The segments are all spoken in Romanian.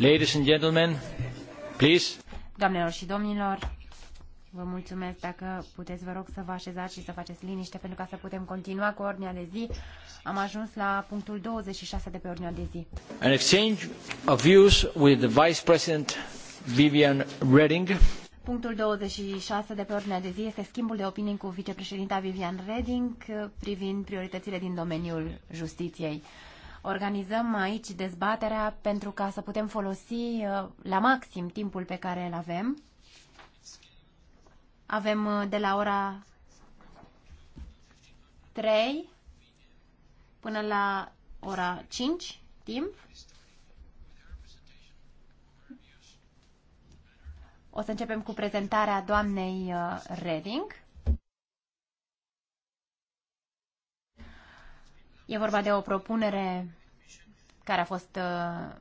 Ladies and gentlemen, please. Doamnelor și domnilor, vă mulțumesc dacă puteți, vă rog, să vă așezați și să faceți liniște pentru ca să putem continua cu ordinea de zi. Am ajuns la punctul 26 de pe ordinea de zi. An exchange of views with the Vice President Vivian Reding. Punctul 26 de pe ordinea de zi este schimbul de opinii cu vicepreședinta Vivian Reding privind prioritățile din domeniul justiției organizăm aici dezbaterea pentru ca să putem folosi uh, la maxim timpul pe care îl avem. Avem uh, de la ora 3 până la ora 5 timp. O să începem cu prezentarea doamnei uh, Reding. E vorba de o propunere care a fost uh,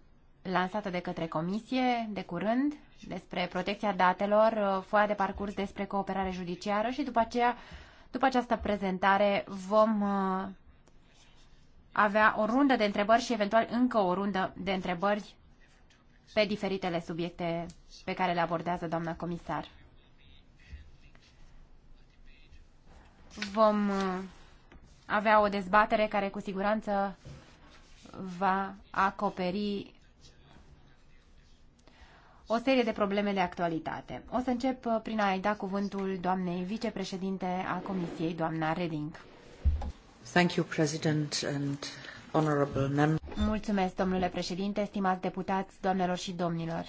lansată de către Comisie de curând despre protecția datelor, uh, foaia de parcurs despre cooperare judiciară și după aceea, după această prezentare, vom uh, avea o rundă de întrebări și eventual încă o rundă de întrebări pe diferitele subiecte pe care le abordează doamna comisar. Vom avea o dezbatere care cu siguranță va acoperi o serie de probleme de actualitate. O să încep uh, prin a-i da cuvântul doamnei vicepreședinte a Comisiei, doamna Reding. Thank you, President and honorable members. Mulțumesc, domnule președinte, stimați deputați, doamnelor și domnilor.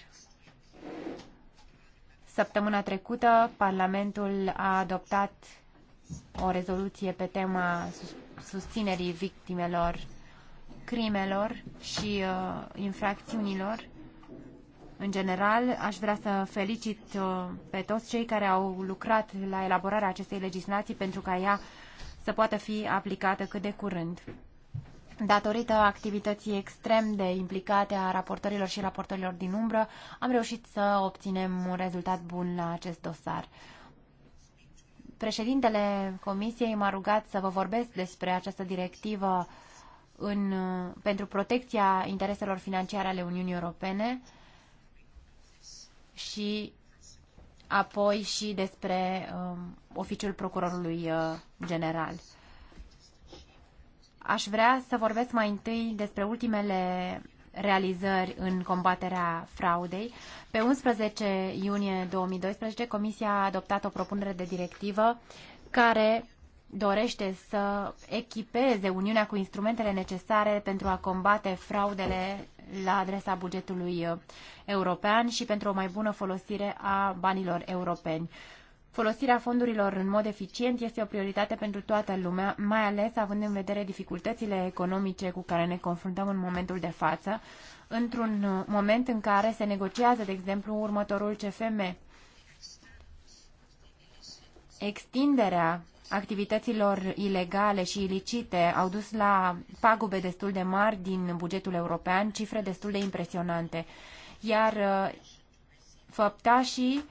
Săptămâna trecută, Parlamentul a adoptat o rezoluție pe tema susținerii victimelor crimelor și uh, infracțiunilor. În general, aș vrea să felicit uh, pe toți cei care au lucrat la elaborarea acestei legislații pentru ca ea să poată fi aplicată cât de curând. Datorită activității extrem de implicate a raportorilor și raportorilor din umbră, am reușit să obținem un rezultat bun la acest dosar. Președintele Comisiei m-a rugat să vă vorbesc despre această directivă în, pentru protecția intereselor financiare ale Uniunii Europene și apoi și despre uh, oficiul procurorului uh, general. Aș vrea să vorbesc mai întâi despre ultimele realizări în combaterea fraudei. Pe 11 iunie 2012, Comisia a adoptat o propunere de directivă care dorește să echipeze Uniunea cu instrumentele necesare pentru a combate fraudele la adresa bugetului uh, european și pentru o mai bună folosire a banilor europeni. Folosirea fondurilor în mod eficient este o prioritate pentru toată lumea, mai ales având în vedere dificultățile economice cu care ne confruntăm în momentul de față, într-un uh, moment în care se negociază, de exemplu, următorul CFM. Extinderea activităților ilegale și ilicite au dus la pagube destul de mari din bugetul european, cifre destul de impresionante. Iar uh, făptașii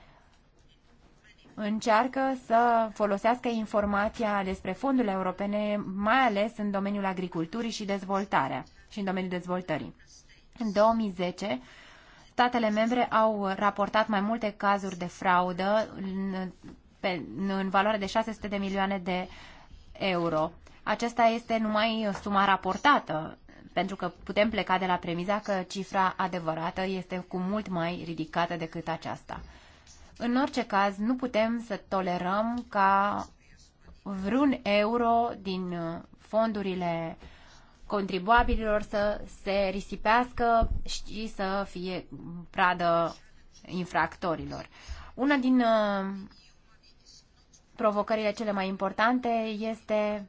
încearcă să folosească informația despre fondurile europene, mai ales în domeniul agriculturii și dezvoltarea și în domeniul dezvoltării. În 2010, statele membre au raportat mai multe cazuri de fraudă pe, în valoare de 600 de milioane de euro. Aceasta este numai suma raportată, pentru că putem pleca de la premiza că cifra adevărată este cu mult mai ridicată decât aceasta. În orice caz, nu putem să tolerăm ca vreun euro din fondurile contribuabililor să se risipească și să fie pradă infractorilor. Una din provocările cele mai importante este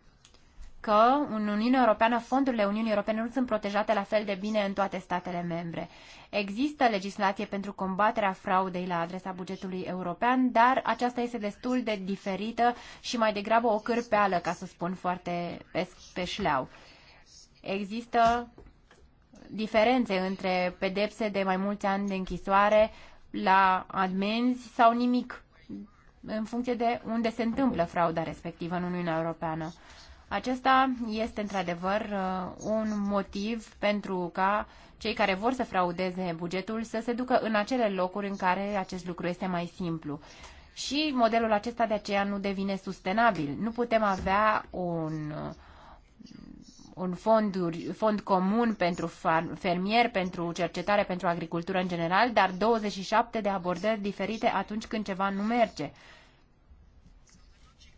că în Uniunea Europeană fondurile Uniunii Europene nu sunt protejate la fel de bine în toate statele membre. Există legislație pentru combaterea fraudei la adresa bugetului european, dar aceasta este destul de diferită și mai degrabă o cârpeală, ca să spun foarte pe, pe șleau. Există diferențe între pedepse de mai mulți ani de închisoare la amenzi sau nimic în funcție de unde se întâmplă frauda respectivă în Uniunea Europeană. Acesta este într-adevăr uh, un motiv pentru ca cei care vor să fraudeze bugetul să se ducă în acele locuri în care acest lucru este mai simplu. Și modelul acesta de aceea nu devine sustenabil. Nu putem avea un uh, un fond, fond comun pentru fermieri, pentru cercetare, pentru agricultură în general, dar 27 de abordări diferite atunci când ceva nu merge.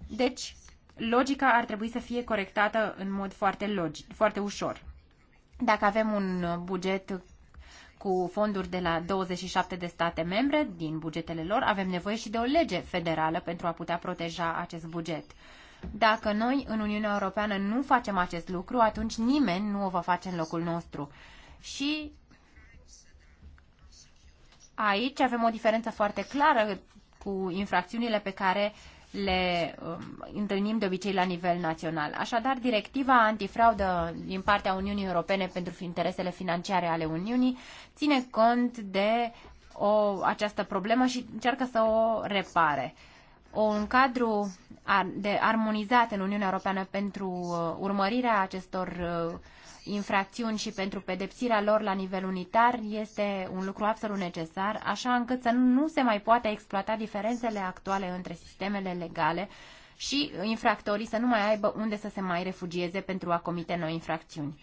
Deci, logica ar trebui să fie corectată în mod foarte, logic, foarte ușor. Dacă avem un buget cu fonduri de la 27 de state membre din bugetele lor, avem nevoie și de o lege federală pentru a putea proteja acest buget. Dacă noi în Uniunea Europeană nu facem acest lucru, atunci nimeni nu o va face în locul nostru. Și aici avem o diferență foarte clară cu infracțiunile pe care le um, întâlnim de obicei la nivel național. Așadar, directiva antifraudă din partea Uniunii Europene pentru interesele financiare ale Uniunii ține cont de o, această problemă și încearcă să o repare un cadru de armonizat în Uniunea Europeană pentru uh, urmărirea acestor uh, infracțiuni și pentru pedepsirea lor la nivel unitar este un lucru absolut necesar, așa încât să nu se mai poată exploata diferențele actuale între sistemele legale și infractorii să nu mai aibă unde să se mai refugieze pentru a comite noi infracțiuni.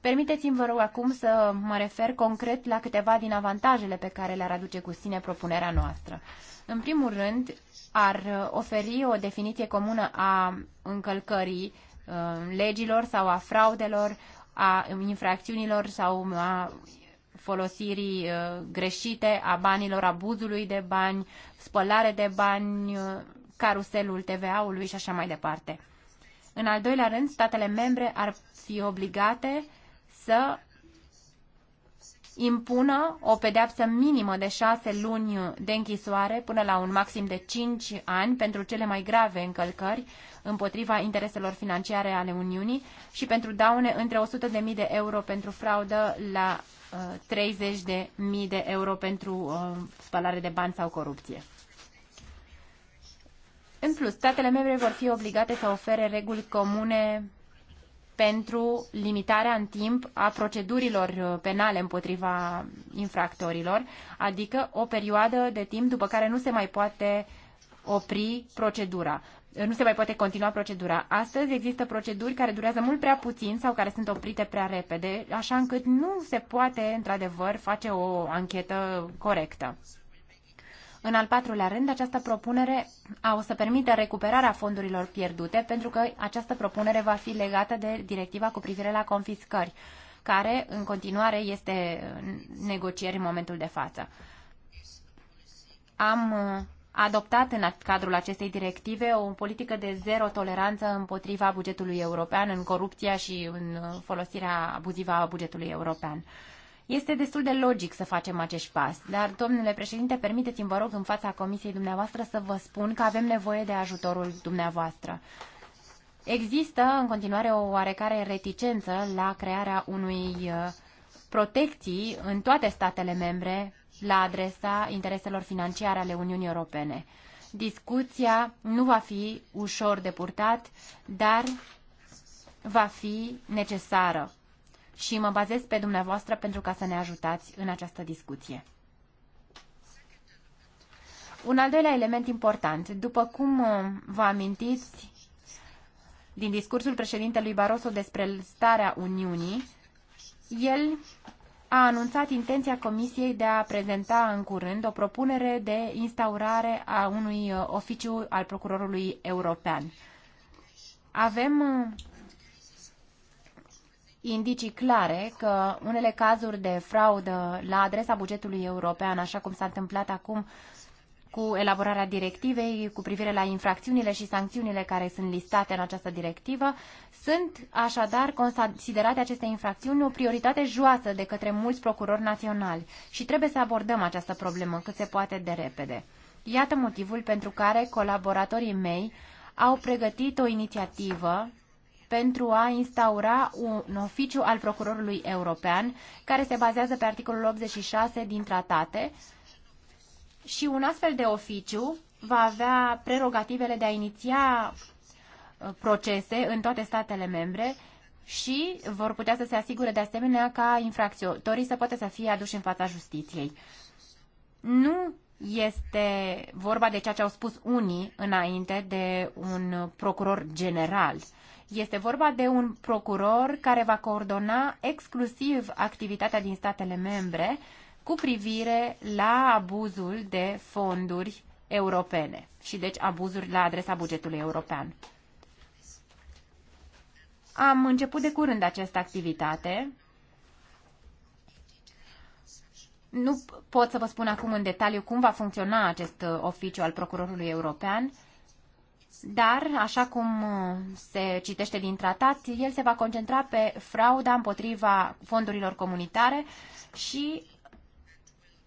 Permiteți-mi, vă rog, acum să mă refer concret la câteva din avantajele pe care le-ar aduce cu sine propunerea noastră. În primul rând, ar uh, oferi o definiție comună a încălcării uh, legilor sau a fraudelor, a infracțiunilor sau a folosirii uh, greșite a banilor, abuzului de bani, spălare de bani, caruselul TVA-ului și așa mai departe. În al doilea rând, statele membre ar fi obligate să impună o pedeapsă minimă de șase luni de închisoare până la un maxim de cinci ani pentru cele mai grave încălcări împotriva intereselor financiare ale Uniunii și pentru daune între 100.000 de euro pentru fraudă la uh, 30.000 de euro pentru uh, spălare de bani sau corupție. În plus, statele membre vor fi obligate să ofere reguli comune pentru limitarea în timp a procedurilor penale împotriva infractorilor, adică o perioadă de timp după care nu se mai poate opri procedura. Nu se mai poate continua procedura. Astăzi există proceduri care durează mult prea puțin sau care sunt oprite prea repede, așa încât nu se poate, într-adevăr, face o anchetă corectă. În al patrulea rând, această propunere a, o să permită recuperarea fondurilor pierdute, pentru că această propunere va fi legată de directiva cu privire la confiscări, care în continuare este negocieri în momentul de față. Am uh, adoptat în cadrul acestei directive o politică de zero toleranță împotriva bugetului european în corupția și în uh, folosirea abuzivă a bugetului european. Este destul de logic să facem acești pas, dar, domnule președinte, permiteți-mi, vă rog, în fața comisiei dumneavoastră să vă spun că avem nevoie de ajutorul dumneavoastră. Există în continuare o oarecare reticență la crearea unui uh, protecții în toate statele membre la adresa intereselor financiare ale Uniunii Europene. Discuția nu va fi ușor de purtat, dar va fi necesară și mă bazez pe dumneavoastră pentru ca să ne ajutați în această discuție. Un al doilea element important. După cum uh, vă amintiți din discursul președintelui Barroso despre starea Uniunii, el a anunțat intenția Comisiei de a prezenta în curând o propunere de instaurare a unui uh, oficiu al procurorului european. Avem uh, indicii clare că unele cazuri de fraudă la adresa bugetului european, așa cum s-a întâmplat acum cu elaborarea directivei cu privire la infracțiunile și sancțiunile care sunt listate în această directivă, sunt așadar considerate aceste infracțiuni o prioritate joasă de către mulți procurori naționali și trebuie să abordăm această problemă cât se poate de repede. Iată motivul pentru care colaboratorii mei au pregătit o inițiativă pentru a instaura un oficiu al procurorului european, care se bazează pe articolul 86 din tratate și un astfel de oficiu va avea prerogativele de a iniția uh, procese în toate statele membre și vor putea să se asigure de asemenea ca infracționatorii să poată să fie aduși în fața justiției. Nu este vorba de ceea ce au spus unii înainte de un procuror general. Este vorba de un procuror care va coordona exclusiv activitatea din statele membre cu privire la abuzul de fonduri europene și deci abuzuri la adresa bugetului european. Am început de curând această activitate. Nu pot să vă spun acum în detaliu cum va funcționa acest uh, oficiu al procurorului european, dar, așa cum uh, se citește din tratat, el se va concentra pe frauda împotriva fondurilor comunitare și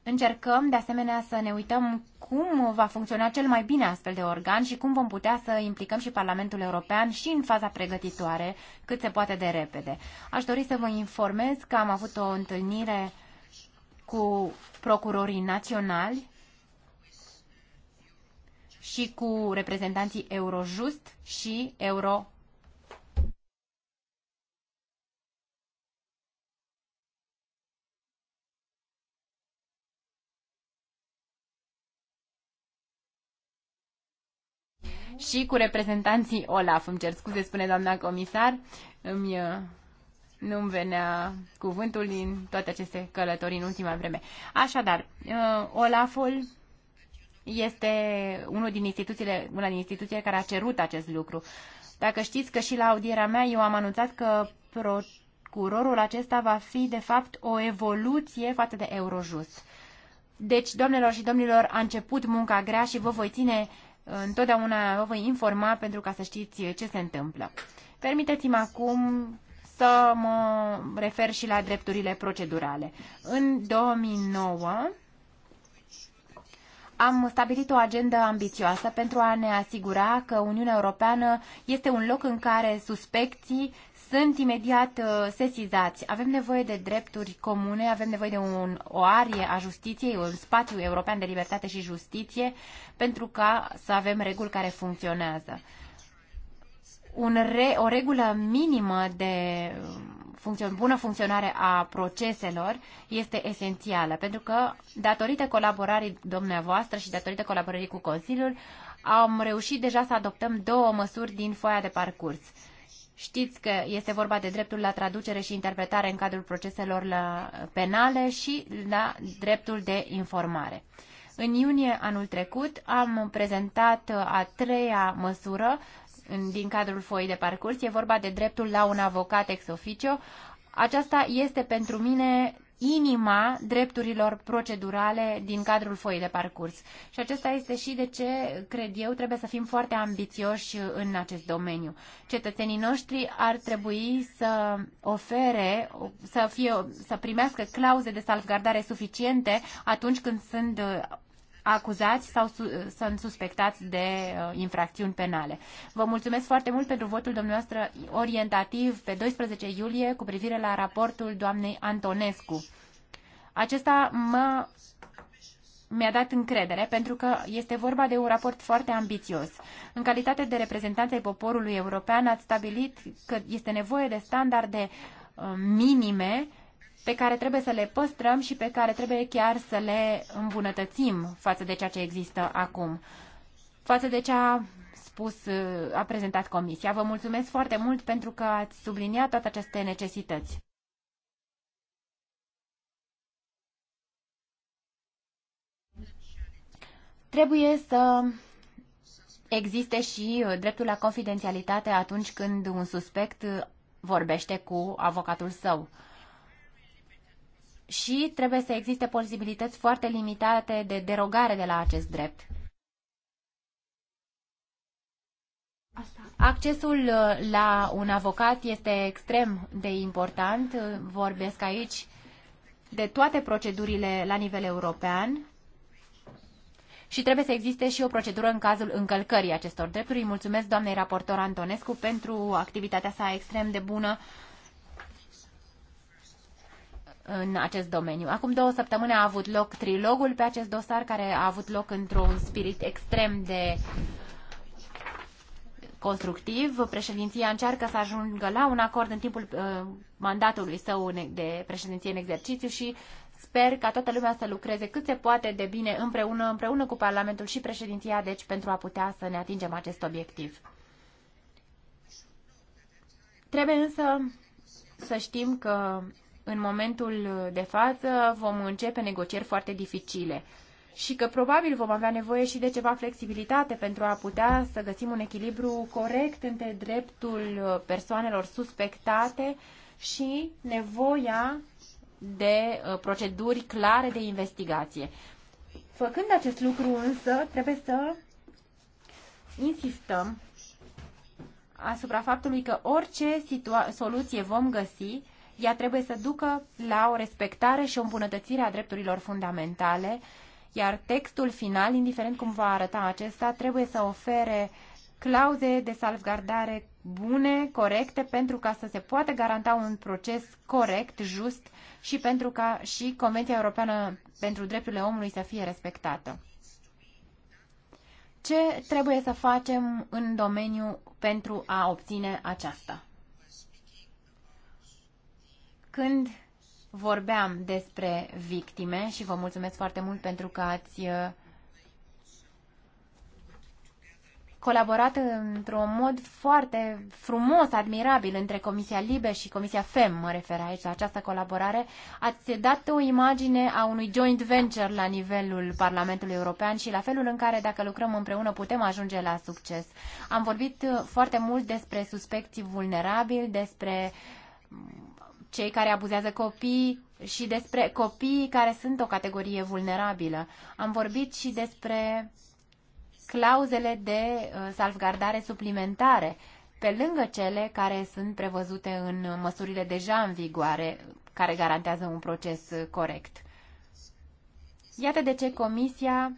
Încercăm, de asemenea, să ne uităm cum va funcționa cel mai bine astfel de organ și cum vom putea să implicăm și Parlamentul European și în faza pregătitoare, cât se poate de repede. Aș dori să vă informez că am avut o întâlnire cu procurorii naționali și cu reprezentanții Eurojust și Euro și cu reprezentanții OLAF. Îmi cer scuze, spune doamna comisar, îmi, uh, nu-mi venea cuvântul din toate aceste călătorii în ultima vreme. Așadar, uh, Olaful este unul din instituțiile, una din instituțiile care a cerut acest lucru. Dacă știți că și la audierea mea eu am anunțat că procurorul acesta va fi, de fapt, o evoluție față de Eurojust. Deci, doamnelor și domnilor, a început munca grea și vă voi ține uh, întotdeauna, vă voi informa pentru ca să știți ce se întâmplă. Permiteți-mi acum să mă refer și la drepturile procedurale. În 2009, am stabilit o agendă ambițioasă pentru a ne asigura că Uniunea Europeană este un loc în care suspecții sunt imediat uh, sesizați. Avem nevoie de drepturi comune, avem nevoie de un, o arie a justiției, un spațiu european de libertate și justiție, pentru ca să avem reguli care funcționează. Un re, o regulă minimă de funcțion, bună funcționare a proceselor este esențială, pentru că datorită colaborării dumneavoastră și datorită colaborării cu Consiliul, am reușit deja să adoptăm două măsuri din foaia de parcurs. Știți că este vorba de dreptul la traducere și interpretare în cadrul proceselor la penale și la dreptul de informare. În iunie anul trecut am prezentat a treia măsură în, din cadrul foii de parcurs. E vorba de dreptul la un avocat ex officio. Aceasta este pentru mine inima drepturilor procedurale din cadrul foii de parcurs. Și acesta este și de ce, cred eu, trebuie să fim foarte ambițioși în acest domeniu. Cetățenii noștri ar trebui să ofere, să, fie, să primească clauze de salvgardare suficiente atunci când sunt acuzați sau su- sunt suspectați de uh, infracțiuni penale. Vă mulțumesc foarte mult pentru votul dumneavoastră orientativ pe 12 iulie cu privire la raportul doamnei Antonescu. Acesta mă mi-a dat încredere pentru că este vorba de un raport foarte ambițios. În calitate de reprezentanță ai poporului european ați stabilit că este nevoie de standarde uh, minime uh, pe care trebuie să le păstrăm și pe care trebuie chiar să le îmbunătățim față de ceea ce există acum, față de ce a spus, a prezentat Comisia. Vă mulțumesc foarte mult pentru că ați subliniat toate aceste necesități. Trebuie să existe și uh, dreptul la confidențialitate atunci când un suspect uh, vorbește cu avocatul său și trebuie să existe posibilități foarte limitate de derogare de la acest drept. Accesul uh, la un avocat este extrem de important. Uh, vorbesc aici de toate procedurile la nivel european și trebuie să existe și o procedură în cazul încălcării acestor drepturi. mulțumesc doamnei raportor Antonescu pentru activitatea sa extrem de bună în acest domeniu. Acum două săptămâni a avut loc trilogul pe acest dosar, care a avut loc într-un spirit extrem de constructiv. Președinția încearcă să ajungă la un acord în timpul uh, mandatului său de președinție în exercițiu și sper ca toată lumea să lucreze cât se poate de bine împreună, împreună cu Parlamentul și președinția, deci pentru a putea să ne atingem acest obiectiv. Trebuie însă să știm că în momentul de față vom începe negocieri foarte dificile și că probabil vom avea nevoie și de ceva flexibilitate pentru a putea să găsim un echilibru corect între dreptul persoanelor suspectate și nevoia de uh, proceduri clare de investigație. Făcând acest lucru însă, trebuie să insistăm asupra faptului că orice soluție vom găsi ea trebuie să ducă la o respectare și o îmbunătățire a drepturilor fundamentale, iar textul final, indiferent cum va arăta acesta, trebuie să ofere clauze de salvgardare bune, corecte, pentru ca să se poată garanta un proces corect, just și pentru ca și Convenția Europeană pentru Drepturile Omului să fie respectată. Ce trebuie să facem în domeniu pentru a obține aceasta? Când vorbeam despre victime și vă mulțumesc foarte mult pentru că ați uh, colaborat într-un mod foarte frumos, admirabil între Comisia Libe și Comisia FEM, mă refer aici la această colaborare, ați dat o imagine a unui joint venture la nivelul Parlamentului European și la felul în care, dacă lucrăm împreună, putem ajunge la succes. Am vorbit foarte mult despre suspecții vulnerabili, despre cei care abuzează copii și despre copiii care sunt o categorie vulnerabilă. Am vorbit și despre clauzele de uh, salvgardare suplimentare, pe lângă cele care sunt prevăzute în măsurile deja în vigoare, care garantează un proces uh, corect. Iată de ce Comisia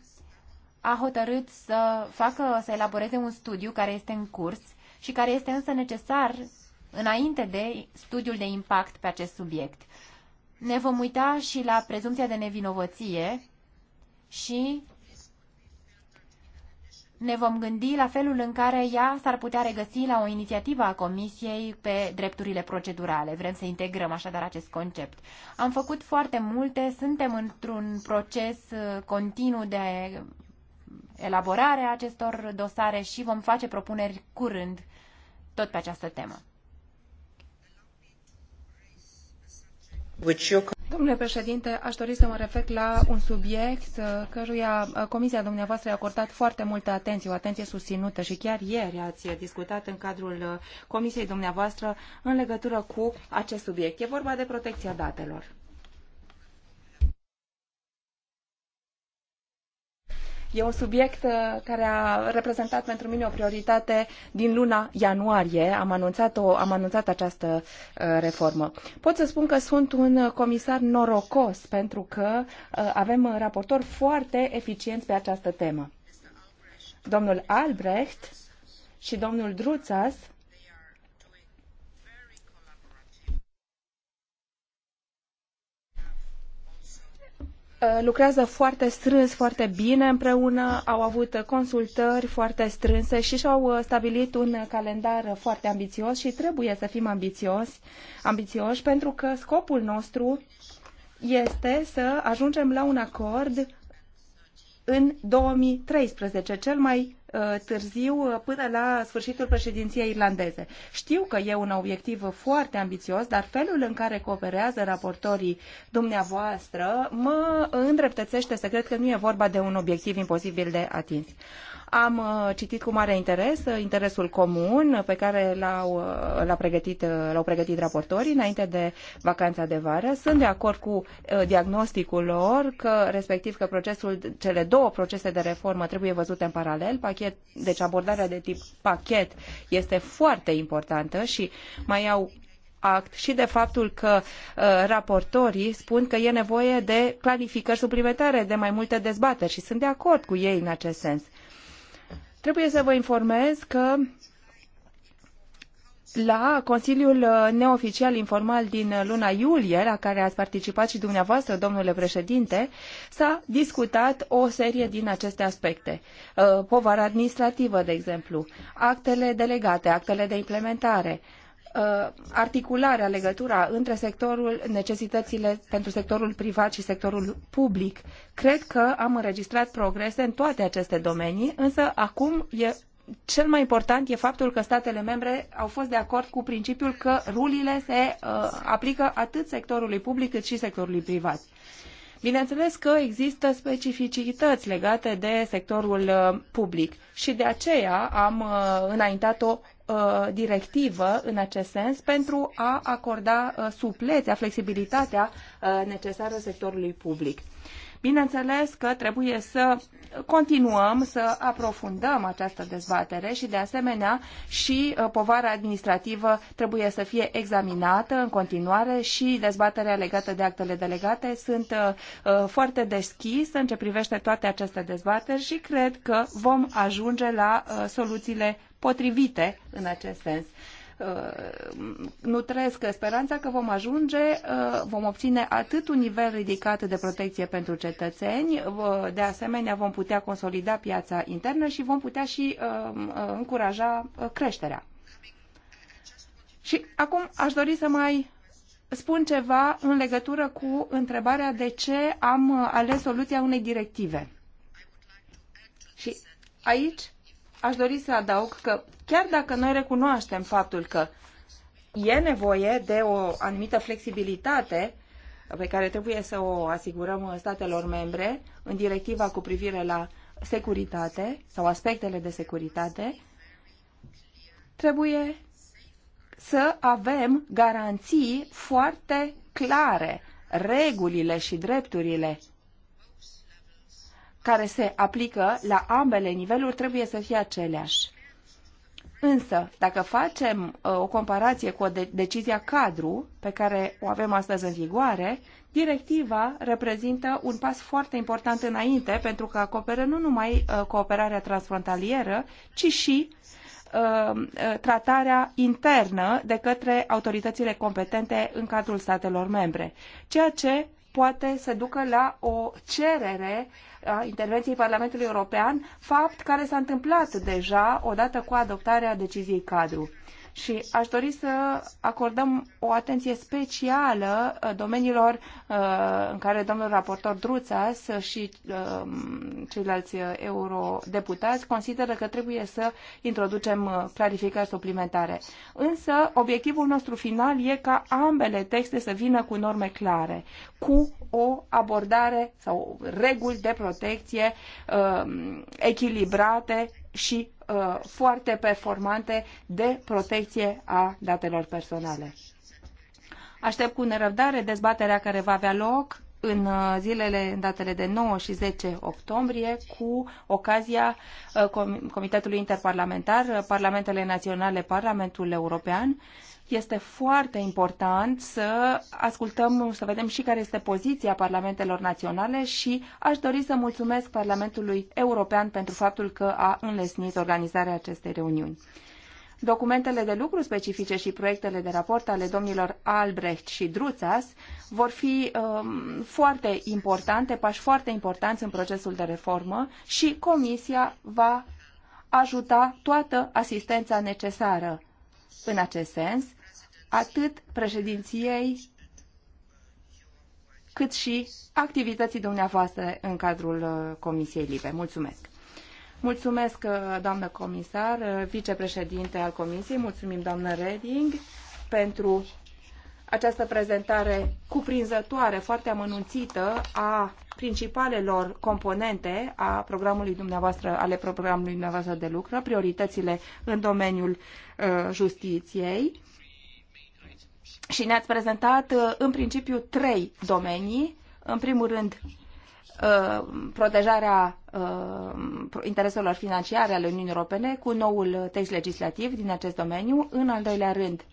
a hotărât să facă, să elaboreze un studiu care este în curs și care este însă necesar înainte de studiul de impact pe acest subiect. Ne vom uita și la prezumția de nevinovăție și ne vom gândi la felul în care ea s-ar putea regăsi la o inițiativă a Comisiei pe drepturile procedurale. Vrem să integrăm așadar acest concept. Am făcut foarte multe, suntem într-un proces uh, continuu de elaborare a acestor dosare și vom face propuneri curând tot pe această temă. Domnule președinte, aș dori să mă refer la un subiect uh, căruia uh, Comisia dumneavoastră i-a acordat foarte multă atenție, o atenție susținută și chiar ieri ați discutat în cadrul uh, Comisiei dumneavoastră în legătură cu acest subiect. E vorba de protecția datelor. E un subiect uh, care a reprezentat pentru mine o prioritate din luna ianuarie. Am anunțat, o, am anunțat această uh, reformă. Pot să spun că sunt un comisar norocos pentru că uh, avem raportori foarte eficienți pe această temă. Domnul Albrecht și domnul Druțas Uh, lucrează foarte strâns, foarte bine împreună, au avut consultări foarte strânse și și-au uh, stabilit un calendar foarte ambițios și trebuie să fim ambițioși, ambițioși pentru că scopul nostru este să ajungem la un acord în 2013, cel mai Uh, târziu uh, până la sfârșitul președinției irlandeze. Știu că e un obiectiv foarte ambițios, dar felul în care cooperează raportorii dumneavoastră mă îndreptățește să cred că nu e vorba de un obiectiv imposibil de atins. Am uh, citit cu mare interes uh, interesul comun pe care l-au, uh, l pregătit, l-au pregătit raportorii înainte de vacanța de vară. Sunt de acord cu diagnosticul lor, că, respectiv că procesul, cele două procese de reformă trebuie văzute în paralel. Pachet, deci abordarea de tip pachet este foarte importantă și mai au act și de faptul că uh, raportorii spun că e nevoie de clarificări suplimentare, de mai multe dezbateri și sunt de acord cu ei în acest sens. Trebuie să vă informez că la Consiliul Neoficial Informal din luna iulie, la care ați participat și dumneavoastră, domnule președinte, s-a discutat o serie din aceste aspecte. Uh, povara administrativă, de exemplu, actele delegate, actele de implementare, Uh, articularea, legătura între sectorul, necesitățile pentru sectorul privat și sectorul public. Cred că am înregistrat progrese în toate aceste domenii, însă acum e cel mai important e faptul că statele membre au fost de acord cu principiul că rulile se uh, aplică atât sectorului public cât și sectorului privat. Bineînțeles că există specificități legate de sectorul uh, public și de aceea am uh, înaintat o Uh, directivă în acest sens pentru a acorda uh, suplețea, flexibilitatea uh, necesară sectorului public. Bineînțeles că trebuie să continuăm să aprofundăm această dezbatere și, de asemenea, și uh, povara administrativă trebuie să fie examinată în continuare și dezbaterea legată de actele delegate. Sunt foarte deschise în ce privește toate aceste dezbateri și cred că vom ajunge la soluțiile potrivite în acest sens. Uh, nu trăiesc speranța că vom ajunge, uh, vom obține atât un nivel ridicat de protecție pentru cetățeni, uh, de asemenea vom putea consolida piața internă și vom putea și încuraja creșterea. Și acum aș dori să mai spun ceva în legătură cu întrebarea de ce am ales soluția unei directive. Și aici aș dori să adaug că chiar dacă noi recunoaștem faptul că e nevoie de o anumită flexibilitate pe care trebuie să o asigurăm statelor membre în directiva cu privire la securitate sau aspectele de securitate, trebuie să avem garanții foarte clare. Regulile și drepturile care se aplică la ambele niveluri trebuie să fie aceleași. Însă, dacă facem uh, o comparație cu o de- decizia cadru pe care o avem astăzi în vigoare, directiva reprezintă un pas foarte important înainte pentru că acoperă nu numai uh, cooperarea transfrontalieră, ci și uh, uh tratarea internă de către autoritățile competente în cadrul statelor membre, ceea ce poate să ducă la o cerere uh, a intervenției Parlamentului European, fapt care s-a întâmplat deja odată cu adoptarea deciziei cadru. Și aș dori să acordăm o atenție specială uh, domeniilor uh, în care domnul raportor Druța și uh, ceilalți eurodeputați consideră că trebuie să introducem clarificări suplimentare. Însă, obiectivul nostru final e ca ambele texte să vină cu norme clare, cu o abordare sau reguli de protecție echilibrate și uh, foarte performante de protecție a datelor personale. Aștept cu nerăbdare dezbaterea care va avea loc în uh, zilele, în datele de 9 și 10 octombrie, cu ocazia uh, Comitetului Interparlamentar, uh, Parlamentele Naționale, Parlamentul European este foarte important să ascultăm, să vedem și care este poziția parlamentelor naționale și aș dori să mulțumesc Parlamentului European pentru faptul că a înlesnit organizarea acestei reuniuni. Documentele de lucru specifice și proiectele de raport ale domnilor Albrecht și Druțas vor fi um, foarte importante, pași foarte importanți în procesul de reformă și Comisia va ajuta toată asistența necesară în acest sens, atât președinției, cât și activității dumneavoastră în cadrul uh, Comisiei Libe. Mulțumesc! Mulțumesc, uh, doamnă comisar, uh, vicepreședinte al Comisiei, mulțumim, doamnă Reding, pentru această prezentare cuprinzătoare, foarte amănunțită a principalelor componente a programului dumneavoastră, ale programului dumneavoastră de lucru, prioritățile în domeniul uh, justiției. Și ne-ați prezentat uh, în principiu trei domenii. În primul rând, uh, protejarea uh, intereselor financiare ale Uniunii Europene cu noul text legislativ din acest domeniu. În al doilea rând,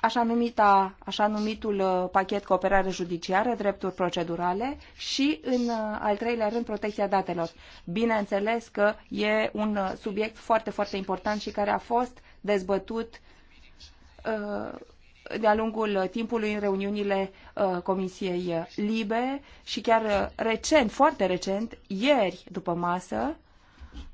așa, numita, așa numitul uh, pachet cooperare judiciară, drepturi procedurale și, în uh, al treilea rând, protecția datelor. Bineînțeles că e un uh, subiect foarte, foarte important și care a fost dezbătut de-a lungul timpului în reuniunile Comisiei Libe și chiar recent, foarte recent, ieri după masă,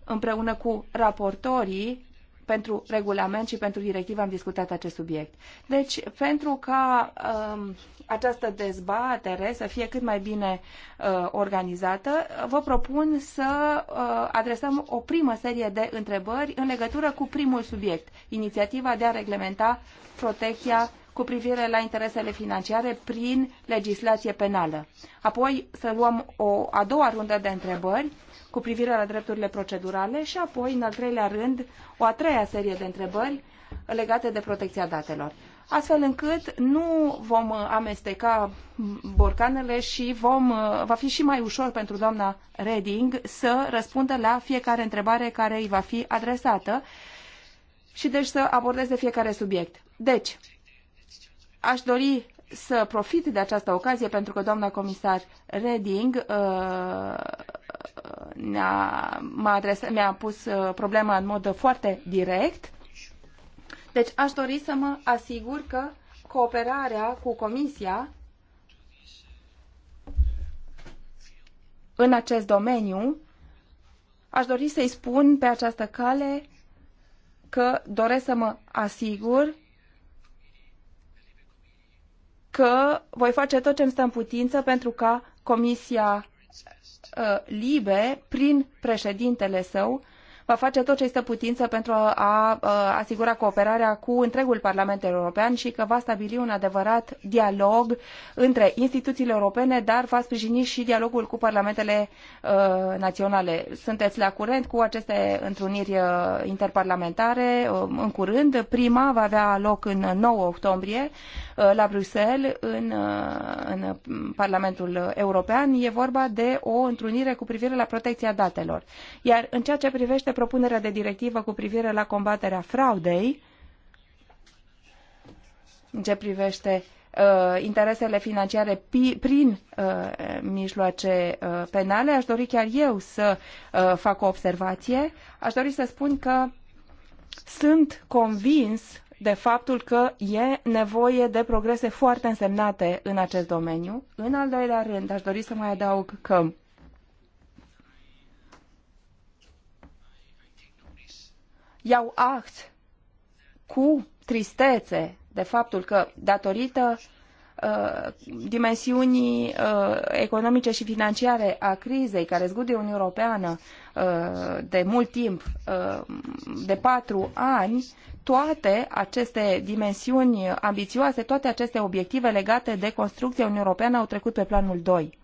împreună cu raportorii pentru regulament și pentru directivă am discutat acest subiect. Deci, pentru ca um, această dezbatere să fie cât mai bine uh, organizată, vă propun să uh, adresăm o primă serie de întrebări în legătură cu primul subiect, inițiativa de a reglementa protecția cu privire la interesele financiare prin legislație penală. Apoi să luăm o a doua rundă de întrebări cu privire la drepturile procedurale și apoi, în al treilea rând, o a treia serie de întrebări legate de protecția datelor. Astfel încât nu vom amesteca borcanele și vom, va fi și mai ușor pentru doamna Reding să răspundă la fiecare întrebare care îi va fi adresată și deci să abordeze fiecare subiect. Deci, aș dori să profit de această ocazie pentru că doamna comisar Reding uh, ne-a, m-a mi-a pus uh, problema în mod foarte direct. Deci aș dori să mă asigur că cooperarea cu Comisia în acest domeniu, aș dori să-i spun pe această cale că doresc să mă asigur că voi face tot ce mi stă în putință pentru ca Comisia Uh, libe prin președintele său va face tot ce este putință pentru a asigura cooperarea cu întregul Parlament European și că va stabili un adevărat dialog între instituțiile europene, dar va sprijini și dialogul cu parlamentele naționale. Sunteți la curent cu aceste întruniri interparlamentare în curând. Prima va avea loc în 9 octombrie la Bruxelles, în, în Parlamentul European. E vorba de o întrunire cu privire la protecția datelor. Iar în ceea ce privește propunerea de directivă cu privire la combaterea fraudei în ce privește uh, interesele financiare pi, prin uh, mijloace uh, penale. Aș dori chiar eu să uh, fac o observație. Aș dori să spun că sunt convins de faptul că e nevoie de progrese foarte însemnate în acest domeniu. În al doilea rând, aș dori să mai adaug că iau act cu tristețe de faptul că, datorită uh, dimensiunii uh, economice și financiare a crizei care zguduie Uniunea Europeană uh, de mult timp, de patru ani, toate aceste dimensiuni ambițioase, toate aceste obiective legate de construcția Uniunii Europeană au trecut pe planul 2.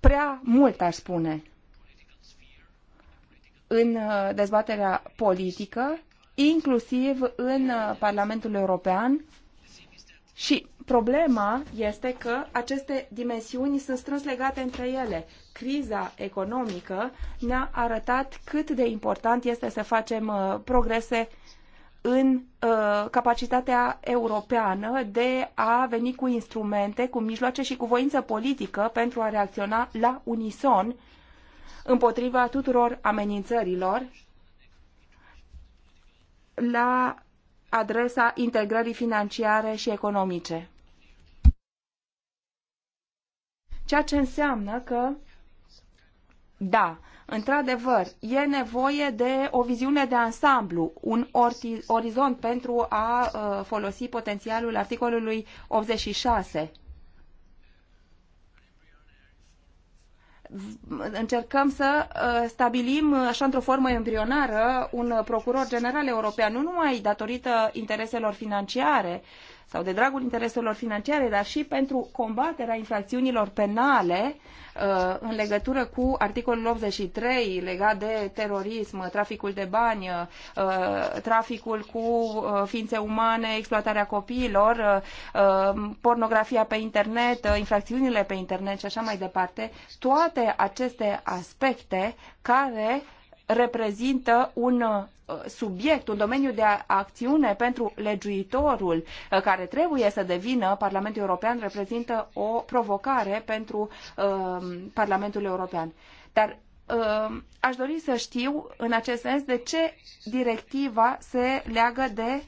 Prea mult, aș spune în uh, dezbaterea politică, inclusiv în uh, Parlamentul European. Și problema este că aceste dimensiuni sunt strâns legate între ele. Criza economică ne-a arătat cât de important este să facem uh, progrese în uh, capacitatea europeană de a veni cu instrumente, cu mijloace și cu voință politică pentru a reacționa la unison împotriva tuturor amenințărilor la adresa integrării financiare și economice. Ceea ce înseamnă că, da, într-adevăr, e nevoie de o viziune de ansamblu, un orizont pentru a uh, folosi potențialul articolului 86 încercăm să uh, stabilim, uh, așa într-o formă embrionară, un uh, procuror general european, nu numai datorită intereselor financiare sau de dragul intereselor financiare, dar și pentru combaterea infracțiunilor penale uh, în legătură cu articolul 83 legat de terorism, traficul de bani, uh, traficul cu uh, ființe umane, exploatarea copiilor, pornografia pe internet, infracțiunile pe internet și așa mai departe, toate aceste aspecte care reprezintă un Uh, subiect, un domeniu de acțiune pentru legiuitorul uh, care trebuie să devină Parlamentul European reprezintă o provocare pentru uh, Parlamentul European. Dar aș dori să știu, în acest sens, de ce directiva se leagă de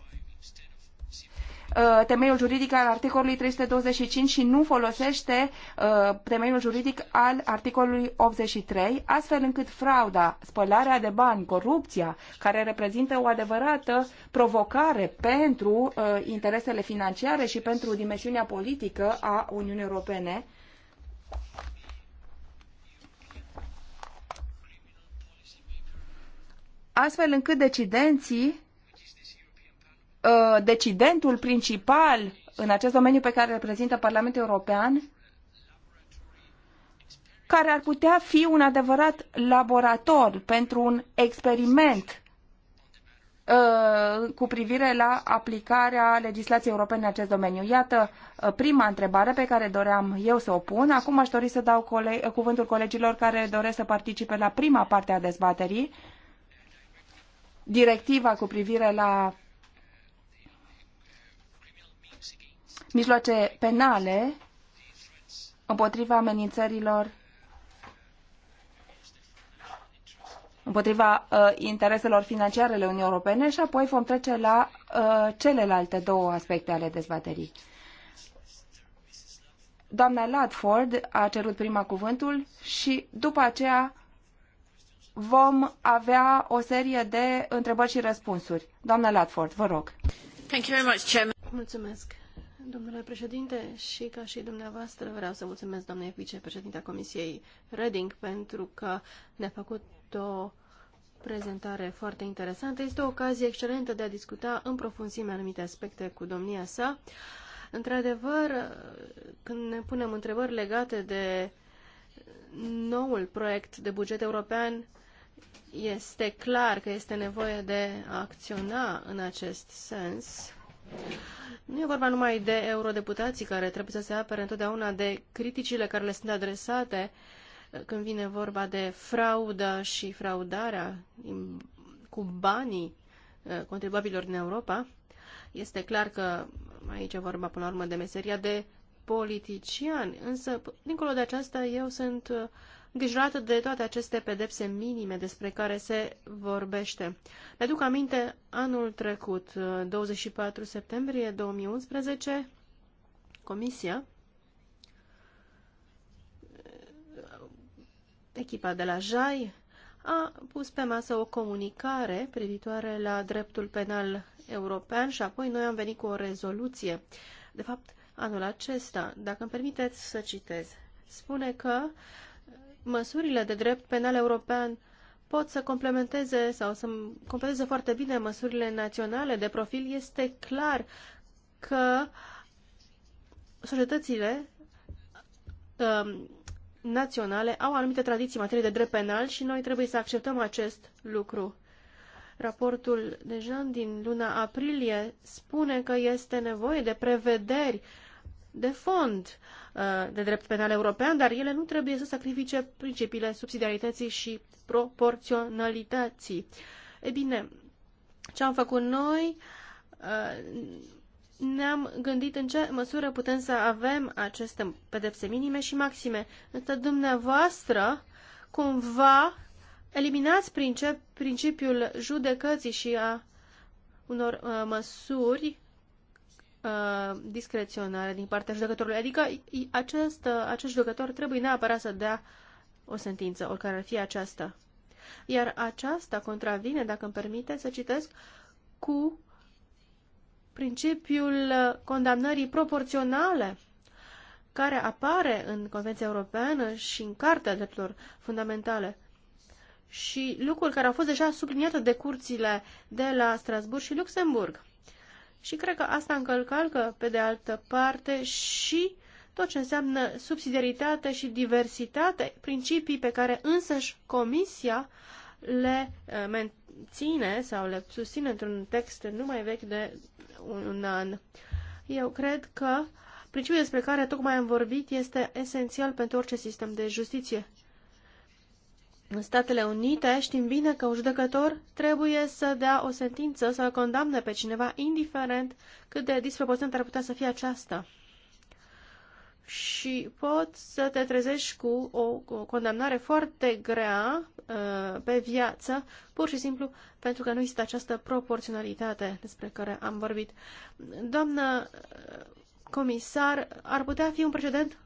Uh, temeiul juridic al articolului 325 și nu folosește uh, temeiul juridic al articolului 83, astfel încât frauda, spălarea de bani, corupția, care reprezintă o adevărată provocare pentru uh, interesele financiare și pentru dimensiunea politică a Uniunii Europene, astfel încât decidenții Uh, decidentul principal în acest domeniu pe care îl reprezintă Parlamentul European, care ar putea fi un adevărat laborator pentru un experiment uh, cu privire la aplicarea legislației europene în acest domeniu. Iată uh, prima întrebare pe care doream eu să o pun. Acum aș dori să dau cole cuvântul colegilor care doresc să participe la prima parte a dezbaterii, directiva cu privire la mijloace penale împotriva amenințărilor împotriva uh, intereselor financiare ale Uniunii Europene și apoi vom trece la uh, celelalte două aspecte ale dezbaterii. Doamna Ladford a cerut prima cuvântul și după aceea vom avea o serie de întrebări și răspunsuri. Doamna Latford, vă rog. Mulțumesc. Domnule președinte, și ca și dumneavoastră vreau să mulțumesc doamnei vicepreședinte a Comisiei Reding pentru că ne-a făcut o prezentare foarte interesantă. Este o ocazie excelentă de a discuta în profunzime anumite aspecte cu domnia sa. Într-adevăr, când ne punem întrebări legate de noul proiect de buget european, este clar că este nevoie de a acționa în acest sens nu e vorba numai de eurodeputații care trebuie să se apere întotdeauna de criticile care le sunt adresate uh, când vine vorba de fraudă și fraudarea cu banii uh, contribuabililor din Europa. Este clar că aici e vorba până la urmă de meseria de politician, însă dincolo de aceasta eu sunt uh, îngrijorată de toate aceste pedepse minime despre care se vorbește. Mi-aduc aminte anul trecut, 24 septembrie 2011, Comisia, echipa de la JAI, a pus pe masă o comunicare privitoare la dreptul penal european și apoi noi am venit cu o rezoluție. De fapt, anul acesta, dacă îmi permiteți să citez, spune că uh, măsurile de drept penal european pot să complementeze sau să completeze foarte bine măsurile naționale de profil, este clar că societățile um, naționale au anumite tradiții în materie de drept penal și noi trebuie să acceptăm acest lucru. Raportul de Jean din luna aprilie spune că este nevoie de prevederi uh, de fond uh, de drept penal european, dar ele nu trebuie să sacrifice principiile subsidiarității și proporționalității. E bine, ce am făcut noi? Uh, ne-am gândit în ce măsură putem să avem aceste pedepse minime și maxime. Însă dumneavoastră, cumva, eliminați principiul judecății și a unor uh, măsuri Uh, discreționare din partea judecătorului. Adică acest, acest judecător trebuie neapărat să dea o sentință, oricare ar fi aceasta. Iar aceasta contravine, dacă îmi permite să citesc, cu principiul condamnării proporționale care apare în Convenția Europeană și în Cartea Drepturilor Fundamentale și lucruri care au fost deja subliniate de curțile de la Strasburg și Luxemburg și cred că asta încălcalcă, pe de altă parte, și tot ce înseamnă subsidiaritate și diversitate, principii pe care însăși Comisia le eh, menține sau le susține într-un text nu mai vechi de un an. Eu cred că principiul despre care tocmai am vorbit este esențial pentru orice sistem de justiție. În Statele Unite știm bine că un judecător trebuie să dea o sentință să condamne pe cineva, indiferent cât de disproporționată ar putea să fie aceasta. Și poți să te trezești cu o, cu o condamnare foarte grea uh, pe viață, pur și simplu pentru că nu există această proporționalitate despre care am vorbit. Doamnă uh, comisar, ar putea fi un precedent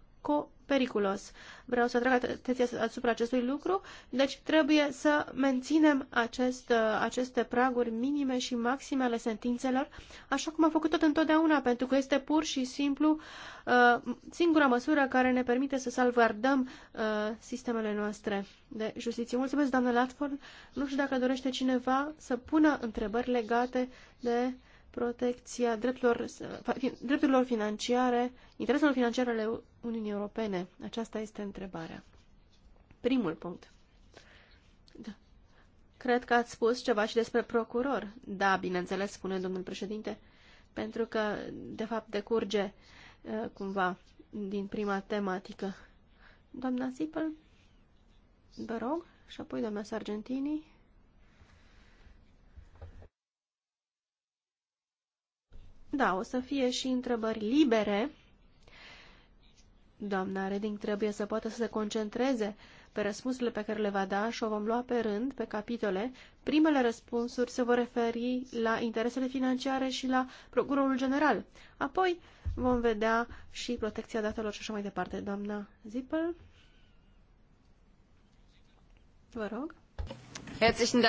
periculos. Vreau să atrag atenția asupra acestui lucru, deci trebuie să menținem acest, aceste praguri minime și maxime ale sentințelor, așa cum am făcut tot întotdeauna, pentru că este pur și simplu uh, singura măsură care ne permite să salvardăm uh, sistemele noastre de justiție. Mulțumesc, doamnă Latford. Nu știu dacă dorește cineva să pună întrebări legate de protecția drepturilor, drepturilor financiare, intereselor financiare ale Uniunii Europene? Aceasta este întrebarea. Primul punct. Da. Cred că ați spus ceva și despre procuror. Da, bineînțeles, spune domnul președinte, pentru că, de fapt, decurge ă, cumva din prima tematică. Doamna Zipel, vă rog, și apoi doamna Sargentini. Da, o să fie și întrebări libere. Doamna Reding trebuie să poată să se concentreze pe răspunsurile pe care le va da și o vom lua pe rând, pe capitole. Primele răspunsuri se vor referi la interesele financiare și la procurorul general. Apoi vom vedea și protecția datelor și așa mai departe. Doamna Zippel, vă rog. Herzlichen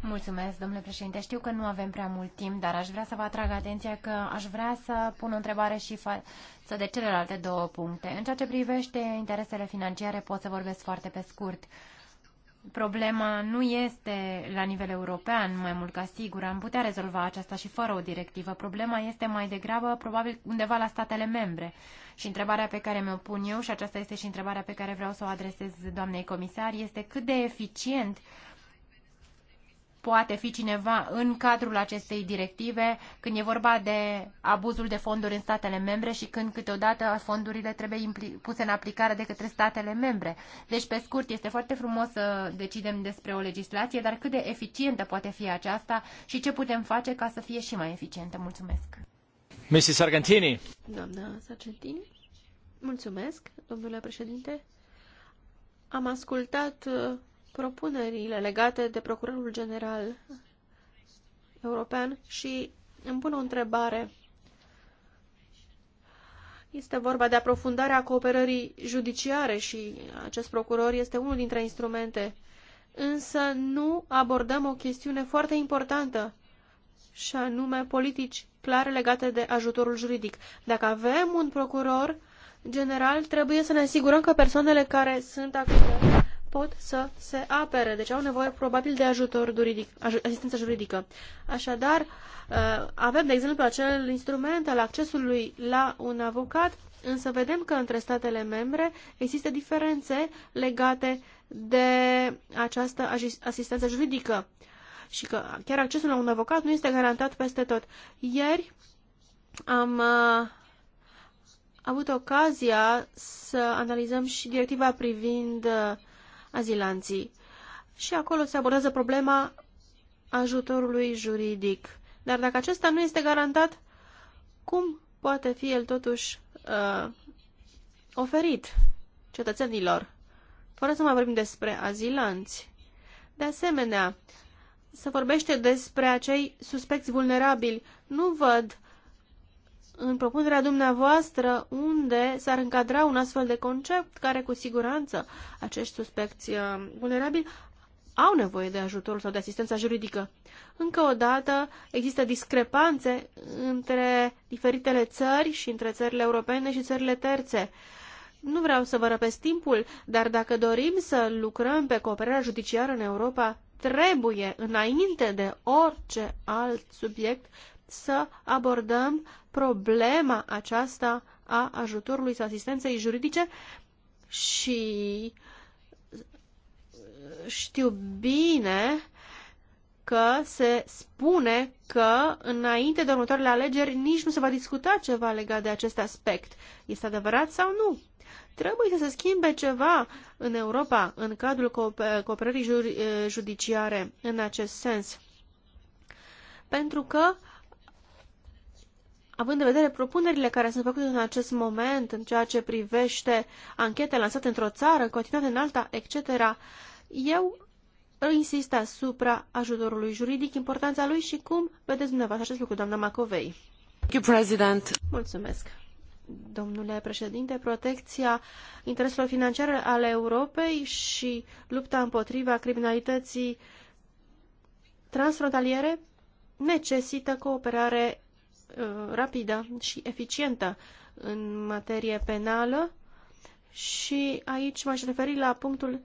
Mulțumesc, domnule președinte. Știu că nu avem prea mult timp, dar aș vrea să vă atrag atenția că aș vrea să pun o întrebare și față de celelalte două puncte. În ceea ce privește interesele financiare, pot să vorbesc foarte pe scurt. Problema nu este la nivel european, mai mult ca sigur, am putea rezolva aceasta și fără o directivă. Problema este mai degrabă, probabil, undeva la statele membre. Și întrebarea pe care mi-o pun eu, și aceasta este și întrebarea pe care vreau să o adresez doamnei comisar, este cât de eficient poate fi cineva în cadrul acestei directive când e vorba de abuzul de fonduri în statele membre și când câteodată fondurile trebuie puse în aplicare de către statele membre. Deci, pe scurt, este foarte frumos să decidem despre o legislație, dar cât de eficientă poate fi aceasta și ce putem face ca să fie și mai eficientă. Mulțumesc! Mrs. Sargentini. Doamna Sargentini, mulțumesc, domnule președinte. Am ascultat uh, propunerile legate de Procurorul General European și îmi pun o întrebare. Este vorba de aprofundarea cooperării judiciare și acest procuror este unul dintre instrumente. Însă nu abordăm o chestiune foarte importantă și anume politici clare legate de ajutorul juridic. Dacă avem un procuror general, trebuie să ne asigurăm că persoanele care sunt acuzate pot să se apere. Deci au nevoie probabil de ajutor juridic, asistență juridică. Așadar, uh, avem, de exemplu, acel instrument al accesului la un avocat, însă vedem că între statele membre există diferențe legate de această asistență juridică și că chiar accesul la un avocat nu este garantat peste tot. Ieri am uh, avut ocazia să analizăm și directiva privind uh, azilanții. Și acolo se abordează problema ajutorului juridic. Dar dacă acesta nu este garantat, cum poate fi el totuși uh, oferit cetățenilor, fără să mai vorbim despre azilanți? De asemenea, se vorbește despre acei suspecți vulnerabili. Nu văd în propunerea dumneavoastră unde s-ar încadra un astfel de concept care cu siguranță acești suspecți uh, vulnerabili au nevoie de ajutorul sau de asistența juridică. Încă o dată există discrepanțe între diferitele țări și între țările europene și țările terțe. Nu vreau să vă răpesc timpul, dar dacă dorim să lucrăm pe cooperarea judiciară în Europa, trebuie, înainte de orice alt subiect, să abordăm problema aceasta a ajutorului sau asistenței juridice și știu bine că se spune că înainte de următoarele alegeri nici nu se va discuta ceva legat de acest aspect. Este adevărat sau nu? Trebuie să se schimbe ceva în Europa în cadrul cooperării judiciare în acest sens. Pentru că uh, Având în vedere propunerile care sunt făcute în acest moment în ceea ce privește anchete lansate într-o țară, continuate în alta, etc., eu insist asupra ajutorului juridic, importanța lui și cum vedeți dumneavoastră acest lucru, doamna Macovei. Mulțumesc. Mulțumesc. Domnule președinte, protecția intereselor financiare ale Europei și lupta împotriva criminalității transfrontaliere necesită cooperare Uh, rapidă și eficientă în materie penală și aici m-aș referi la punctul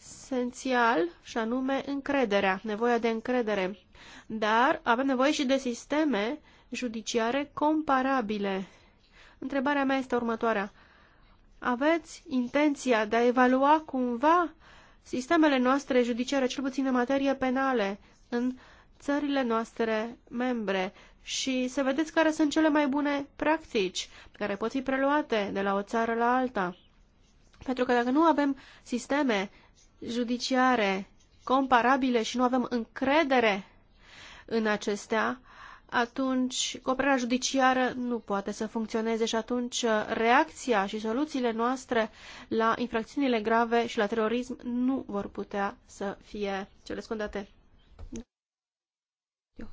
esențial și anume încrederea, nevoia de încredere. Dar avem nevoie și de sisteme judiciare comparabile. Întrebarea mea este următoarea. Aveți intenția de a evalua cumva sistemele noastre judiciare, cel puțin în materie penale, în țările noastre membre, și să vedeți care sunt cele mai bune practici care pot fi preluate de la o țară la alta. Pentru că dacă nu avem sisteme judiciare comparabile și nu avem încredere în acestea, atunci cooperarea judiciară nu poate să funcționeze și atunci uh, reacția și soluțiile noastre la infracțiunile grave și la terorism nu vor putea să fie cele scondate. Eu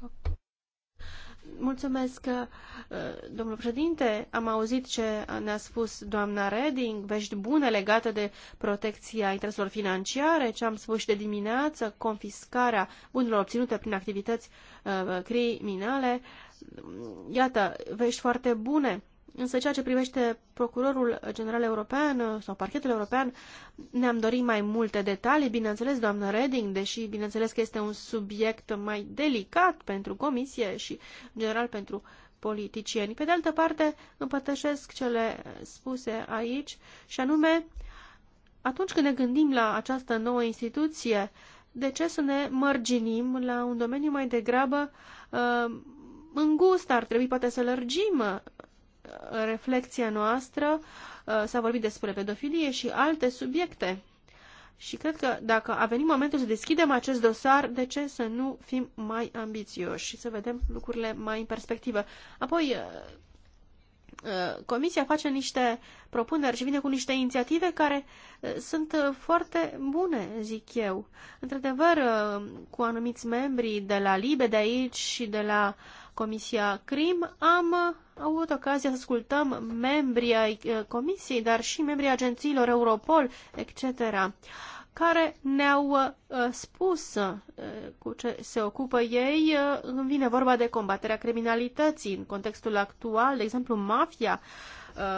Mulțumesc, uh, domnul președinte. Am auzit ce ne-a spus doamna Reding, vești bune legate de protecția intereselor financiare, ce am spus și de dimineață, confiscarea bunurilor obținute prin activități uh, criminale. Iată, vești foarte bune Însă ceea ce privește Procurorul General European uh, sau Parchetul European, ne-am dorit mai multe detalii, bineînțeles, doamnă Reding, deși bineînțeles că este un subiect mai delicat pentru comisie și, în general, pentru politicieni. Pe de altă parte, împărtășesc cele spuse aici și anume, atunci când ne gândim la această nouă instituție, de ce să ne mărginim la un domeniu mai degrabă uh, îngust? Ar trebui poate să lărgim uh, reflexia noastră uh, s-a vorbit despre pedofilie și alte subiecte. Și cred că dacă a venit momentul să deschidem acest dosar, de ce să nu fim mai ambițioși și să vedem lucrurile mai în perspectivă? Apoi, uh, uh, Comisia face niște propuneri și vine cu niște inițiative care sunt foarte bune, zic eu. Într-adevăr, cu anumiți membri de la LIBE de aici și de la Comisia CRIM, am avut ocazia să ascultăm membrii ai eh, Comisiei, dar și membrii agențiilor Europol, etc., care ne-au eh, spus eh, cu ce se ocupă ei când vine vorba de combaterea criminalității în contextul actual, de exemplu, mafia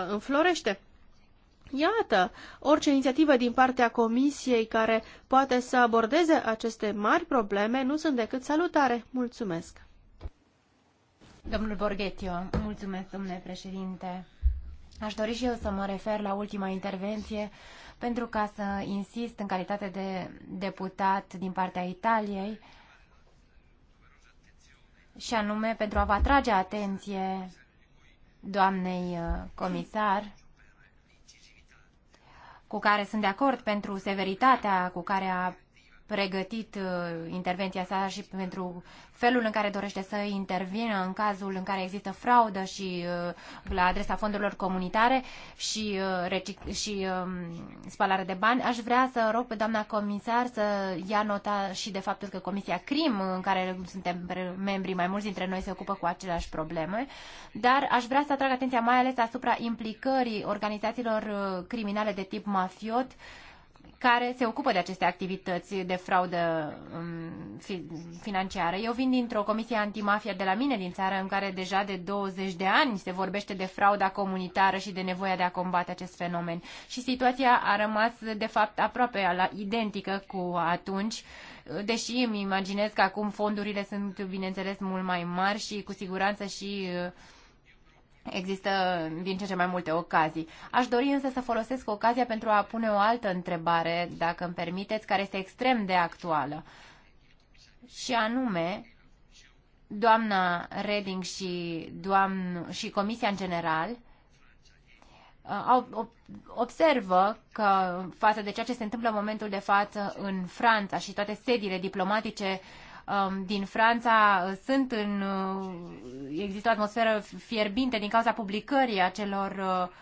înflorește. Iată, orice inițiativă din partea Comisiei care poate să abordeze aceste mari probleme nu sunt decât salutare. Mulțumesc! Domnul mulțumesc, președinte. Aș dori și eu să mă refer la ultima intervenție pentru ca să insist în calitate de deputat din partea Italiei și anume pentru a vă atrage atenție doamnei uh, comisar cu care sunt de acord pentru severitatea cu care a pregătit uh, intervenția sa și pentru felul în care dorește să intervină în cazul în care există fraudă și uh, la adresa fondurilor comunitare și, uh, și um, spalare de bani. Aș vrea să rog pe doamna comisar să ia nota și de faptul că Comisia CRIM, în care suntem membri, mai mulți dintre noi se ocupă cu aceleași probleme, dar aș vrea să atrag atenția mai ales asupra implicării organizațiilor criminale de tip mafiot care se ocupă de aceste activități de fraudă um, fi, financiară. Eu vin dintr-o comisie antimafia de la mine din țară, în care deja de 20 de ani se vorbește de frauda comunitară și de nevoia de a combate acest fenomen. Și situația a rămas, de fapt, aproape la identică cu atunci, deși îmi imaginez că acum fondurile sunt, bineînțeles, mult mai mari și cu siguranță și uh, Există din ce ce mai multe ocazii. Aș dori însă să folosesc ocazia pentru a pune o altă întrebare, dacă îmi permiteți, care este extrem de actuală. Și anume, doamna Reding și, doamn, și Comisia în general uh, observă că față de ceea ce se întâmplă în momentul de față în Franța și toate sediile diplomatice uh, Um, din Franța uh, sunt în... Uh, există o atmosferă fierbinte din cauza publicării acelor uh,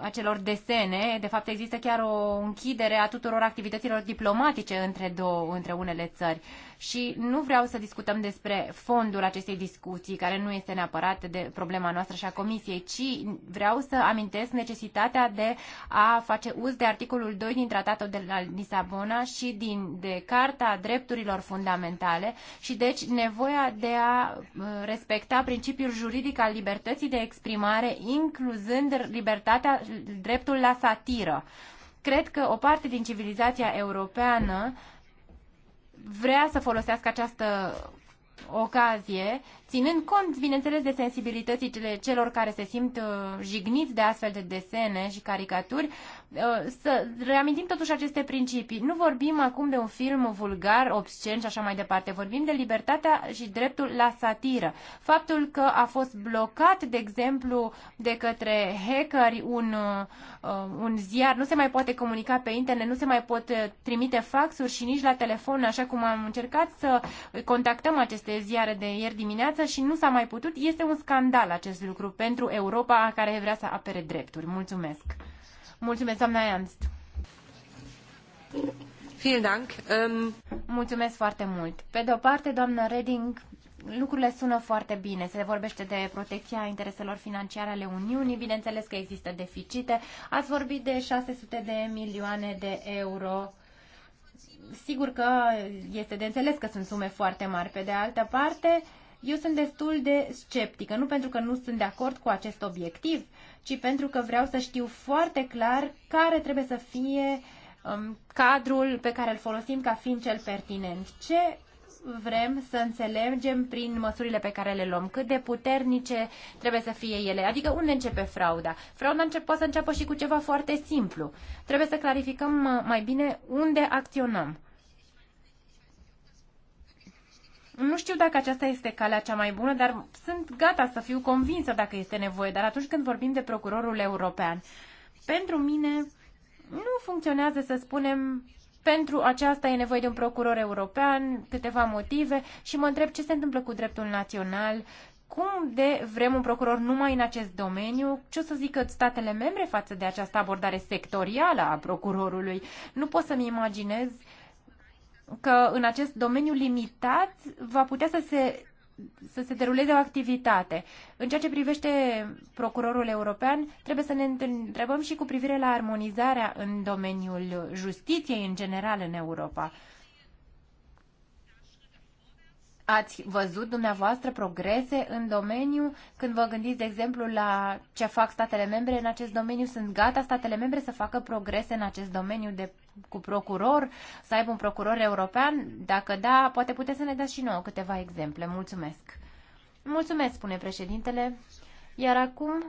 acelor desene. De fapt, există chiar o închidere a tuturor activităților diplomatice între două, între unele țări. Uh, și nu vreau să discutăm despre fondul acestei discuții, care nu este neapărat de problema noastră și a Comisiei, ci vreau să amintesc necesitatea de a face uz de articolul 2 din Tratatul de la Lisabona și din, de Carta Drepturilor Fundamentale și deci nevoia de a uh, respecta principiul juridic al libertății de exprimare, incluzând libertatea, dreptul la satiră. Cred că o parte din civilizația europeană vrea să folosească această ocazie, ținând cont, bineînțeles, de sensibilitățile celor care se simt uh, jigniți de astfel de desene și caricaturi, Uh, să reamintim totuși aceste principii. Nu vorbim acum de un film vulgar, obscen și așa mai departe. Vorbim de libertatea și dreptul la satiră. Faptul că a fost blocat, de exemplu, de către hackeri un, uh, un ziar, nu se mai poate comunica pe internet, nu se mai pot uh, trimite faxuri și nici la telefon, așa cum am încercat să contactăm aceste ziare de ieri dimineață și nu s-a mai putut. Este un scandal acest lucru pentru Europa care vrea să apere drepturi. Mulțumesc! Mulțumesc, doamna Ernst. Ähm, Mulțumesc foarte mult. Pe de o parte, doamnă Reding, lucrurile sună foarte bine. Se vorbește de protecția intereselor financiare ale Uniunii, bineînțeles că există deficite. Ați vorbit de 600 de milioane de euro. Sigur că este de înțeles că sunt sume foarte mari. Pe de altă parte, eu sunt destul de sceptică, nu pentru că nu sunt de acord cu acest obiectiv, ci pentru că vreau să știu foarte clar care trebuie să fie um, cadrul pe care îl folosim ca fiind cel pertinent. Ce vrem să înțelegem prin măsurile pe care le luăm, cât de puternice trebuie să fie ele. Adică unde începe frauda? Frauda începe, poate să înceapă și cu ceva foarte simplu. Trebuie să clarificăm uh, mai bine unde acționăm. Nu știu dacă aceasta este calea cea mai bună, dar sunt gata să fiu convinsă dacă este nevoie. Dar atunci când vorbim de procurorul european, pentru mine nu funcționează să spunem pentru aceasta e nevoie de un procuror european, câteva motive și mă întreb ce se întâmplă cu dreptul național, cum de vrem un procuror numai în acest domeniu? Ce o să zică statele membre față de această abordare sectorială a procurorului? Nu pot să-mi imaginez că în acest domeniu limitat va putea să se să se deruleze o activitate. În ceea ce privește procurorul european, trebuie să ne întrebăm și cu privire la armonizarea în domeniul justiției în general în Europa. Ați văzut dumneavoastră progrese în domeniu? Când vă gândiți, de exemplu, la ce fac statele membre în acest domeniu, sunt gata statele membre să facă progrese în acest domeniu de, cu procuror, să aibă un procuror european? Dacă da, poate puteți să ne dați și nouă câteva exemple. Mulțumesc! Mulțumesc, spune președintele. Iar acum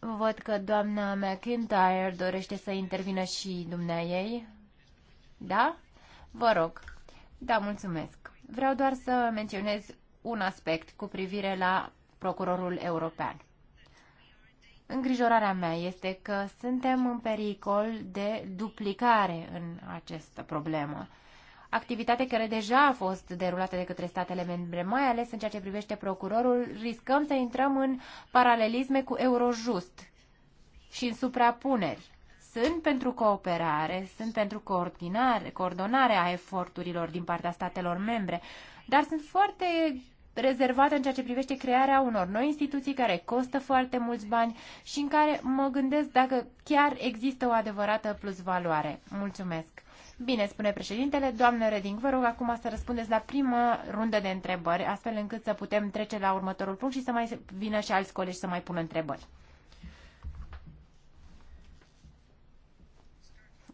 văd că doamna McIntyre dorește să intervină și dumnea ei. Da? Vă rog. Da, mulțumesc. Vreau doar să menționez un aspect cu privire la procurorul european. Îngrijorarea mea este că suntem în pericol de duplicare în această problemă. Activitate care deja a fost derulată de către statele membre, mai ales în ceea ce privește procurorul, riscăm să intrăm în paralelisme cu Eurojust și în suprapuneri sunt pentru cooperare, sunt pentru coordonare, coordonare a eforturilor din partea statelor membre, dar sunt foarte rezervate în ceea ce privește crearea unor noi instituții care costă foarte mulți bani și în care mă gândesc dacă chiar există o adevărată plusvaloare. Mulțumesc! Bine, spune președintele, doamnă Reding, vă rog acum să răspundeți la prima rundă de întrebări, astfel încât să putem trece la următorul punct și să mai vină și alți colegi să mai pună întrebări.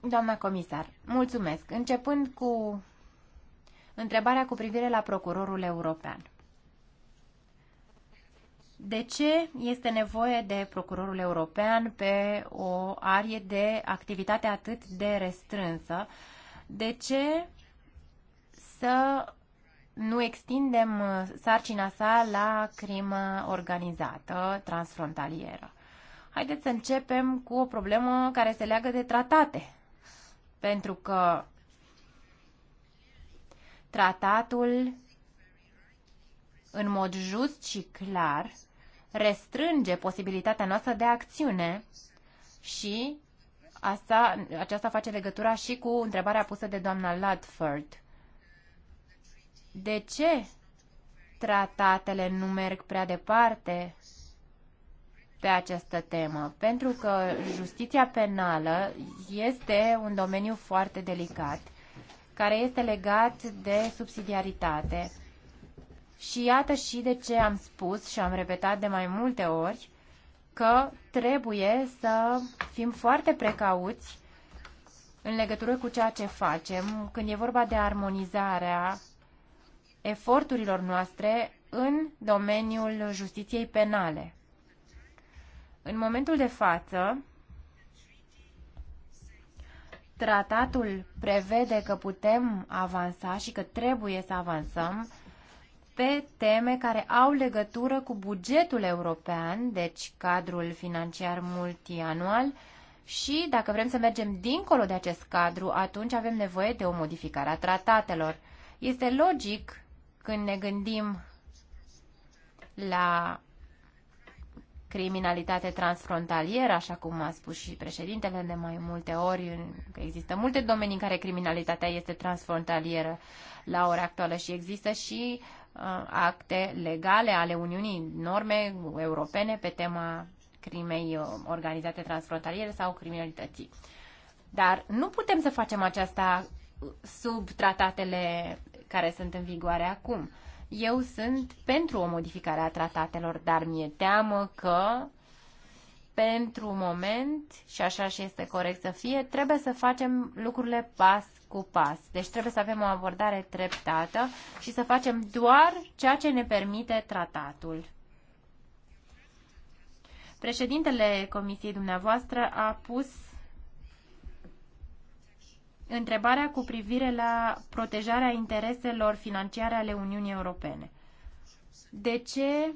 Doamna comisar, mulțumesc. Începând cu întrebarea cu privire la procurorul european. De ce este nevoie de procurorul european pe o arie de activitate atât de restrânsă? De ce să nu extindem uh, sarcina sa la crimă organizată transfrontalieră? Haideți să începem cu o problemă care se leagă de tratate pentru că tratatul în mod just și clar restrânge posibilitatea noastră de acțiune și asta, aceasta face legătura și cu întrebarea pusă de doamna Ludford. De ce tratatele nu merg prea departe pe această temă, pentru că justiția penală este un domeniu foarte delicat, care este legat de subsidiaritate. Și iată și de ce am spus și am repetat de mai multe ori că trebuie să fim foarte precauți în legătură cu ceea ce facem când e vorba de armonizarea eforturilor noastre în domeniul justiției penale. În momentul de față, tratatul prevede că putem avansa și că trebuie să avansăm pe teme care au legătură cu bugetul european, deci cadrul financiar multianual, și dacă vrem să mergem dincolo de acest cadru, atunci avem nevoie de o modificare a tratatelor. Este logic când ne gândim la criminalitate transfrontalieră, așa cum a spus și președintele de mai multe ori, că există multe domenii în care criminalitatea este transfrontalieră la ora actuală și există și uh, acte legale ale Uniunii, norme europene pe tema crimei uh, organizate transfrontaliere sau criminalității. Dar nu putem să facem aceasta sub tratatele care sunt în vigoare acum. Eu sunt pentru o modificare a tratatelor, dar mi-e teamă că pentru moment, și așa și este corect să fie, trebuie să facem lucrurile pas cu pas. Deci trebuie să avem o abordare treptată și să facem doar ceea ce ne permite tratatul. Președintele comisiei dumneavoastră a pus întrebarea cu privire la protejarea intereselor financiare ale Uniunii Europene. De ce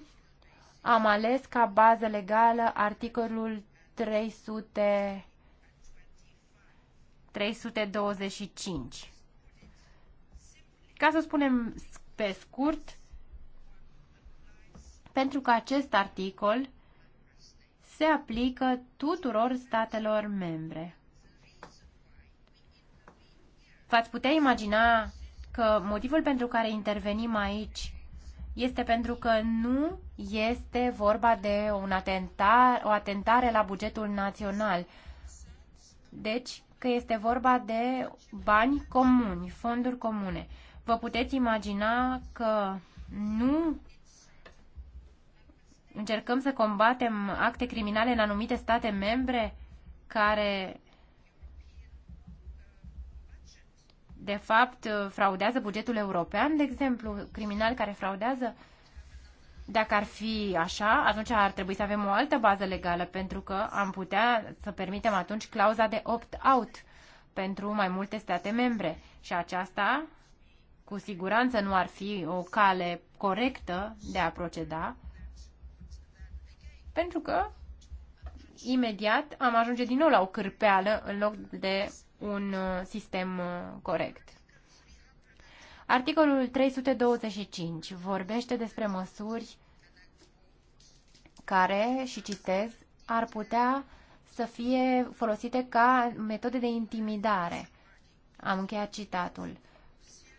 am ales ca bază legală articolul 300, 325? Ca să spunem pe scurt, pentru că acest articol se aplică tuturor statelor membre. V-ați putea imagina că motivul pentru care intervenim aici este pentru că nu este vorba de un atentar, o atentare la bugetul național. Deci că este vorba de bani comuni, fonduri comune. Vă puteți imagina că nu încercăm să combatem acte criminale în anumite state membre care de fapt uh, fraudează bugetul european, de exemplu, criminali care fraudează? Dacă ar fi așa, atunci ar trebui să avem o altă bază legală, pentru că am putea să permitem atunci clauza de opt-out pentru mai multe state membre. Și aceasta, cu siguranță, nu ar fi o cale corectă de a proceda, pentru că imediat am ajunge din nou la o cârpeală în loc de un uh, sistem uh, corect. Articolul 325 vorbește despre măsuri care, și citez, ar putea să fie folosite ca metode de intimidare. Am încheiat citatul.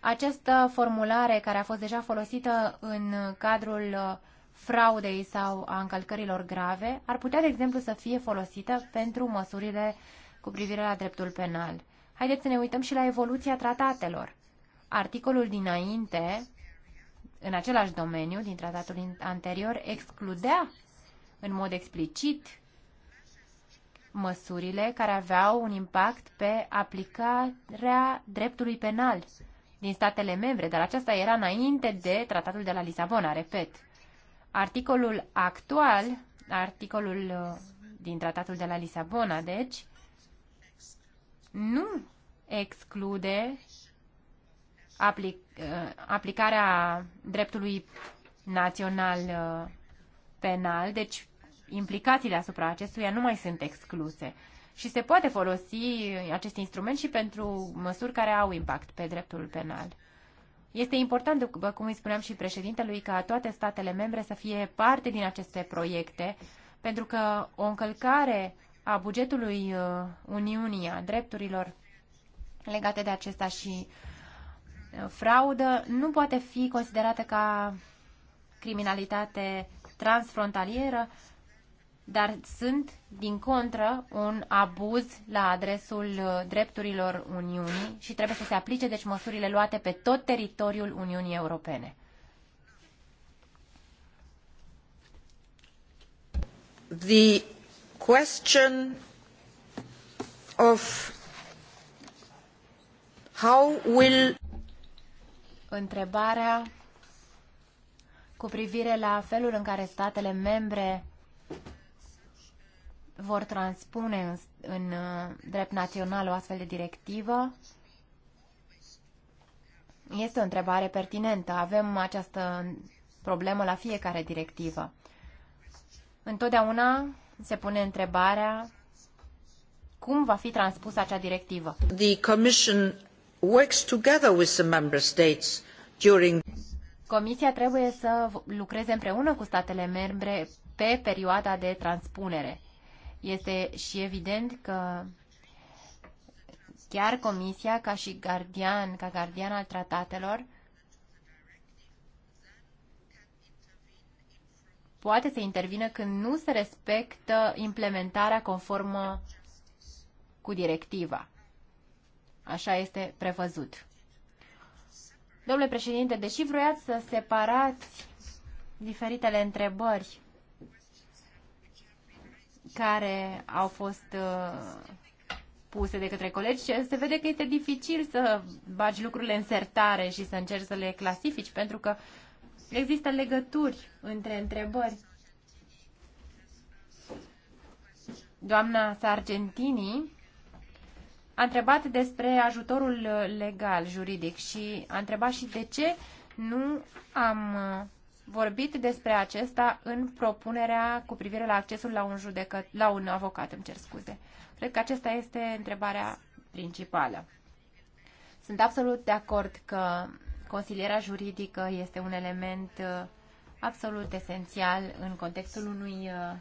Această formulare care a fost deja folosită în cadrul uh, fraudei sau a încălcărilor grave ar putea, de exemplu, să fie folosită pentru măsurile uh, cu privire la dreptul penal. Haideți să ne uităm și la evoluția tratatelor. Articolul dinainte, în același domeniu, din tratatul anterior, excludea în mod explicit măsurile care aveau un impact pe aplicarea dreptului penal din statele membre, dar aceasta era înainte de tratatul de la Lisabona, repet. Articolul actual, articolul uh, din tratatul de la Lisabona, deci, nu exclude aplic, uh, aplicarea dreptului național uh, penal, deci implicațiile asupra acestuia nu mai sunt excluse. Și se poate folosi acest instrument și pentru măsuri care au impact pe dreptul penal. Este important, după cum îi spuneam și președintelui, ca toate statele membre să fie parte din aceste proiecte, pentru că o încălcare a bugetului uh, Uniunii, a drepturilor legate de acesta și uh, fraudă, nu poate fi considerată ca criminalitate transfrontalieră, dar sunt, din contră, un abuz la adresul uh, drepturilor Uniunii și trebuie să se aplice, deci, măsurile luate pe tot teritoriul Uniunii Europene. The question of how will Întrebarea cu privire la felul în care statele membre vor transpune în, în uh, drept național o astfel de directivă este o întrebare pertinentă. Avem această problemă la fiecare directivă. Întotdeauna se pune întrebarea cum va fi transpusă acea directivă. The Commission works together with the member states during Comisia trebuie să lucreze împreună cu statele membre pe perioada de transpunere. Este și evident că chiar Comisia, ca și gardian, ca gardian al tratatelor, poate să intervină când nu se respectă implementarea conformă cu directiva. Așa este prevăzut. Domnule președinte, deși vroiați să separați diferitele întrebări care au fost uh, puse de către colegi, se vede că este dificil să bagi lucrurile în sertare și să încerci să le clasifici, pentru că uh, Există legături între întrebări. Doamna Sargentini a întrebat despre ajutorul legal, juridic și a întrebat și de ce nu am vorbit despre acesta în propunerea cu privire la accesul la un, judecă, la un avocat, îmi cer scuze. Cred că aceasta este întrebarea principală. Sunt absolut de acord că Consilierea juridică este un element uh, absolut esențial în contextul unui uh,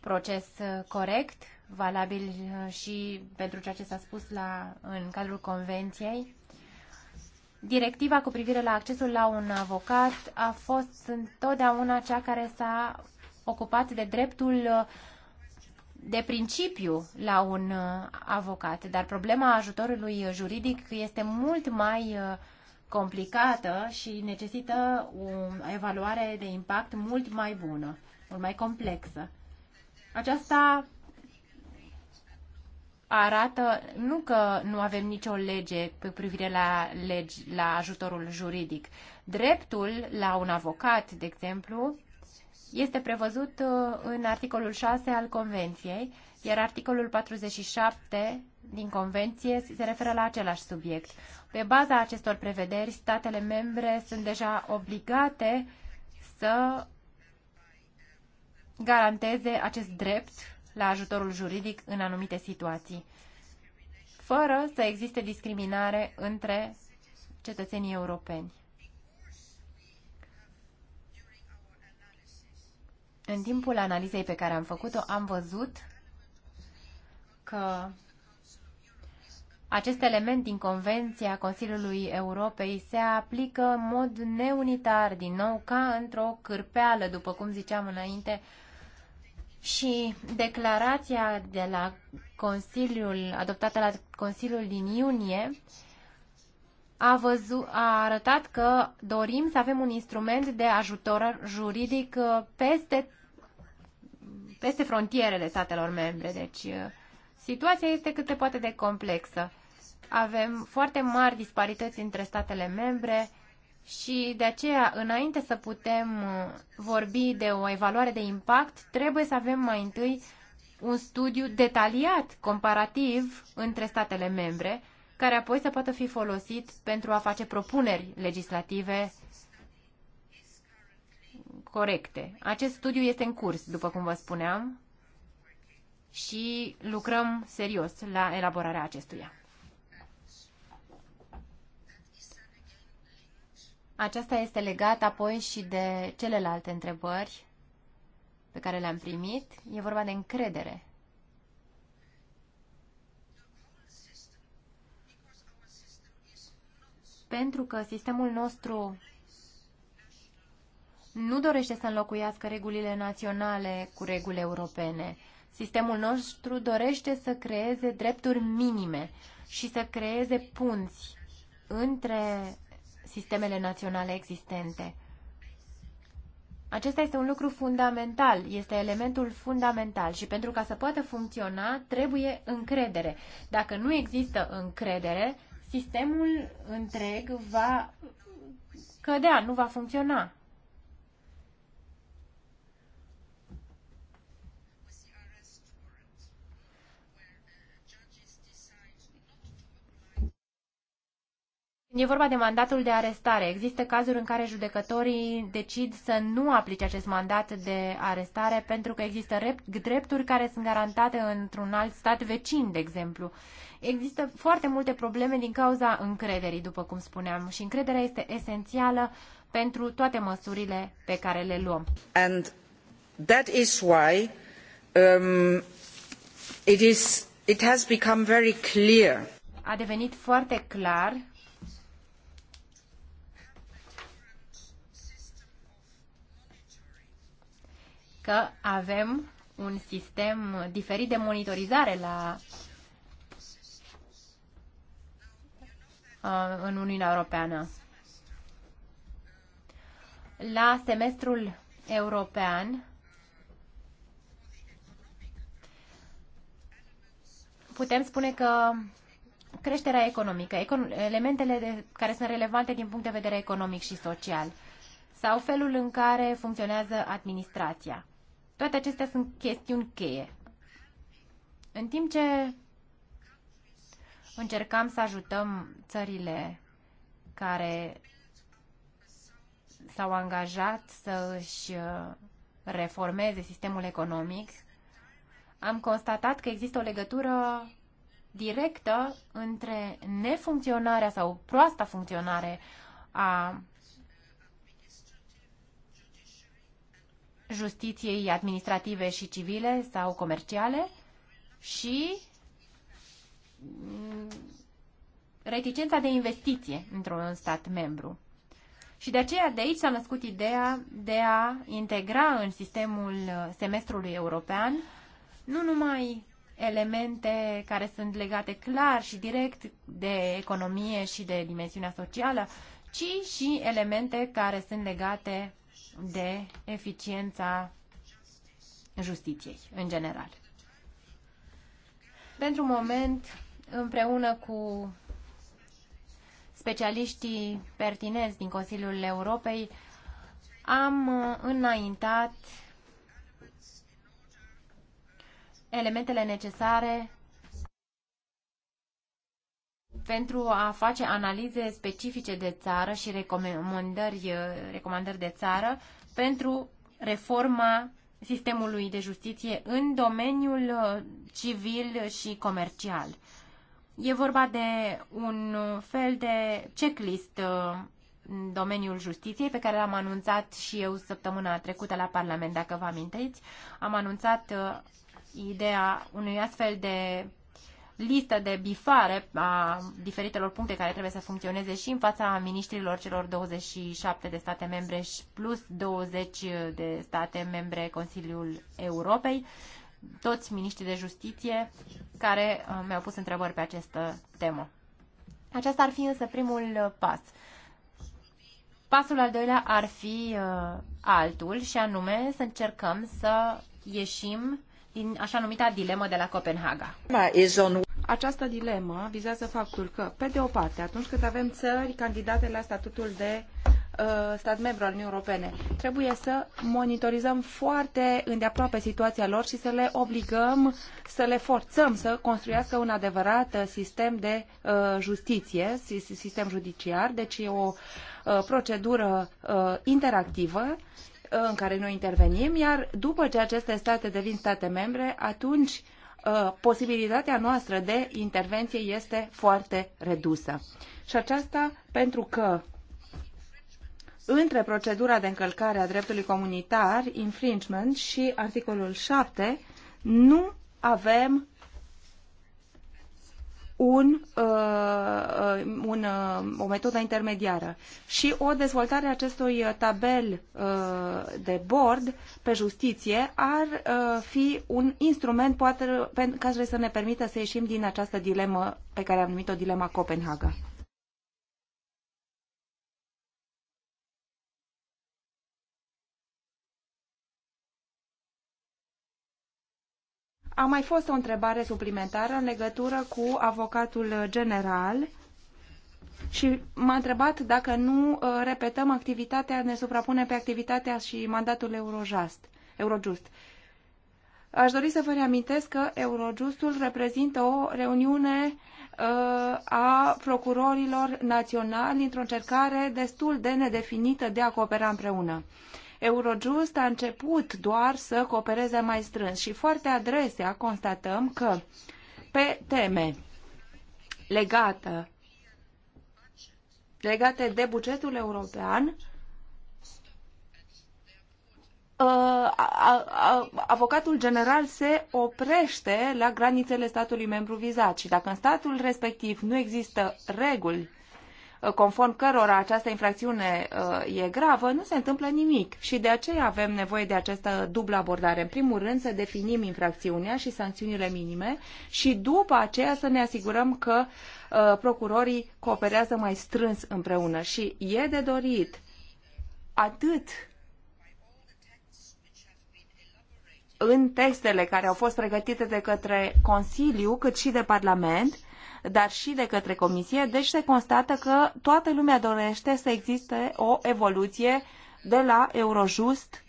proces uh, corect, valabil și pentru ceea ce s-a spus la, în cadrul Convenției. Directiva cu privire la accesul la un avocat a fost întotdeauna cea care s-a ocupat de dreptul de principiu la un uh, avocat, dar problema ajutorului juridic este mult mai uh, complicată și necesită o evaluare de impact mult mai bună, mult mai complexă. Aceasta arată nu că nu avem nicio lege pe privire la, legi, la ajutorul juridic. Dreptul la un avocat, de exemplu, este prevăzut uh, în articolul 6 al Convenției, iar articolul 47 din Convenție se referă la același subiect. Pe baza acestor prevederi, statele membre sunt deja obligate să garanteze acest drept la ajutorul juridic în anumite situații, fără să existe discriminare între cetățenii europeni. În timpul analizei pe care am făcut-o, am văzut că acest element din Convenția Consiliului Europei se aplică în mod neunitar, din nou, ca într-o cârpeală, după cum ziceam înainte, și declarația de la Consiliul, adoptată la Consiliul din iunie a, văzu, a arătat că dorim să avem un instrument de ajutor juridic uh, peste, peste frontierele statelor membre. Deci, uh, situația este cât se poate de complexă. Avem foarte mari disparități între statele membre și de aceea, înainte să putem uh, vorbi de o evaluare de impact, trebuie să avem mai întâi un studiu detaliat, comparativ, între statele membre, care apoi să poată fi folosit pentru a face propuneri legislative corecte. Acest studiu este în curs, după cum vă spuneam, și lucrăm serios la elaborarea acestuia. Aceasta este legat apoi și de celelalte întrebări pe care le-am primit. E vorba de încredere. pentru că sistemul nostru nu dorește să înlocuiască regulile naționale cu reguli europene. Sistemul nostru dorește să creeze drepturi minime și să creeze punți între sistemele naționale existente. Acesta este un lucru fundamental, este elementul fundamental și pentru ca să poată funcționa trebuie încredere. Dacă nu există încredere, sistemul întreg va cădea, nu va funcționa. E vorba de mandatul de arestare. Există cazuri în care judecătorii decid să nu aplice acest mandat de arestare pentru că există drepturi care sunt garantate într-un alt stat vecin, de exemplu. Există foarte multe probleme din cauza încrederii, după cum spuneam, și încrederea este esențială pentru toate măsurile pe care le luăm. And that is why um, it, is, it has become very clear. A devenit foarte clar că avem un sistem diferit de monitorizare la Uh, în Uniunea Europeană. La semestrul european putem spune că creșterea economică, elementele de, care sunt relevante din punct de vedere economic și social, sau felul în care funcționează administrația. Toate acestea sunt chestiuni cheie. În timp ce încercam să ajutăm țările care s-au angajat să își uh, reformeze sistemul economic, am constatat că există o legătură directă între nefuncționarea sau proasta funcționare a justiției administrative și civile sau comerciale și Mm, reticența de investiție într-un stat membru. Și de aceea de aici s-a născut ideea de a integra în sistemul semestrului european nu numai elemente care sunt legate clar și direct de economie și de dimensiunea socială, ci și elemente care sunt legate de eficiența justiției în general. Pentru moment, împreună cu specialiștii pertinenți din Consiliul Europei, am înaintat elementele necesare pentru a face analize specifice de țară și recomandări, recomandări de țară pentru reforma sistemului de justiție în domeniul civil și comercial. E vorba de un fel de checklist uh, în domeniul justiției, pe care l-am anunțat și eu săptămâna trecută la Parlament, dacă vă amintiți. Am anunțat uh, ideea unui astfel de listă de bifare a diferitelor puncte care trebuie să funcționeze și în fața ministrilor celor 27 de state membre și plus 20 de state membre Consiliul Europei toți miniștrii de justiție care uh, mi-au pus întrebări pe această temă. Aceasta ar fi însă primul uh, pas. Pasul al doilea ar fi uh, altul și anume să încercăm să ieșim din așa numita dilemă de la Copenhaga. Această dilemă vizează faptul că, pe de o parte, atunci când avem țări candidate la statutul de uh, Uh, stat membru al Uniunii Europene. Trebuie să monitorizăm foarte îndeaproape situația lor și să le obligăm, să le forțăm să construiască un adevărat uh, sistem de uh, justiție, sistem judiciar, deci e o procedură interactivă în care noi intervenim, iar după ce aceste state devin state membre, atunci posibilitatea noastră de intervenție este foarte redusă. Și aceasta pentru că între procedura de încălcare a dreptului comunitar, infringement, și articolul 7, nu avem un, uh, un, uh, o metodă intermediară și o dezvoltare a acestui tabel uh, de bord pe justiție ar uh, fi un instrument poate, care să ne permită să ieșim din această dilemă pe care am numit-o dilema Copenhaga. A mai fost o întrebare suplimentară în legătură cu avocatul general și m-a întrebat dacă nu uh, repetăm activitatea, ne suprapunem pe activitatea și mandatul Eurojust. Eurojust. Aș dori să vă reamintesc că Eurojustul reprezintă o reuniune uh, a procurorilor naționali într-o încercare destul de nedefinită de a coopera împreună. Eurojust a început doar să coopereze mai strâns și foarte adresea constatăm că pe teme legate legate de bugetul european, ă, avocatul general se oprește la granițele statului membru vizat și dacă în statul respectiv nu există reguli conform cărora această infracțiune uh, e gravă, nu se întâmplă nimic. Și de aceea avem nevoie de această dublă abordare. În primul rând să definim infracțiunea și sancțiunile minime și după aceea să ne asigurăm că uh, procurorii cooperează mai strâns împreună. Și e de dorit atât în textele care au fost pregătite de către Consiliu, cât și de Parlament, dar și de către Comisie, deci se constată că toată lumea dorește să existe o evoluție de la Eurojust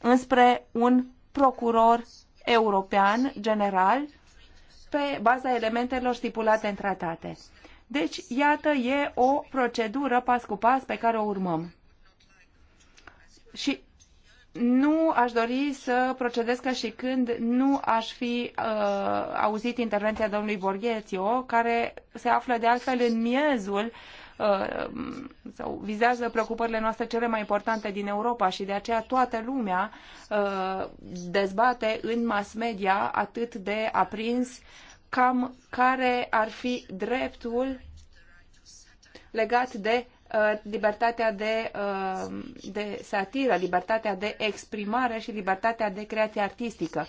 înspre un procuror european general pe baza elementelor stipulate în tratate. Deci, iată, e o procedură pas cu pas pe care o urmăm. Și nu aș dori să procedez ca și când nu aș fi uh, auzit intervenția domnului Borghețio, care se află de altfel în miezul uh, sau vizează preocupările noastre cele mai importante din Europa și de aceea toată lumea uh, dezbate în mass media atât de aprins cam care ar fi dreptul legat de Uh, libertatea de, uh, de satiră, libertatea de exprimare și libertatea de creație artistică.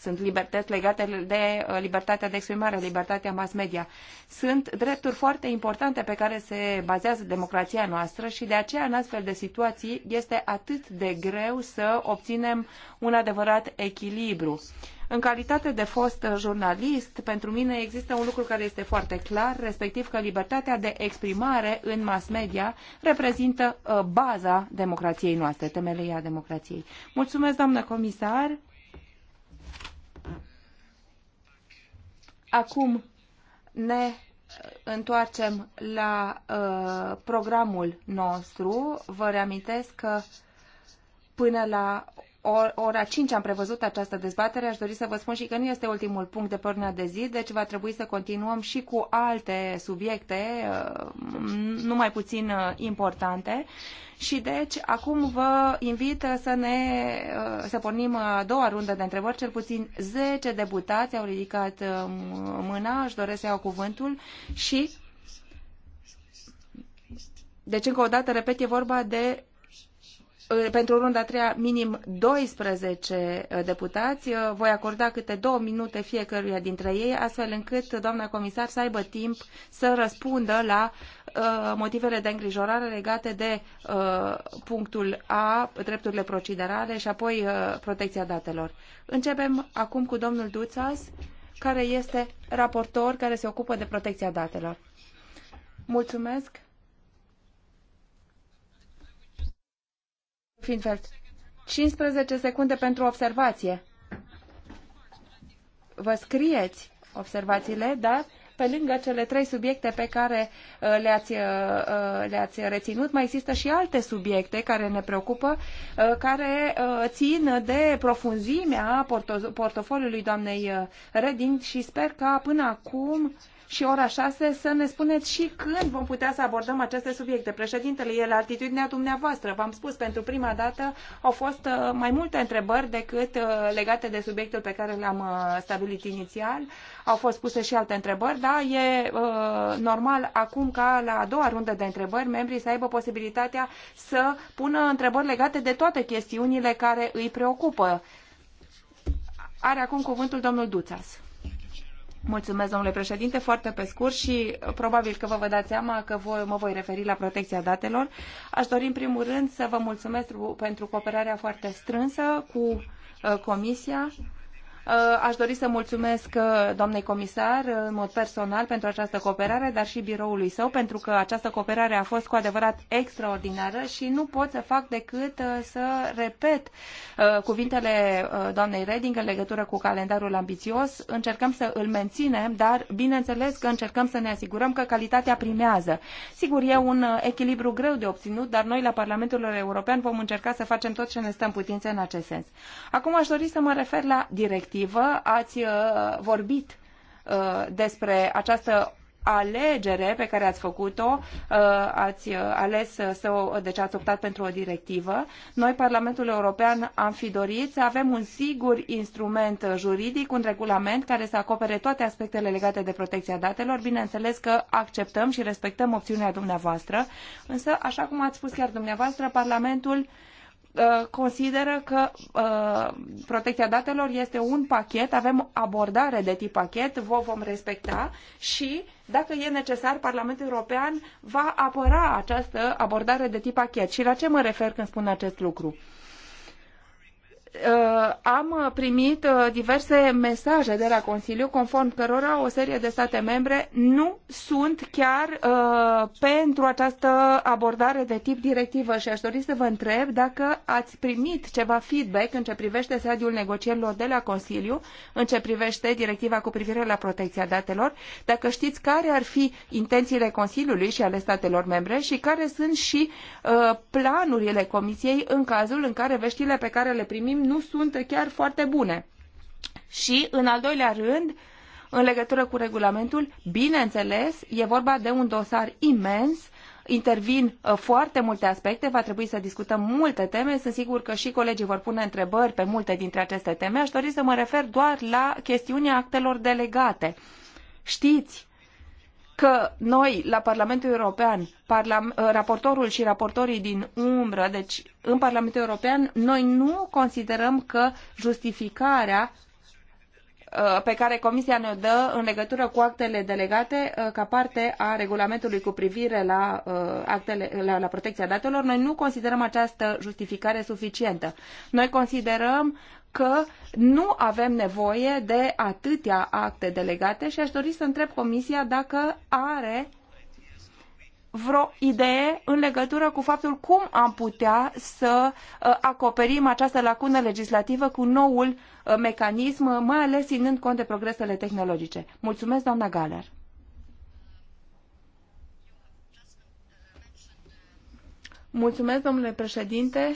Sunt libertăți legate de uh, libertatea de exprimare, libertatea mass media. Sunt drepturi foarte importante pe care se bazează democrația noastră și de aceea în astfel de situații este atât de greu să obținem un adevărat echilibru în calitate de fost jurnalist, pentru mine există un lucru care este foarte clar, respectiv că libertatea de exprimare în mass media reprezintă uh, baza democrației noastre, temeleia democrației. Mulțumesc, doamnă comisar. Acum ne uh, întoarcem la uh, programul nostru. Vă reamintesc că până la ora 5 am prevăzut această dezbatere. Aș dori să vă spun și că nu este ultimul punct de pornire de zi, deci va trebui să continuăm și cu alte subiecte, uh, nu mai puțin uh, importante. Și deci, acum vă invit uh, să ne să pornim a doua rundă de întrebări. Cel puțin 10 deputați au ridicat mâna, își doresc să iau cuvântul și deci, încă o dată, repet, e vorba de Eh, pentru runda a treia minim 12 eh, deputați. Eh, voi acorda câte două minute fiecăruia dintre ei, astfel încât doamna comisar să aibă timp să răspundă la motivele de îngrijorare legate de punctul A, drepturile procedurale și apoi protecția datelor. Începem acum cu domnul Duțas, care este raportor care se ocupă de protecția datelor. Mulțumesc! Finfeld, 15 secunde pentru observație. Vă scrieți observațiile, dar pe lângă cele trei subiecte pe care uh, le-ați, uh, uh, le-ați reținut, mai există și alte subiecte care ne preocupă, care țin de profunzimea portofoliului doamnei Reding și sper că până acum și ora 6 să ne spuneți și când vom putea să abordăm aceste subiecte. Președintele, e la altitudinea dumneavoastră. V-am spus, pentru prima dată au fost uh, mai multe întrebări decât uh, legate de subiectul pe care l-am uh, stabilit inițial. Au fost puse și alte întrebări, dar e uh, normal acum ca la a doua rundă de întrebări membrii să aibă posibilitatea să pună întrebări legate de toate chestiunile care îi preocupă. Are acum cuvântul domnul Duțas. Mulțumesc, domnule președinte, foarte pe scurt și uh, probabil că vă vă dați seama că voi, mă voi referi la protecția datelor. Aș dori în primul rând să vă mulțumesc pentru cooperarea foarte strânsă cu uh, Comisia Uh, aș dori să mulțumesc uh, doamnei comisar uh, în mod personal pentru această cooperare, dar și biroului său, pentru că această cooperare a fost cu adevărat extraordinară și nu pot să fac decât să repet cuvintele doamnei Reding în legătură cu calendarul ambițios. Încercăm să îl menținem, dar bineînțeles că încercăm să ne asigurăm că calitatea primează. Sigur, e un echilibru greu de obținut, dar noi la Parlamentul European vom încerca să facem tot ce ne stă în putință în acest sens. Acum aș dori să mă refer la directivă respectivă ați uh, vorbit uh, despre această alegere pe care ați făcut-o, uh, ați ales să o, deci ați optat pentru o directivă. Noi, Parlamentul European, am fi dorit să avem un sigur instrument juridic, un regulament care să acopere toate aspectele legate de protecția datelor. Bineînțeles că acceptăm și respectăm opțiunea dumneavoastră, însă, așa cum ați spus chiar dumneavoastră, Parlamentul Uh, consideră că uh, protecția datelor este un pachet, avem abordare de tip pachet, vă vom respecta și, dacă e necesar, Parlamentul European va apăra această abordare de tip pachet. Și la ce mă refer când spun acest lucru? Uh, Uh, am primit uh, diverse mesaje de la Consiliu conform cărora o serie de state membre nu sunt chiar uh, pentru această abordare de tip directivă și aș dori să vă întreb dacă ați primit ceva feedback în ce privește stadiul negocierilor de la Consiliu, în ce privește directiva cu privire la protecția datelor, dacă știți care ar fi intențiile Consiliului și ale statelor membre și care sunt și planurile Comisiei în cazul în care veștile pe care le primim primim nu sunt chiar foarte bune. Și, în al doilea rând, în legătură cu regulamentul, bineînțeles, e vorba de un dosar imens intervin uh, foarte multe aspecte, va trebui să discutăm multe teme, sunt sigur că și colegii vor pune întrebări pe multe dintre aceste teme. Aș dori să mă refer doar la chestiunea actelor delegate. Știți că noi, la Parlamentul European, parlam, ă, raportorul și raportorii din umbră, deci în Parlamentul European, noi nu considerăm că justificarea ă, pe care Comisia ne-o dă în legătură cu actele delegate ă, ca parte a regulamentului cu privire la, actele, la, la protecția datelor, noi nu considerăm această justificare suficientă. Noi considerăm că nu avem nevoie de atâtea acte delegate și aș dori să întreb Comisia dacă are vreo idee în legătură cu faptul cum am putea să uh, acoperim această lacună legislativă cu noul uh, mecanism, mai ales ținând cont de progresele tehnologice. Mulțumesc, doamna Galer. Mulțumesc, domnule președinte.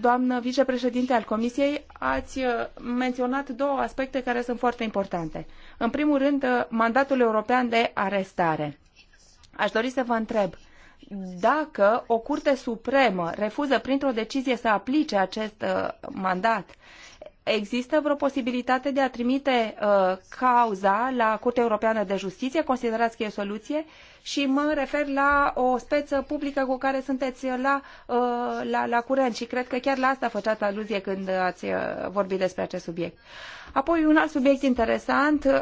Doamnă vicepreședinte al Comisiei, ați uh, menționat două aspecte care sunt foarte importante. În primul rând, uh, mandatul european de arestare. Aș dori să vă întreb, dacă o curte supremă refuză printr-o decizie să aplice acest uh, mandat Există vreo posibilitate de a trimite uh, cauza la Curtea Europeană de Justiție? Considerați că e o soluție? Și mă refer la o speță publică cu care sunteți la, uh, la, la curent și cred că chiar la asta făceați aluzie când ați uh, vorbit despre acest subiect. Apoi un alt subiect interesant, uh,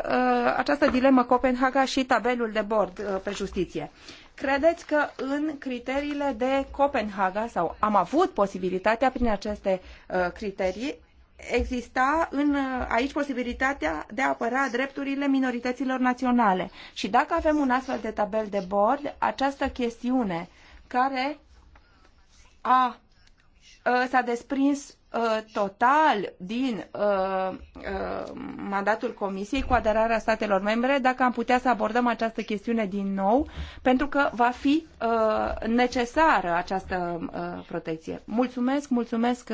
această dilemă Copenhaga și tabelul de bord uh, pe justiție. Credeți că în criteriile de Copenhaga, sau am avut posibilitatea prin aceste uh, criterii, exista în, uh, aici posibilitatea de a apăra drepturile minorităților naționale. Și dacă avem un astfel de tabel de bord, această chestiune care a, uh, s-a desprins uh, total din a, a, mandatul Comisiei cu aderarea statelor membre, dacă am putea să abordăm această chestiune din nou, pentru că va fi a, necesară această protecție. Mulțumesc, mulțumesc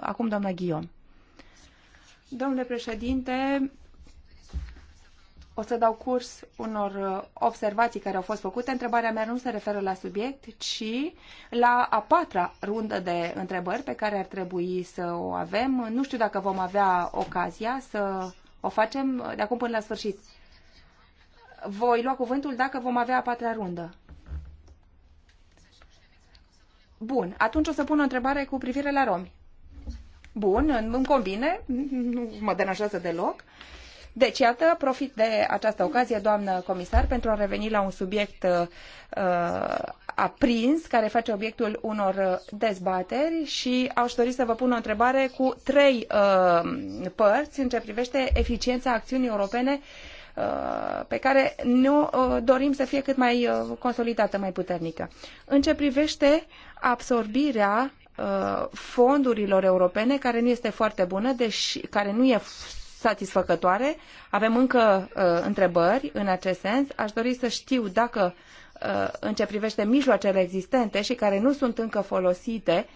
acum doamna Ghiom. Domnule președinte, o să dau curs unor uh, observații care au fost făcute. Întrebarea mea nu se referă la subiect, ci la a patra rundă de întrebări pe care ar trebui să o avem. Nu știu dacă vom avea ocazia să o facem de acum până la sfârșit. Voi lua cuvântul dacă vom avea a patra rundă. Bun, atunci o să pun o întrebare cu privire la romi. Bun, îmi convine, nu mă deranjează deloc. Deci, iată, profit de această ocazie, doamnă comisar, pentru a reveni la un subiect uh, aprins, care face obiectul unor uh, dezbateri și aș dori să vă pun o întrebare cu trei uh, părți în ce privește eficiența acțiunii europene uh, pe care nu uh, dorim să fie cât mai consolidată, mai puternică. În ce privește absorbirea Uh, fondurilor europene care nu este foarte bună, deși care nu e satisfăcătoare. Avem încă uh, întrebări în acest sens. Aș dori să știu dacă uh, în ce privește mijloacele existente și care nu sunt încă folosite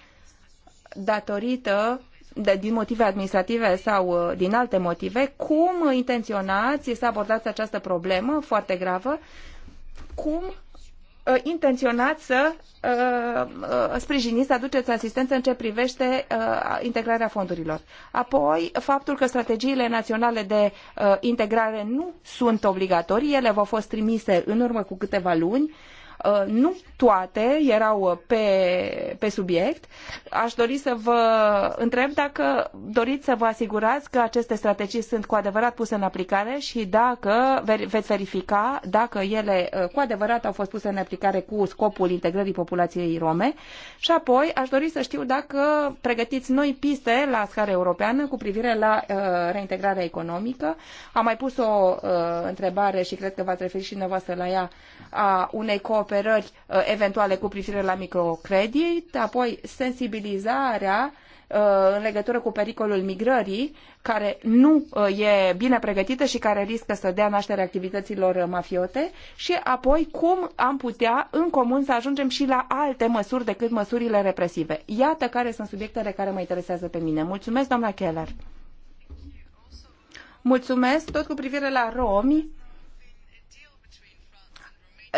datorită de, din motive administrative sau uh, din alte motive, cum intenționați să abordați această problemă foarte gravă, cum Uh, intenționați să uh, uh, sprijiniți, să aduceți asistență în ce privește integrarea fondurilor. Apoi, faptul că strategiile naționale de integrare nu sunt obligatorii, ele v-au fost trimise în urmă cu câteva luni Uh, nu toate erau uh, pe, pe subiect. Aș dori să vă întreb dacă doriți să vă asigurați că aceste strategii sunt cu adevărat puse în aplicare și dacă veți verifica dacă ele uh, cu adevărat au fost puse în aplicare cu scopul integrării populației rome. Și apoi aș dori să știu dacă pregătiți noi piste la scară europeană cu privire la uh, reintegrarea economică. Am mai pus o uh, întrebare și cred că v-ați referit și dumneavoastră la ea a unei cooperări cooperări uh, eventuale cu privire la microcredit, apoi sensibilizarea uh, în legătură cu pericolul migrării, care nu uh, e bine pregătită și care riscă să dea naștere activităților mafiote și apoi cum am putea în comun să ajungem și la alte măsuri decât măsurile represive. Iată care sunt subiectele care mă interesează pe mine. Mulțumesc, doamna Keller. Mulțumesc. Tot cu privire la romi,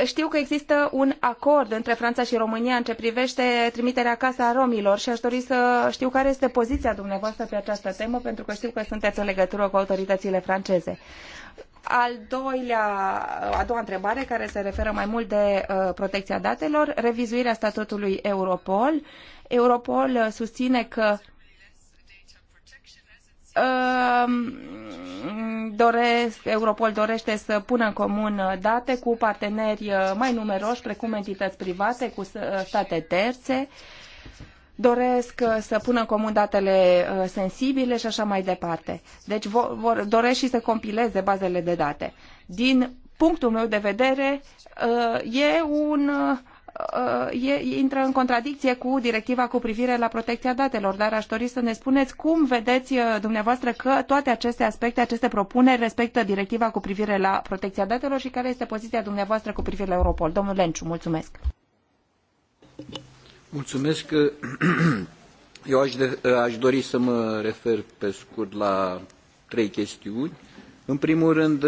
știu că există un acord între Franța și România în ce privește trimiterea acasă a romilor și aș dori să știu care este poziția dumneavoastră pe această temă, pentru că știu că sunteți în legătură cu autoritățile franceze. Al doilea, a doua întrebare, care se referă mai mult de uh, protecția datelor, revizuirea statutului Europol. Europol uh, susține că Ehm, doresc, Europol dorește să pună în comun uh, date cu parteneri uh, mai numeroși, precum entități private, cu uh, state terțe, doresc să pună în comun datele sensibile și așa mai departe. Deci vor, doresc și să compileze bazele de date. Din punctul meu de vedere, e un Uh, e, intră în contradicție cu directiva cu privire la protecția datelor, dar aș dori să ne spuneți cum vedeți uh, dumneavoastră că toate aceste aspecte, aceste propuneri respectă directiva cu privire la protecția datelor și care este poziția dumneavoastră cu privire la Europol. Domnul Lenciu, mulțumesc. Mulțumesc. Eu aș, de, aș dori să mă refer pe scurt la trei chestiuni. În primul rând,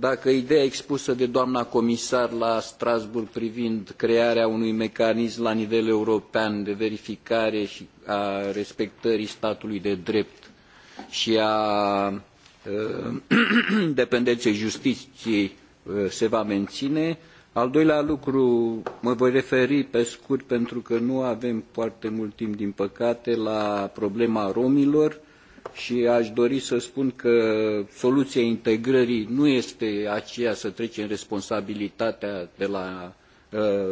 dacă ideea expusă de doamna comisar la Strasbourg privind crearea unui mecanism la nivel european de verificare și a respectării statului de drept și a uh, dependenței justiției uh, se va menține. Al doilea lucru, mă voi referi pe scurt pentru că nu avem foarte mult timp, din păcate, la problema romilor și aș dori să spun că soluția integrării nu este aceea să trecem responsabilitatea de la, ă,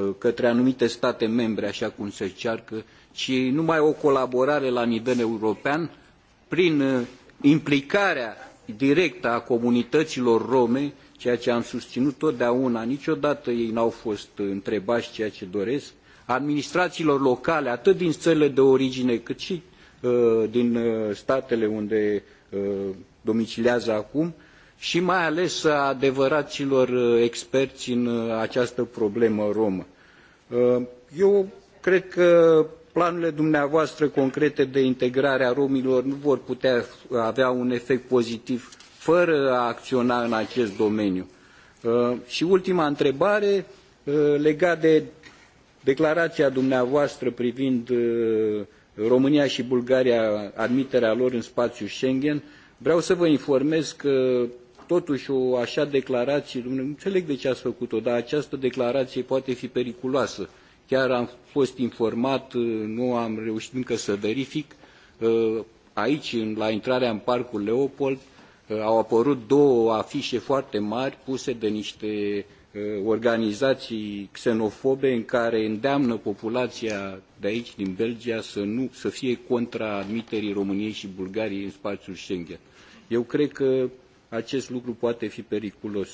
ă, către anumite state membre, așa cum se încearcă, ci numai o colaborare la nivel european prin ă, implicarea directă a comunităților rome, ceea ce am susținut totdeauna, niciodată ei n-au fost întrebați ceea ce doresc, administrațiilor locale, atât din țările de origine cât și Uh, din uh, statele unde uh, domiciliază acum și mai ales a adevăraților experți în această problemă romă. Eu cred că planurile dumneavoastră concrete de integrare a romilor nu vor putea avea un efect pozitiv fără a acționa în acest domeniu. Și ultima întrebare legată de declarația dumneavoastră privind România și Bulgaria, admiterea lor în spațiul Schengen, vreau să vă informez că totuși o așa declarație, nu înțeleg de ce ați făcut-o, dar această declarație poate fi periculoasă. Chiar am fost informat, nu am reușit încă să verific, uh, aici, la intrarea în parcul Leopold, uh, au apărut două afișe foarte mari puse de niște uh, organizații xenofobe în care îndeamnă populația de aici, din Belgia, să, nu, să fie contra admiterii României și Bulgariei în spațiul Schengen. Eu cred că acest lucru poate fi periculos.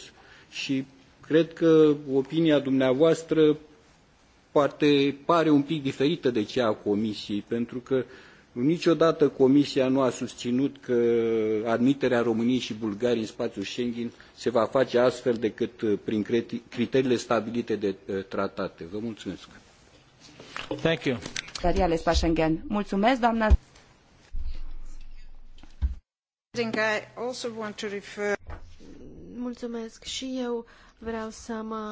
Și cred că opinia dumneavoastră poate pare un pic diferită de cea a Comisiei, pentru că niciodată Comisia nu a susținut că admiterea României și Bulgariei în spațiul Schengen se va face astfel decât prin criteriile stabilite de ă, tratate. Vă mulțumesc. Thank you. Dar ales pa Schengen. Mulțumesc, doamna. Mulțumesc. Și eu vreau să mă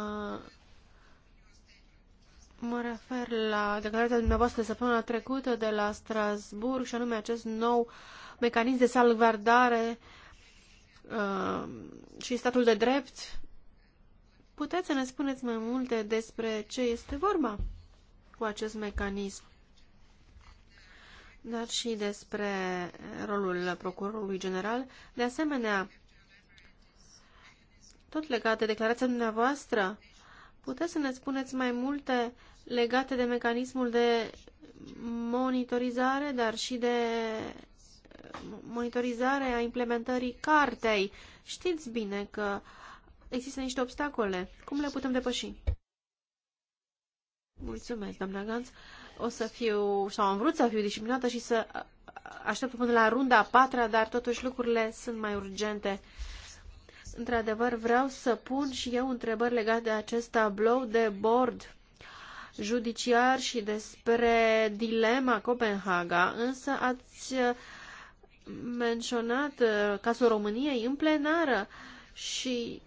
Mă refer la declarația dumneavoastră săptămâna trecută de la Strasburg și anume acest nou mecanism de salvardare uh, și statul de drept. Puteți să ne spuneți mai multe despre ce este vorba? cu acest mecanism, dar și despre rolul procurorului general. De asemenea, tot legat de declarația dumneavoastră, puteți să ne spuneți mai multe legate de mecanismul de monitorizare, dar și de monitorizare a implementării cartei. Știți bine că există niște obstacole. Cum le putem depăși? Mulțumesc, doamna Ganz. O să fiu, sau am vrut să fiu disciplinată și să aștept până la runda a patra, dar totuși lucrurile sunt mai urgente. Într-adevăr, vreau să pun și eu întrebări legate de acest tablou de bord judiciar și despre dilema Copenhaga, însă ați menționat uh, cazul României în plenară și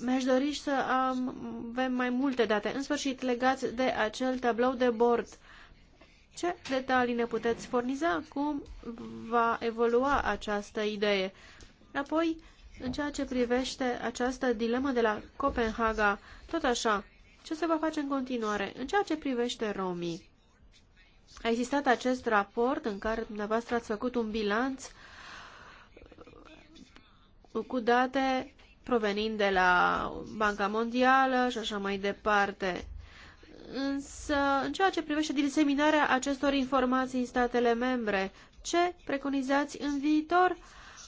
mi-aș dori să am, avem mai multe date, în sfârșit, legați de acel tablou de bord. Ce detalii ne puteți furniza? Cum va evolua această idee? Apoi, în ceea ce privește această dilemă de la Copenhaga, tot așa, ce se va face în continuare? În ceea ce privește romii, a existat acest raport în care dumneavoastră ați făcut un bilanț cu date provenind de la Banca Mondială și așa mai departe. Însă, în ceea ce privește diseminarea acestor informații în statele membre, ce preconizați în viitor?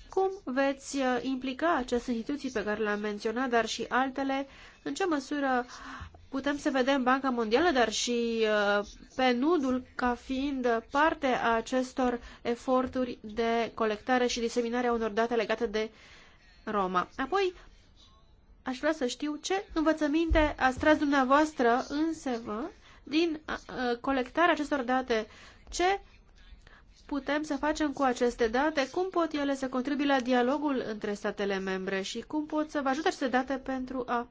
Cum veți uh, implica aceste instituții pe care le-am menționat, dar și altele? În ce măsură putem să vedem Banca Mondială, dar și uh, pe nudul ca fiind parte a acestor eforturi de colectare și diseminare a unor date legate de Roma. Apoi, Aș vrea să știu ce învățăminte ați tras dumneavoastră vă din colectarea acestor date. Ce putem să facem cu aceste date? Cum pot ele să contribuie la dialogul între statele membre și cum pot să vă ajute aceste date pentru a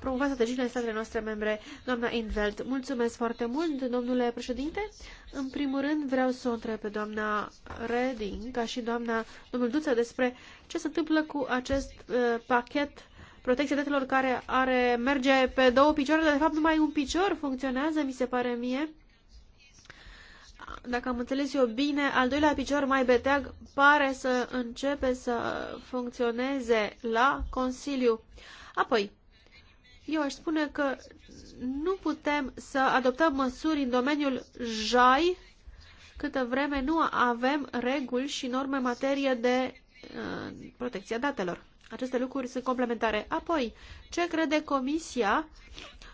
promova strategiile statele noastre membre, doamna Invelt. Mulțumesc foarte mult, domnule președinte. În primul rând vreau să o întreb pe doamna Reding, ca și doamna, domnul Duță, despre ce se întâmplă cu acest uh, pachet protecția datelor care are, merge pe două picioare, dar de fapt numai un picior funcționează, mi se pare mie. Dacă am înțeles eu bine, al doilea picior mai beteag pare să începe să funcționeze la Consiliu. Apoi, eu aș spune că nu putem să adoptăm măsuri în domeniul JAI câtă vreme nu avem reguli și norme în materie de uh, protecția datelor. Aceste lucruri sunt complementare. Apoi, ce crede Comisia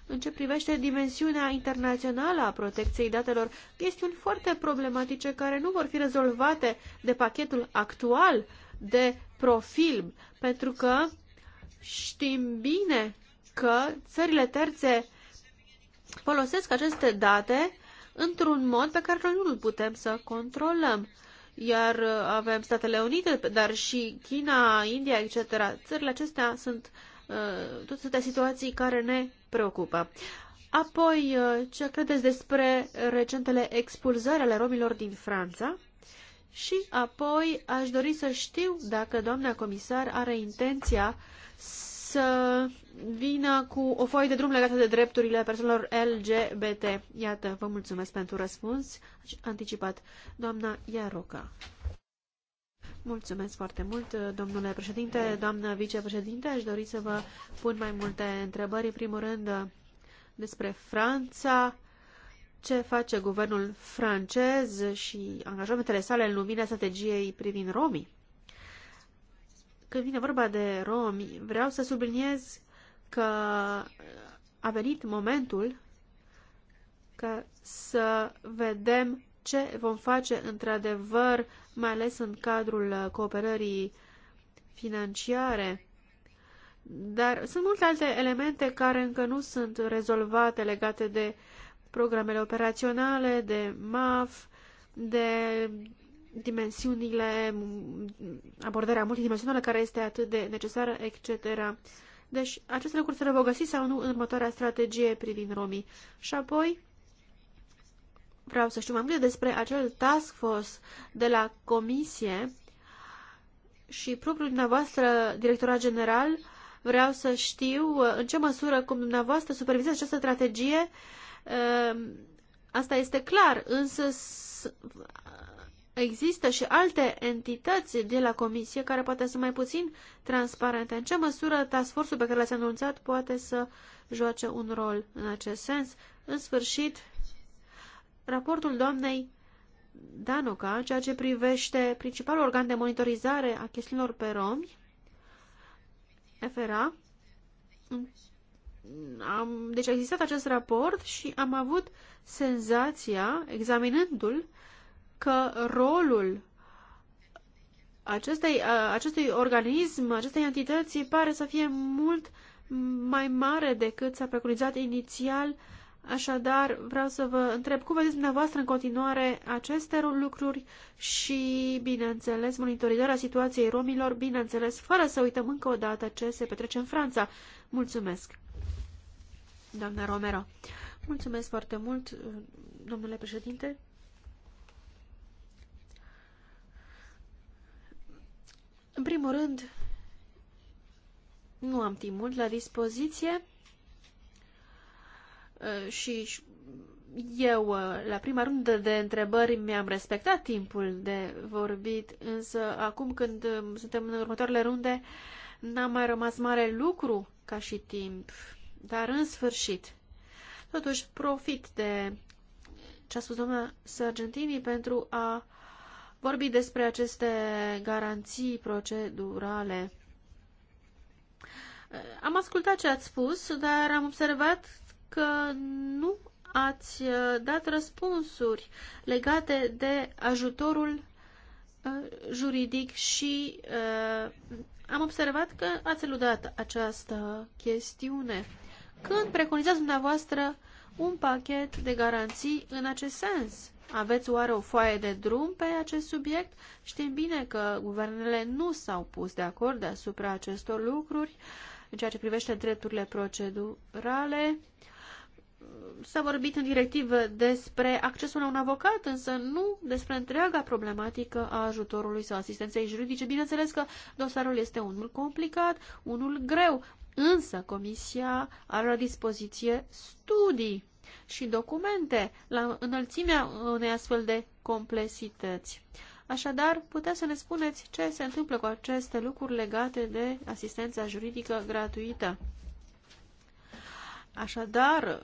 în ce privește dimensiunea internațională a protecției datelor? Chestiuni foarte problematice care nu vor fi rezolvate de pachetul actual de profil, pentru că știm bine că țările terțe folosesc aceste date într-un mod pe care noi nu îl putem să controlăm iar uh, avem Statele Unite, dar și China, India, etc. Țările acestea sunt uh, toate atâtea situații care ne preocupă. Apoi, uh, ce credeți despre recentele expulzări ale romilor din Franța? Și apoi aș dori să știu dacă doamna comisar are intenția să vină cu o foaie de drum legată de drepturile persoanelor LGBT. Iată, vă mulțumesc pentru răspuns anticipat. Doamna Iaroca. Mulțumesc foarte mult, domnule președinte, doamnă vicepreședinte. Aș dori să vă pun mai multe întrebări. În primul rând, despre Franța, ce face guvernul francez și angajamentele sale în lumina strategiei privind romii. Când vine vorba de romi, vreau să subliniez că a venit momentul ca să vedem ce vom face într-adevăr, mai ales în cadrul cooperării financiare. Dar sunt multe alte elemente care încă nu sunt rezolvate legate de programele operaționale, de MAF, de dimensiunile, abordarea multidimensională care este atât de necesară, etc. Deci, aceste lucruri se le vor găsi sau nu în următoarea strategie privind romii. Și apoi, vreau să știu mai multe despre acel task force de la comisie și propriul dumneavoastră directorat general. Vreau să știu în ce măsură, cum dumneavoastră supervizează această strategie, ă, asta este clar, însă există și alte entități de la Comisie care poate sunt mai puțin transparente. În ce măsură task force pe care l-ați anunțat poate să joace un rol în acest sens? În sfârșit, raportul doamnei Danoca, în ceea ce privește principalul organ de monitorizare a chestiunilor pe romi, FRA, am, deci a existat acest raport și am avut senzația, examinându-l, că rolul acestei, acestui organism, acestei entități, pare să fie mult mai mare decât s-a preconizat inițial. Așadar, vreau să vă întreb cum vedeți dumneavoastră în continuare aceste lucruri și, bineînțeles, monitorizarea situației romilor, bineînțeles, fără să uităm încă o dată ce se petrece în Franța. Mulțumesc, doamna Romero. Mulțumesc foarte mult, domnule președinte. În primul rând, nu am timp mult la dispoziție uh, și eu, uh, la prima rundă de întrebări, mi-am respectat timpul de vorbit, însă acum când um, suntem în următoarele runde, n-a mai rămas mare lucru ca și timp. Dar în sfârșit, totuși profit de ce a spus doamna Sargentini pentru a vorbi despre aceste garanții procedurale. Eh, am ascultat ce ați spus, dar am observat că nu ați eh, dat răspunsuri legate de ajutorul eh, juridic și am observat că ați eludat această chestiune. Când preconizați dumneavoastră un pachet de garanții în acest sens? Aveți oare o foaie de drum pe acest subiect? Știm bine că guvernele nu s-au pus de acord asupra acestor lucruri în ceea ce privește drepturile procedurale. S-a vorbit în directivă despre accesul la un avocat, însă nu despre întreaga problematică a ajutorului sau asistenței juridice. Bineînțeles că dosarul este unul complicat, unul greu, însă Comisia are la dispoziție studii și documente la înălțimea unei astfel de complexități. Așadar, puteți să ne spuneți ce se întâmplă cu aceste lucruri legate de asistența juridică gratuită. Așadar,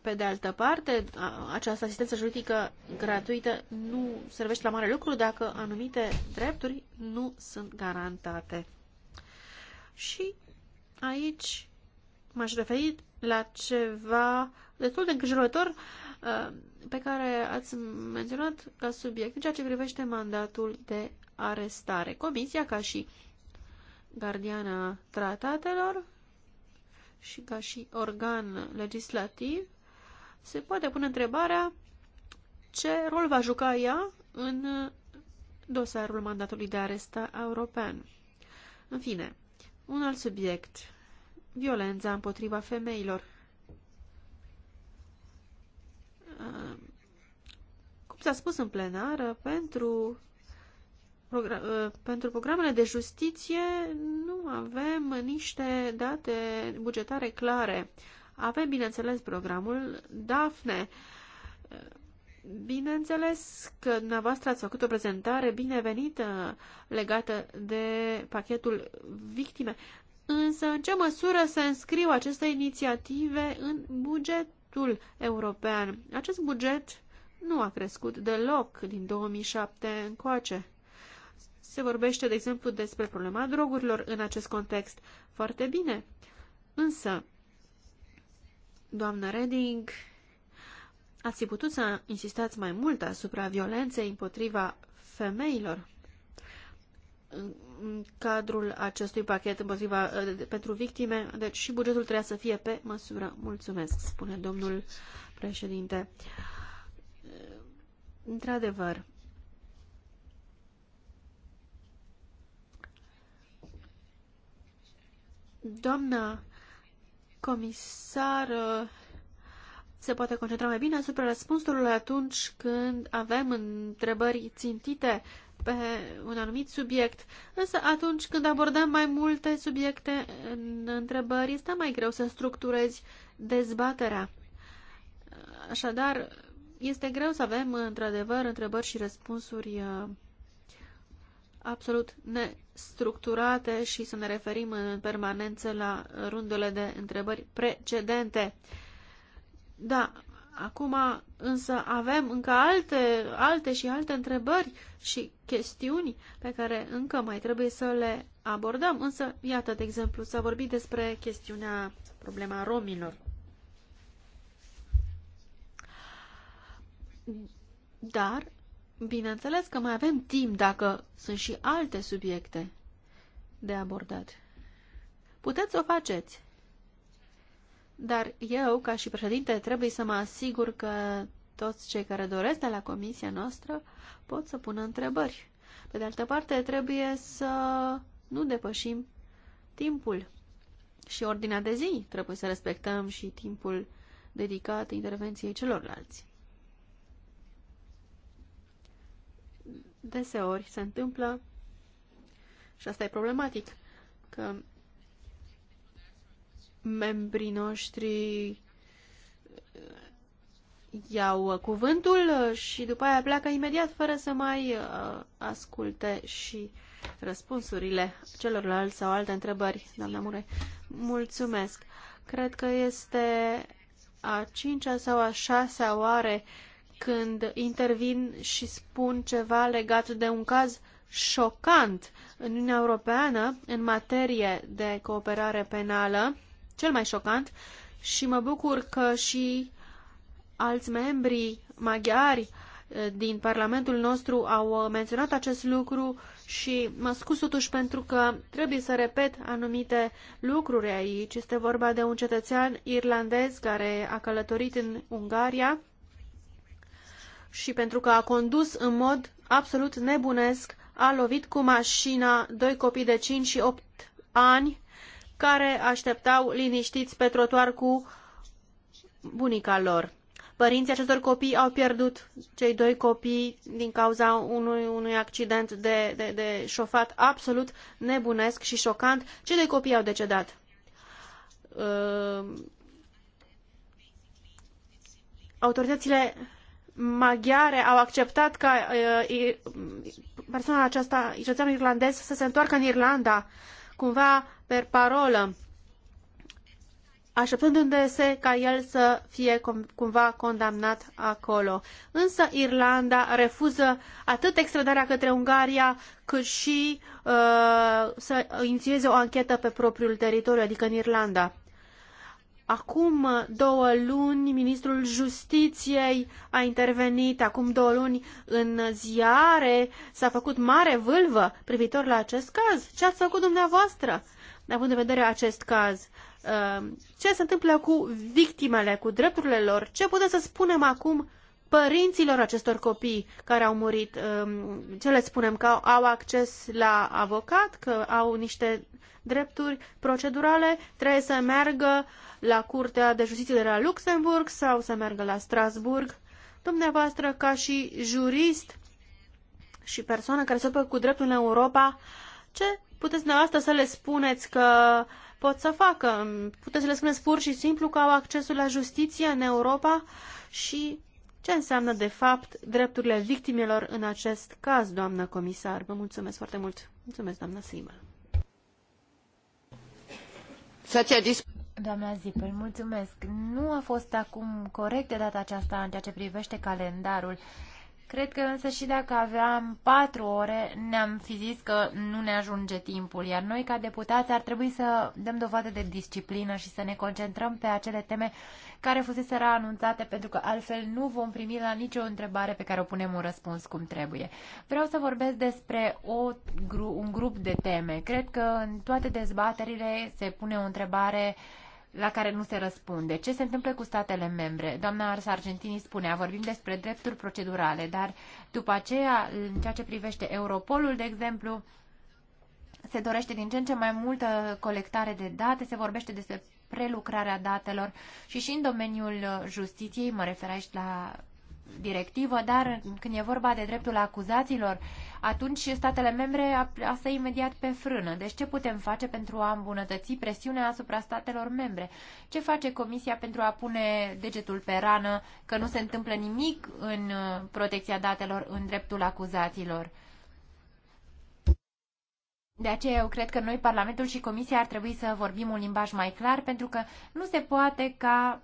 pe de altă parte, această asistență juridică gratuită nu servește la mare lucru dacă anumite drepturi nu sunt garantate. Și aici m-aș referi la ceva destul de îngrijorător uh, pe care ați menționat ca subiect în ceea ce privește mandatul de arestare. Comisia, ca și gardiana tratatelor și ca și organ legislativ, se poate pune întrebarea ce rol va juca ea în dosarul mandatului de arestare european. În fine, un alt subiect violența împotriva femeilor. Cum s-a spus în plenară, pentru, ă, pentru programele de justiție nu avem niște date bugetare clare. Avem, bineînțeles, programul DAFNE. Bineînțeles că dumneavoastră ați făcut o prezentare binevenită legată de pachetul victime, însă în ce măsură se înscriu aceste inițiative în bugetul european. Acest buget nu a crescut deloc din 2007 încoace. Se vorbește, de exemplu, despre problema drogurilor în acest context. Foarte bine. Însă, doamnă Reding, ați fi putut să insistați mai mult asupra violenței împotriva femeilor în cadrul acestui pachet împotriva, uh, pentru victime, deci și bugetul trebuia să fie pe măsură. Mulțumesc, spune domnul președinte. Uh, într-adevăr, doamna comisar se poate concentra mai bine asupra răspunsului atunci când avem întrebări țintite pe un anumit subiect, însă atunci când abordăm mai multe subiecte în întrebări, este mai greu să structurezi dezbaterea. Așadar, este greu să avem, într-adevăr, întrebări și răspunsuri uh, absolut nestructurate și să ne referim în permanență la rundele de întrebări precedente. Da, Acum însă avem încă alte, alte și alte întrebări și chestiuni pe care încă mai trebuie să le abordăm. Însă, iată, de exemplu, s-a vorbit despre chestiunea, problema romilor. Dar, bineînțeles că mai avem timp dacă sunt și alte subiecte de abordat. Puteți să o faceți. Dar eu, ca și președinte, trebuie să mă asigur că toți cei care doresc de la comisia noastră pot să pună întrebări. Pe de altă parte, trebuie să nu depășim timpul și ordinea de zi. Trebuie să respectăm și timpul dedicat intervenției celorlalți. Deseori se întâmplă, și asta e problematic, că membrii noștri uh, iau uh, cuvântul uh, și după aia pleacă imediat fără să mai asculte și răspunsurile celorlalți sau alte întrebări, doamna Mure. Mulțumesc. Cred că este a cincea sau a șasea oare când intervin și spun ceva legat de un caz șocant în Uniunea Europeană în materie de cooperare penală cel mai șocant și mă bucur că și alți membri maghiari eh, din Parlamentul nostru au eh, menționat acest lucru și mă scuz totuși pentru că trebuie să repet anumite lucruri aici. Este vorba de un cetățean irlandez care a călătorit în Ungaria și pentru că a condus în mod absolut nebunesc, a lovit cu mașina doi copii de 5 și 8 ani care așteptau liniștiți pe trotuar cu bunica lor. Părinții acestor copii au pierdut cei doi copii din cauza unui, unui accident de, de, de șofat absolut nebunesc și șocant. Cei doi copii au decedat. Uh, autoritățile maghiare au acceptat ca uh, persoana aceasta, cetățeanul irlandez, să se întoarcă în Irlanda cumva per parolă, așteptându-se ca el să fie cumva condamnat acolo. Însă Irlanda refuză atât extradarea către Ungaria, cât și uh, să inițieze o anchetă pe propriul teritoriu, adică în Irlanda. Acum două luni, ministrul Justiției a intervenit, acum două luni în ziare s-a făcut mare vâlvă privitor la acest caz. Ce ați făcut dumneavoastră, având în vedere acest caz? Uh, ce se întâmplă cu victimele, cu drepturile lor? Ce putem să spunem acum părinților acestor copii care au murit, um, ce le spunem, că au acces la avocat, că au niște drepturi procedurale, trebuie să meargă la Curtea de Justiție de la Luxemburg sau să meargă la Strasburg. Dumneavoastră, ca și jurist și persoană care se ocupă cu dreptul în Europa, ce puteți dumneavoastră să le spuneți că pot să facă? Puteți să le spuneți pur și simplu că au accesul la justiție în Europa și ce înseamnă, de fapt, drepturile victimelor în acest caz, doamnă comisar. Vă mulțumesc foarte mult. Mulțumesc, doamna Simă. Doamna Zipel, mulțumesc. Nu a fost acum corect de data aceasta în ceea ce privește calendarul. Cred că însă și dacă aveam patru ore, ne-am fi zis că nu ne ajunge timpul, iar noi ca deputați ar trebui să dăm dovadă de disciplină și să ne concentrăm pe acele teme care fusese anunțate, pentru că altfel nu vom primi la nicio întrebare pe care o punem un răspuns cum trebuie. Vreau să vorbesc despre o, un grup de teme. Cred că în toate dezbaterile se pune o întrebare la care nu se răspunde. Ce se întâmplă cu statele membre? Doamna Ars Argentini spunea, vorbim despre drepturi procedurale, dar după aceea, în ceea ce privește Europolul, de exemplu, se dorește din ce în ce mai multă colectare de date, se vorbește despre prelucrarea datelor și și în domeniul justiției, mă refer aici la directivă, dar când e vorba de dreptul acuzaților, atunci statele membre lasă imediat pe frână. Deci ce putem face pentru a îmbunătăți presiunea asupra statelor membre? Ce face Comisia pentru a pune degetul pe rană că nu se întâmplă nimic în uh, protecția datelor în dreptul acuzaților? De aceea eu cred că noi, Parlamentul și Comisia, ar trebui să vorbim un limbaj mai clar, pentru că nu se poate ca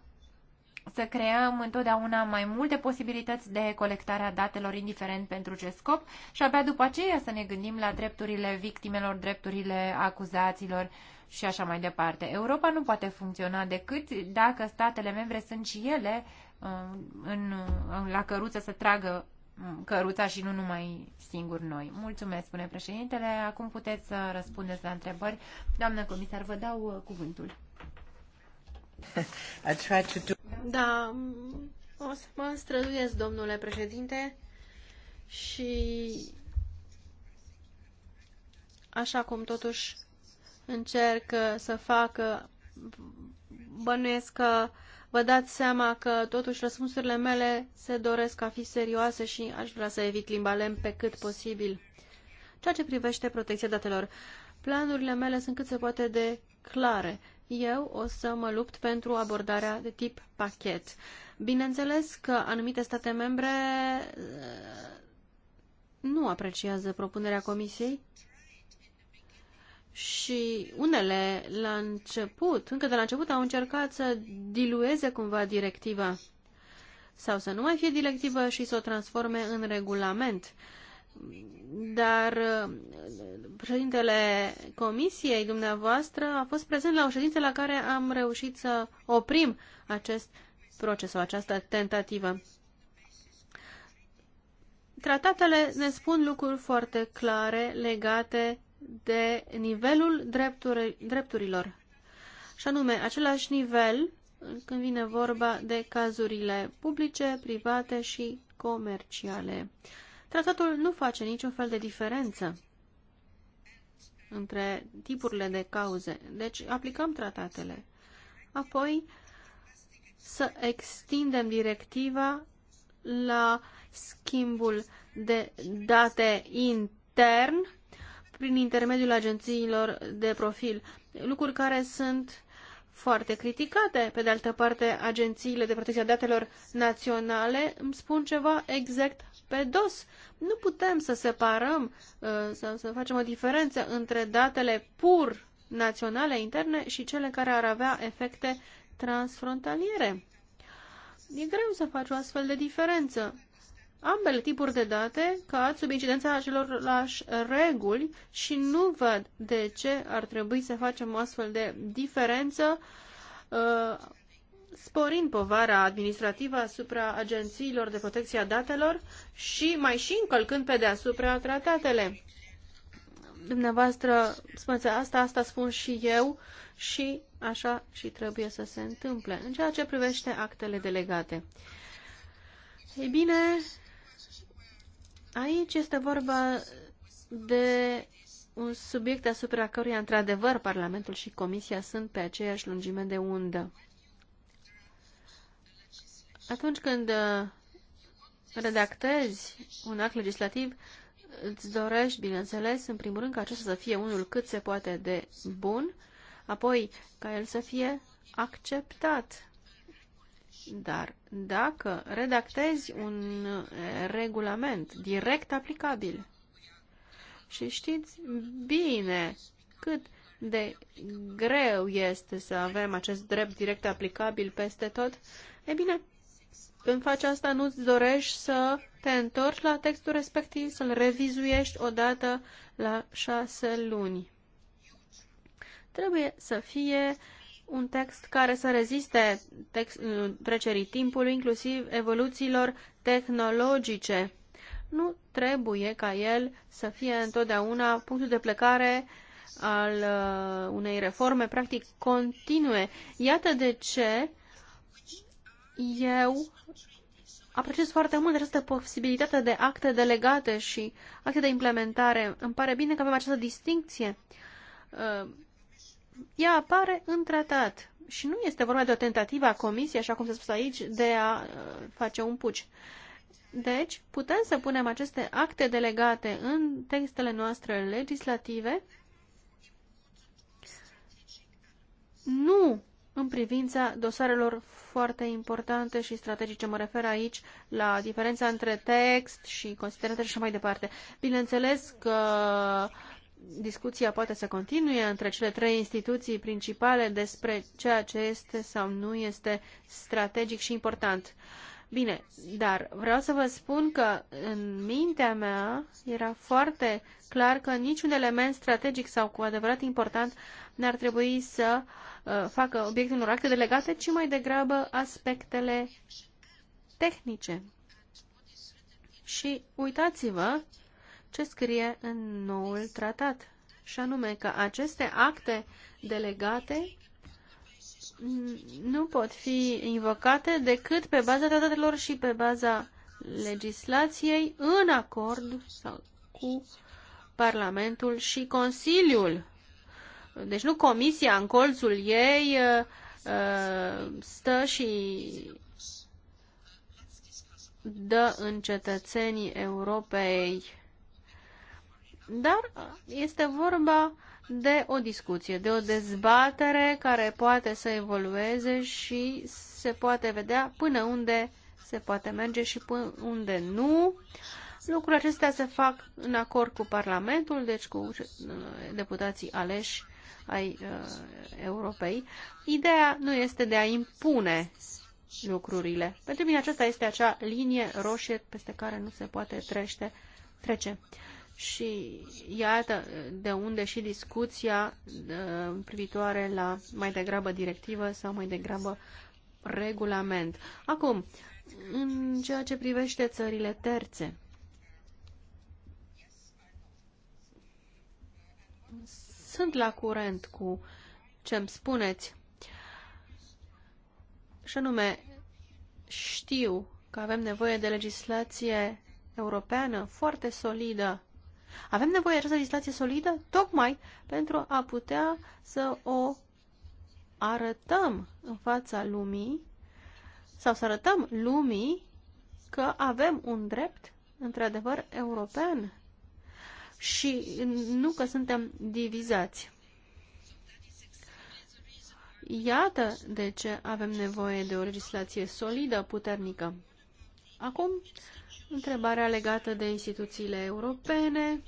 să creăm întotdeauna mai multe posibilități de colectare a datelor, indiferent pentru ce scop, și abia după aceea să ne gândim la drepturile victimelor, drepturile acuzaților și așa mai departe. Europa nu poate funcționa decât dacă statele membre sunt și ele um, în, în, la căruță să tragă um, căruța și nu numai singur noi. Mulțumesc, spune președintele. Acum puteți să răspundeți la întrebări. Doamnă comisar, vă dau uh, cuvântul. Da, o să mă străduiesc, domnule președinte, și așa cum totuși încerc să fac, bănuiesc că vă dați seama că totuși răspunsurile mele se doresc a fi serioase și aș vrea să evit limba lemn pe cât posibil. Ceea ce privește protecția datelor, planurile mele sunt cât se poate de clare eu o să mă lupt pentru abordarea de tip pachet. Bineînțeles că anumite state membre uh, nu apreciază propunerea Comisiei și unele la început, încă de la început, au încercat să dilueze cumva directiva sau să nu mai fie directivă și să o transforme în regulament. Uh, dar uh, președintele comisiei dumneavoastră a fost prezent la o ședință la care am reușit să oprim acest proces sau această tentativă. Tratatele ne spun lucruri foarte clare legate de nivelul drepturi, drepturilor. Și anume, același nivel când vine vorba de cazurile publice, private și comerciale. Tratatul nu face niciun fel de diferență între tipurile de cauze. Deci aplicăm tratatele. Apoi să extindem directiva la schimbul de date intern prin intermediul agențiilor de profil, lucruri care sunt foarte criticate. Pe de altă parte, agențiile de protecție a datelor naționale îmi spun ceva exact pe DOS. Nu putem să separăm uh, sau să facem o diferență între datele pur naționale interne și cele care ar avea efecte transfrontaliere. E greu să faci o astfel de diferență. Ambele tipuri de date cad sub incidența acelorlași reguli și nu văd de ce ar trebui să facem o astfel de diferență uh, sporind povara administrativă asupra agențiilor de protecție a datelor și mai și încălcând pe deasupra tratatele. Dumneavoastră spuneți asta, asta spun și eu și așa și trebuie să se întâmple în ceea ce privește actele delegate. Ei bine, aici este vorba de un subiect asupra căruia, într-adevăr, Parlamentul și Comisia sunt pe aceeași lungime de undă. Atunci când uh, redactezi un act legislativ, îți dorești, bineînțeles, în primul rând ca acesta să fie unul cât se poate de bun, apoi ca el să fie acceptat. Dar dacă redactezi un uh, regulament direct aplicabil și știți bine cât de greu este să avem acest drept direct aplicabil peste tot, e bine, când faci asta, nu-ți dorești să te întorci la textul respectiv, să-l revizuiești odată la șase luni. Trebuie să fie un text care să reziste text, trecerii timpului, inclusiv evoluțiilor tehnologice. Nu trebuie ca el să fie întotdeauna punctul de plecare al uh, unei reforme, practic, continue. Iată de ce eu apreciez foarte mult această posibilitate de acte delegate și acte de implementare. Îmi pare bine că avem această distinție. Uh, ea apare în tratat și nu este vorba de o tentativă a Comisiei, așa cum se spus aici, de a uh, face un puci. Deci, putem să punem aceste acte delegate în textele noastre legislative, nu în privința dosarelor foarte importante și strategice. Mă refer aici la diferența între text și considerate și așa mai departe. Bineînțeles că discuția poate să continue între cele trei instituții principale despre ceea ce este sau nu este strategic și important. Uh, Bine, dar vreau să vă spun că în mintea mea era foarte clar că niciun element strategic sau cu adevărat important n-ar trebui să uh, facă obiectul unor acte delegate, ci mai degrabă aspectele tehnice. Și uitați-vă ce scrie în noul tratat, și anume că aceste acte delegate nu pot fi invocate decât pe baza tratatelor și pe baza legislației în acord sau cu Parlamentul și Consiliul. Deci nu Comisia în colțul ei uh, uh, stă și dă în cetățenii Europei. Dar este vorba de o discuție, de o dezbatere care poate să evolueze și se poate vedea până unde se poate merge și până unde nu. Lucrurile acestea se fac în acord cu Parlamentul, deci cu uh, deputații aleși ai uh, Europei. Ideea nu este de a impune lucrurile. Pentru mine aceasta este acea linie roșie peste care nu se poate trește, trece. Și iată de unde și discuția uh, privitoare la mai degrabă directivă sau mai degrabă regulament. Acum, în ceea ce privește țările terțe, sunt la curent cu ce îmi spuneți. Și anume, știu că avem nevoie de legislație europeană foarte solidă avem nevoie de această legislație solidă tocmai pentru a putea să o arătăm în fața lumii sau să arătăm lumii că avem un drept într-adevăr european și nu că suntem divizați. Iată de ce avem nevoie de o legislație solidă, puternică. Acum, Întrebarea legată de instituțiile europene,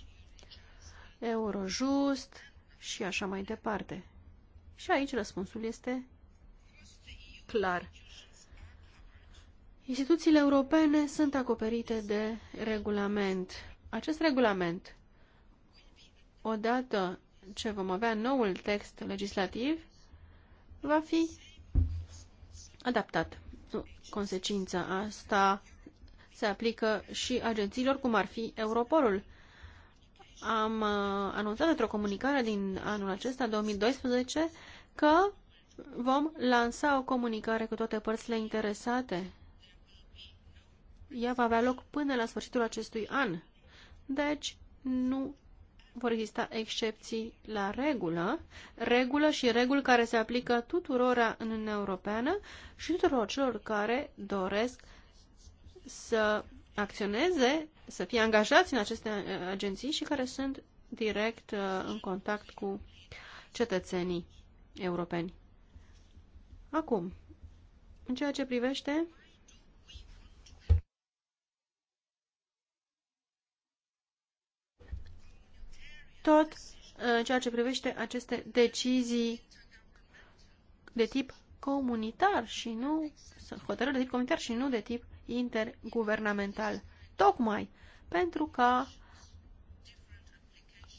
Eurojust și așa mai departe. Și aici răspunsul este clar. Instituțiile europene sunt acoperite de regulament. Acest regulament, odată ce vom avea noul text legislativ, va fi adaptat. Consecința asta se aplică și agențiilor, cum ar fi Europolul. Am uh, anunțat într-o comunicare din anul acesta, 2012, că vom lansa o comunicare cu toate părțile interesate. Ea va avea loc până la sfârșitul acestui an. Deci, nu vor exista excepții la regulă, regulă și reguli care se aplică tuturora în Uniunea Europeană și tuturor celor care doresc să acționeze, să fie angajați în aceste uh, agenții și care sunt direct uh, în contact cu cetățenii europeni. Acum, în ceea ce privește tot uh, în ceea ce privește aceste decizii de tip comunitar și nu hotărâri de tip comunitar și nu de tip interguvernamental, tocmai pentru că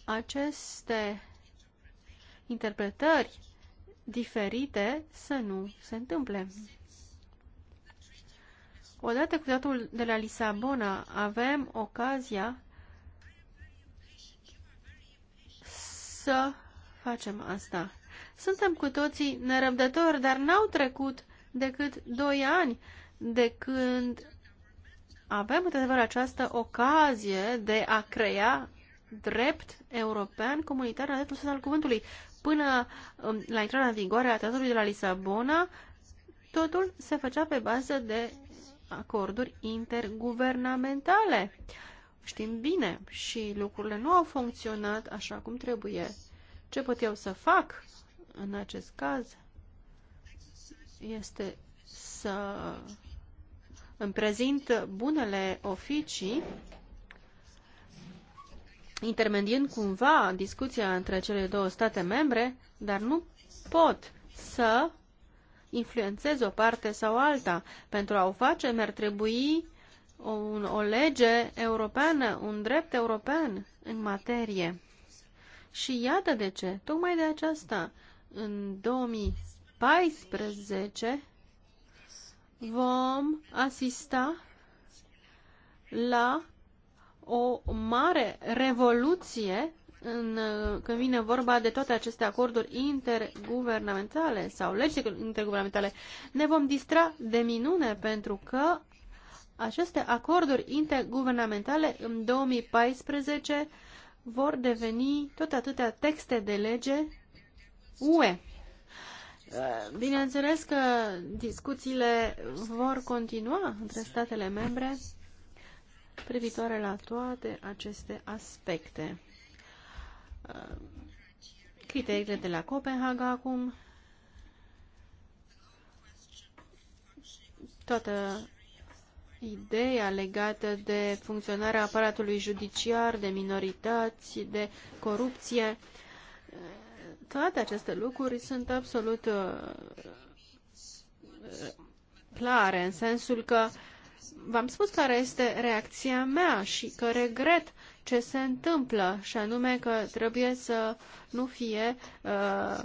aceste interpretări diferite să nu se întâmple. Odată cu datul de la Lisabona avem ocazia să facem asta. Suntem cu toții nerăbdători, dar n-au trecut decât doi ani de când avem, într-adevăr, această ocazie de a crea drept european comunitar în dreptul sens al cuvântului. Până um, la intrarea în vigoare a tratatului de la Lisabona, totul se făcea pe bază de acorduri interguvernamentale. Știm bine și lucrurile nu au funcționat așa cum trebuie. Ce pot eu să fac în acest caz este să îmi prezint bunele oficii, intermediind cumva discuția între cele două state membre, dar nu pot să influențez o parte sau alta. Pentru a o face mi-ar trebui o, o lege europeană, un drept european în materie. Și iată de ce, tocmai de aceasta, în 2014 vom asista la o mare revoluție în, când vine vorba de toate aceste acorduri interguvernamentale sau legi interguvernamentale. Ne vom distra de minune pentru că aceste acorduri interguvernamentale în 2014 vor deveni tot atâtea texte de lege UE. Bineînțeles că discuțiile vor continua între statele membre privitoare la toate aceste aspecte. Criteriile de la Copenhaga acum, toată ideea legată de funcționarea aparatului judiciar, de minorități, de corupție, toate aceste lucruri sunt absolut uh, uh, clare, în sensul că v-am spus care este reacția mea și că regret ce se întâmplă, și anume că trebuie să nu fie uh,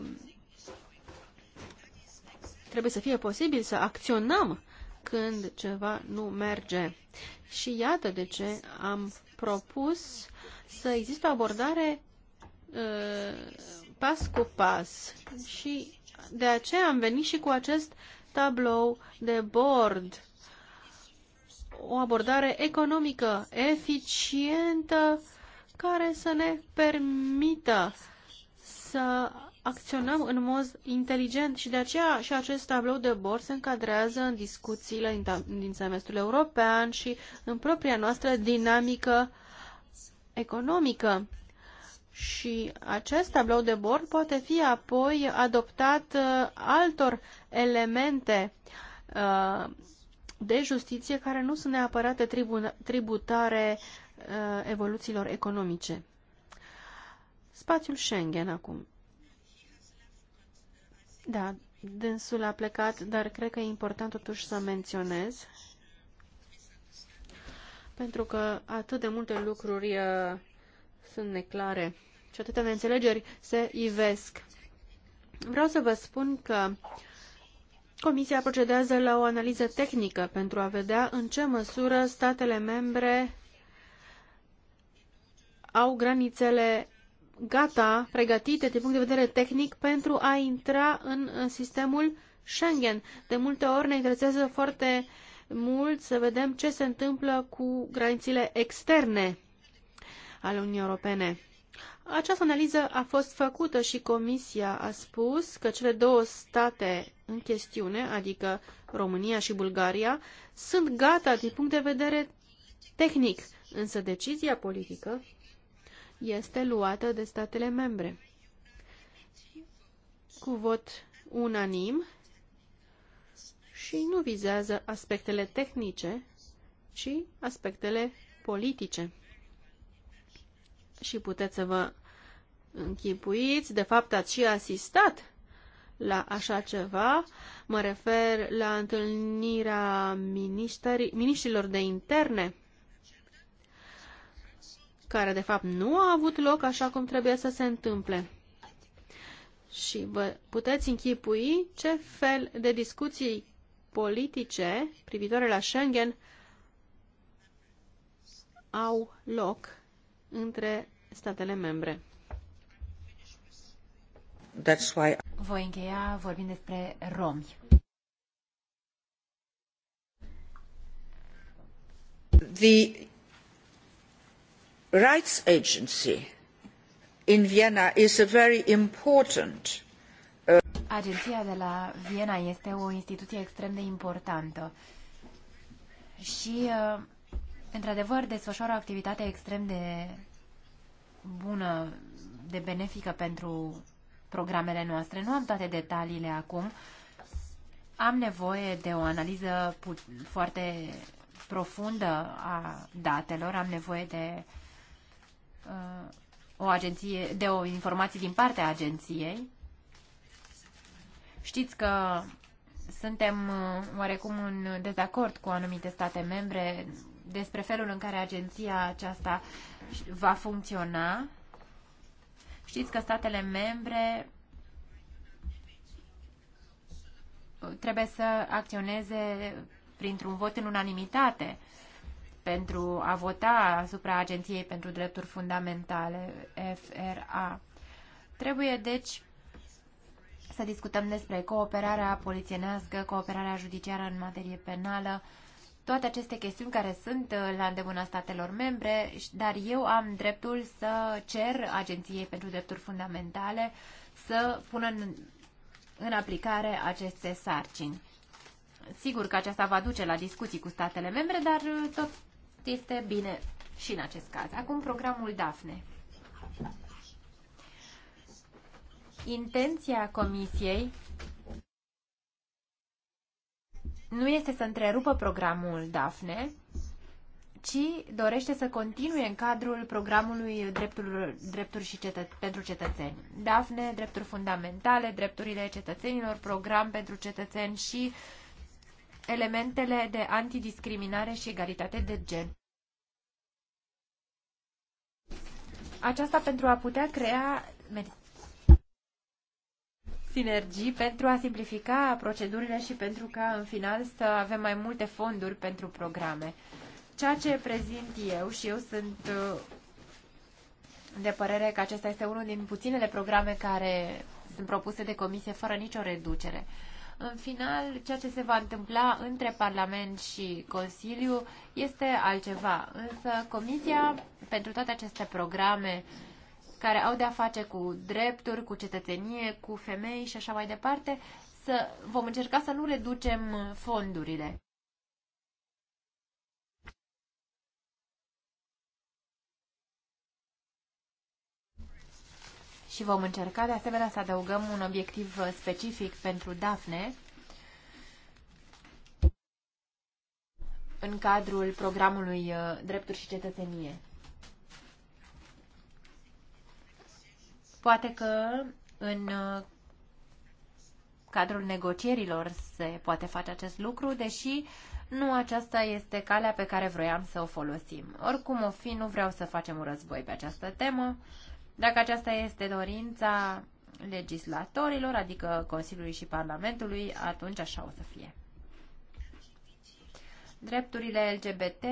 trebuie să fie posibil să acționăm când ceva nu merge. Și iată de ce am propus să existe o abordare pas cu pas și de aceea am venit și cu acest tablou de bord. O abordare economică, eficientă, care să ne permită să acționăm în mod inteligent și de aceea și acest tablou de bord se încadrează în discuțiile din semestrul european și în propria noastră dinamică economică și acest tablou de bord poate fi apoi adoptat uh, altor elemente uh, de justiție care nu sunt neapărat tributare uh, evoluțiilor economice. Spațiul Schengen acum. Da, dânsul a plecat, dar cred că e important totuși să menționez, pentru că atât de multe lucruri sunt neclare și atâtea neînțelegeri se ivesc. Vreau să vă spun că Comisia procedează la o analiză tehnică pentru a vedea în ce măsură statele membre au granițele gata, pregătite din punct de vedere tehnic pentru a intra în sistemul Schengen. De multe ori ne interesează foarte mult să vedem ce se întâmplă cu granițele externe al Uniunii Europene. Această analiză a fost făcută și Comisia a spus că cele două state în chestiune, adică România și Bulgaria, sunt gata din punct de vedere tehnic, însă decizia politică este luată de statele membre. Cu vot unanim și nu vizează aspectele tehnice, ci aspectele politice și puteți să vă închipuiți, de fapt ați și asistat la așa ceva. Mă refer la întâlnirea miniștrilor de interne, care de fapt nu a avut loc așa cum trebuie să se întâmple. Și vă puteți închipui ce fel de discuții politice privitoare la Schengen au loc între statele membre. That's why... Voi încheia vorbind despre romi. The rights agency in Vienna is a very important uh, Agenția de la Viena este o instituție extrem de importantă și, uh, într-adevăr, desfășoară o activitate extrem de bună, de benefică pentru programele noastre. Nu am toate detaliile acum. Am nevoie de o analiză foarte profundă a datelor, am nevoie de uh, o agenție, de o informație din partea agenției. Știți că suntem uh, oarecum în dezacord cu anumite state membre despre felul în care agenția aceasta uh, va funcționa. Știți că statele membre trebuie să acționeze printr-un vot în unanimitate pentru a vota asupra Agenției pentru Drepturi Fundamentale, FRA. Trebuie, deci, să discutăm despre cooperarea polițienească, cooperarea judiciară în materie penală, toate aceste chestiuni care sunt uh, la îndemâna statelor membre, dar eu am dreptul să cer Agenției pentru Drepturi Fundamentale să pună în, în aplicare aceste sarcini. Sigur că aceasta va duce la discuții cu statele membre, dar uh, tot este bine și în acest caz. Acum programul DAFNE. Intenția Comisiei nu este să întrerupă programul DAFNE, ci dorește să continue în cadrul programului drepturi, drepturi și cetă, pentru cetățeni. DAFNE, drepturi fundamentale, drepturile cetățenilor, program pentru cetățeni și elementele de antidiscriminare și egalitate de gen. Aceasta pentru a putea crea sinergii pentru a simplifica procedurile și pentru ca în final să avem mai multe fonduri pentru programe. Ceea ce prezint eu și eu sunt uh, de părere că acesta este unul din puținele programe care sunt propuse de comisie fără nicio reducere. În final, ceea ce se va întâmpla între Parlament și Consiliu este altceva, însă Comisia pentru toate aceste programe care au de-a face cu drepturi, cu cetățenie, cu femei și așa mai departe, să vom încerca să nu reducem fondurile. Și vom încerca de asemenea să adăugăm un obiectiv specific pentru DAFNE în cadrul programului uh, Drepturi și Cetățenie. Poate că în uh, cadrul negocierilor se poate face acest lucru, deși nu aceasta este calea pe care vroiam să o folosim. Oricum o fi, nu vreau să facem un război pe această temă. Dacă aceasta este dorința legislatorilor, adică Consiliului și Parlamentului, atunci așa o să fie drepturile LGBT,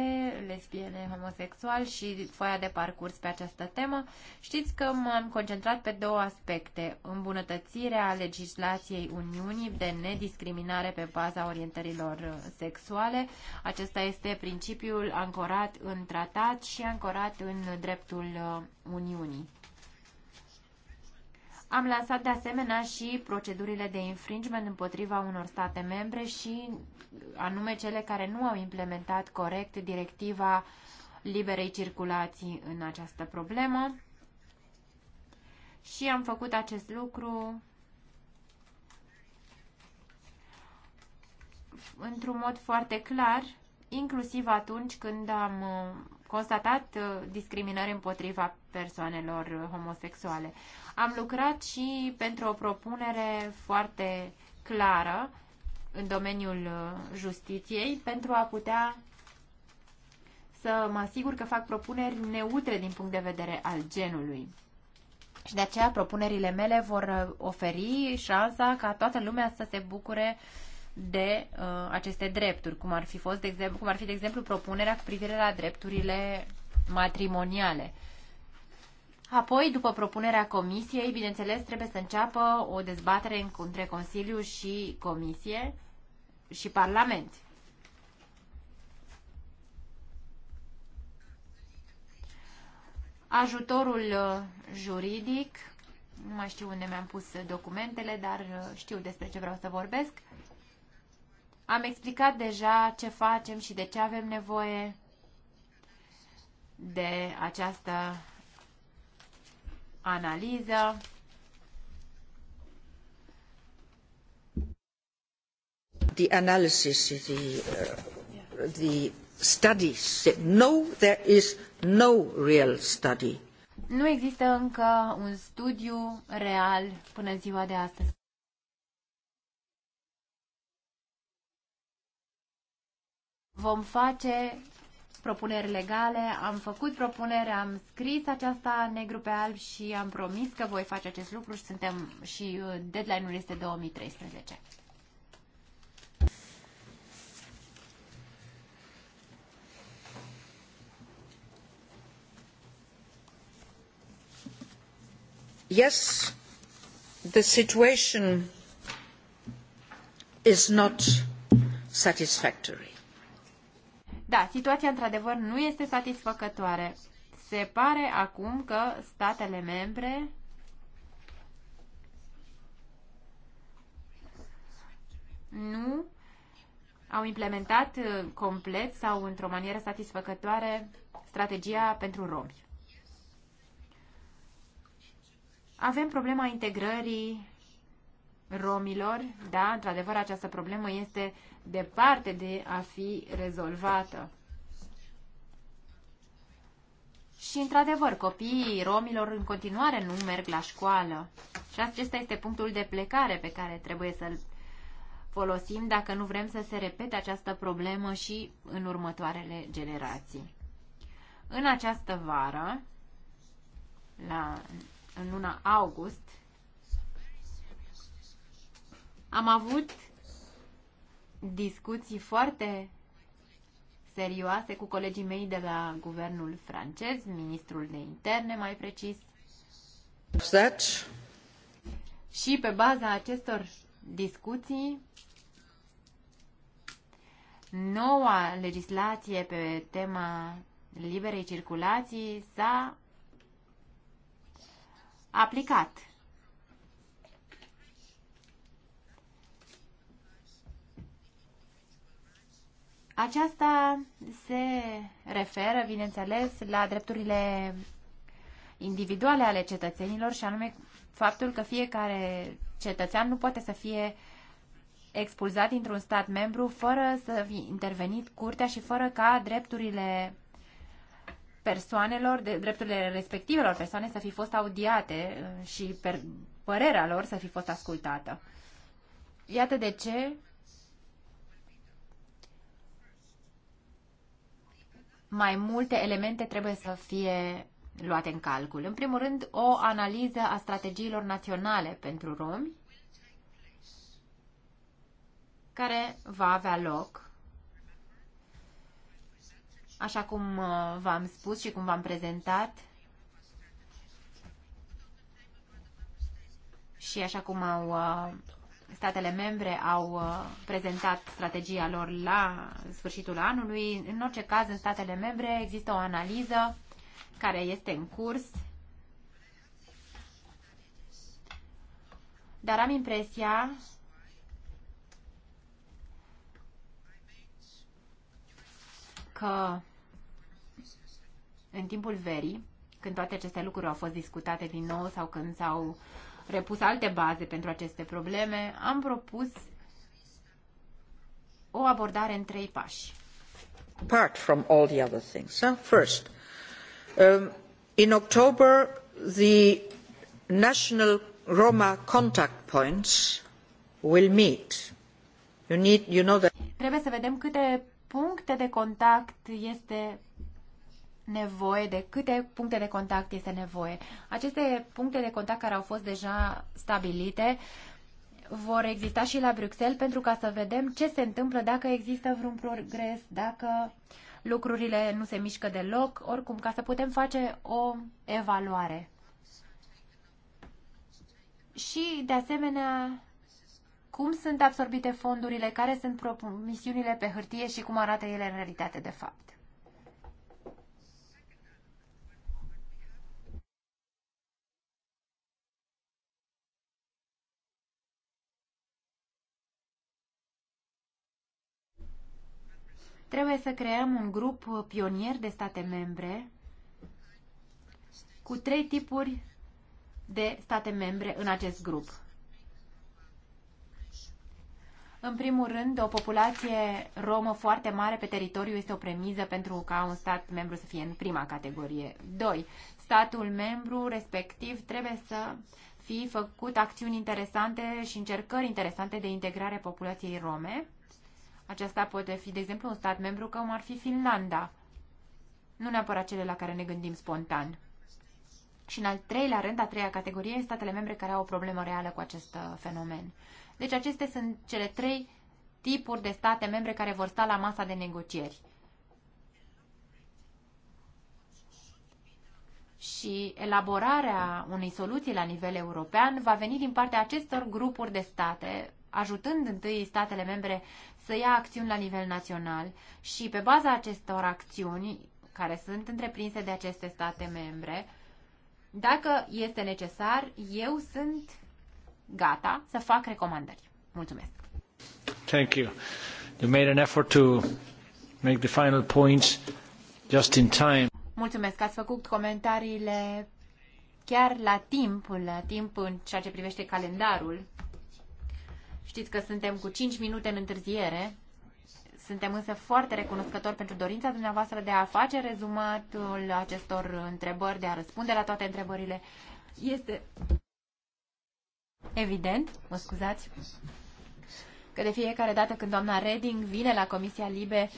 lesbiene, homosexual și foaia de parcurs pe această temă, știți că m-am concentrat pe două aspecte. Îmbunătățirea legislației Uniunii de nediscriminare pe baza orientărilor uh, sexuale. Acesta este principiul ancorat în tratat și ancorat în dreptul uh, Uniunii. Am lansat de asemenea și procedurile de infringement împotriva unor state membre și anume cele care nu au implementat corect directiva liberei circulații în această problemă. Și am făcut acest lucru într-un mod foarte clar, inclusiv atunci când am constatat uh, discriminări împotriva persoanelor uh, homosexuale. Am lucrat și pentru o propunere foarte clară în domeniul uh, justiției pentru a putea să mă asigur că fac propuneri neutre din punct de vedere al genului. Și de aceea propunerile mele vor oferi șansa ca toată lumea să se bucure uh, de uh, aceste drepturi, cum ar fi fost, de exemplu, cum ar fi, de exemplu, propunerea cu privire la drepturile matrimoniale. Apoi, după propunerea comisiei, bineînțeles, trebuie să înceapă o dezbatere între Consiliu și Comisie și Parlament. Ajutorul uh, juridic, nu mai știu unde mi-am pus documentele, dar uh, știu despre ce vreau să vorbesc. Am explicat deja ce facem și de ce avem nevoie de această analiză. The analysis, the, uh, the studies, no, there is no real study. Nu există încă un studiu real până ziua de astăzi. Vom face propuneri legale, am făcut propunere, am scris aceasta negru pe alb și am promis că voi face acest lucru și, suntem, și uh, deadline-ul este 2013. Yes, the situation is not satisfactory da, situația într-adevăr nu este satisfăcătoare. Se pare acum că statele membre nu au implementat uh, complet sau într-o manieră satisfăcătoare strategia pentru romi. Avem problema integrării romilor. Da, într-adevăr, această problemă este departe de a fi rezolvată. Și, într-adevăr, copiii romilor în continuare nu merg la școală. Și acesta este punctul de plecare pe care trebuie să-l folosim dacă nu vrem să se repete această problemă și în următoarele generații. În această vară, la, în luna august, am avut discuții foarte serioase cu colegii mei de la guvernul francez, ministrul de interne mai precis. That. Și pe baza acestor discuții, noua legislație pe tema liberei circulații s-a aplicat. Aceasta se referă, bineînțeles, la drepturile individuale ale cetățenilor și anume faptul că fiecare cetățean nu poate să fie expulzat dintr-un stat membru fără să fi intervenit curtea și fără ca drepturile persoanelor, de, drepturile respectivelor persoane să fi fost audiate uh, și per, părerea lor să fi fost ascultată. Iată de ce mai multe elemente trebuie să fie luate în calcul. În primul rând, o analiză a strategiilor naționale pentru romi, care va avea loc, așa cum uh, v-am spus și cum v-am prezentat, și așa cum au uh, statele membre au uh, prezentat strategia lor la sfârșitul anului. În orice caz, în statele membre există o analiză care este în curs. Dar am impresia că în timpul verii, când toate aceste lucruri au fost discutate din nou sau când s-au uh, repus alte baze pentru aceste probleme, am propus o abordare în trei pași. Apart from all the other things. Huh? First, um, in October, the national Roma contact points will meet. You need, you know that... Trebuie să vedem câte puncte de contact este nevoie, de câte puncte de contact este nevoie. Aceste puncte de contact care au fost deja stabilite vor exista și la Bruxelles pentru ca să vedem ce se întâmplă, dacă există vreun progres, dacă lucrurile nu se mișcă deloc, oricum, ca să putem face o evaluare. Și, de asemenea, cum sunt absorbite fondurile, care sunt misiunile pe hârtie și cum arată ele în realitate, de fapt. Trebuie să creăm un grup pionier de state membre cu trei tipuri de state membre în acest grup. În primul rând, o populație romă foarte mare pe teritoriu este o premiză pentru ca un stat membru să fie în prima categorie. 2. Statul membru respectiv trebuie să fie făcut acțiuni interesante și încercări interesante de integrare populației rome. Acesta poate fi, de exemplu, un stat membru cum ar fi Finlanda, nu neapărat cele la care ne gândim spontan. Și în al treilea rând, a treia categorie, statele membre care au o problemă reală cu acest uh, fenomen. Deci acestea sunt cele trei tipuri de state membre care vor sta la masa de negocieri. și elaborarea unei soluții la nivel european va veni din partea acestor grupuri de state ajutând întâi statele membre să ia acțiuni la nivel național și pe baza acestor acțiuni care sunt întreprinse de aceste state membre, dacă este necesar, eu sunt gata să fac recomandări. Mulțumesc. Thank you. You made an effort to make the final points just in time. Mulțumesc că ați făcut comentariile chiar la timp, la timp în ceea ce privește calendarul Știți că suntem cu 5 minute în întârziere. Suntem însă foarte recunoscători pentru dorința dumneavoastră de a face rezumatul acestor întrebări, de a răspunde la toate întrebările. Este evident, mă scuzați, că de fiecare dată când doamna Reding vine la Comisia Libe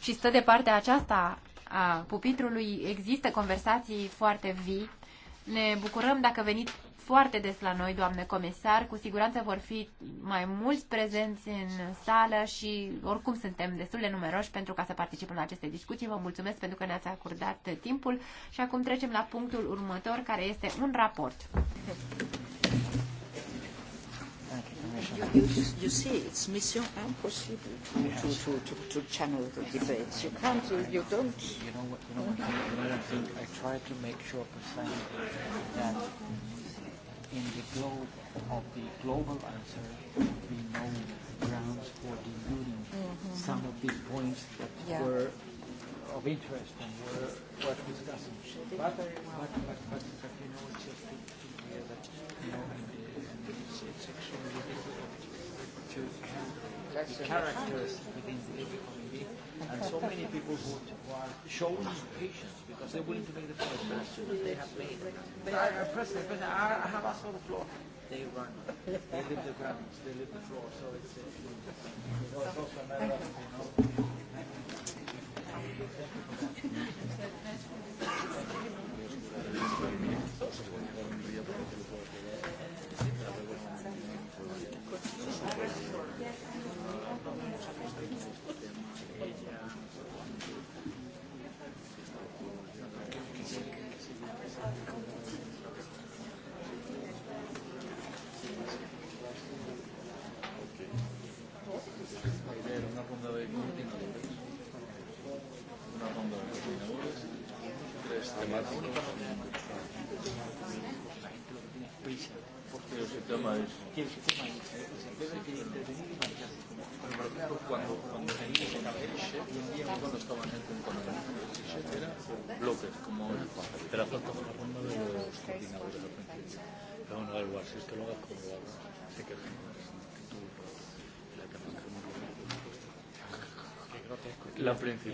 și stă de partea aceasta a pupitrului, există conversații foarte vii. Ne bucurăm dacă veniți foarte des la noi, doamne comisar. Cu siguranță vor fi mai mulți prezenți în sală și oricum suntem destul de numeroși pentru ca să participăm la aceste discuții. Vă mulțumesc pentru că ne-ați acordat timpul și acum trecem la punctul următor, care este un raport. You, you, you see, it's mission impossible to, to, to, to channel the debates. You can't, you, you don't. You know what, you know what, you know what I think? I try to make sure precisely that in the globe of the global answer, we know grounds for deluding mm-hmm. some of these points that yeah. were of interest and were worth discussing. But, but, but, but, but you know, it's just to, to clear that, you know, and, uh, and it's, it's extremely difficult to handle the characters within the community. And so many people who are showing patience because they're willing to make the first They have made it. But I, I, I, have asked for the floor. They run. they leave the ground. They leave the floor. So it's, uh, it's also a matter of, you know.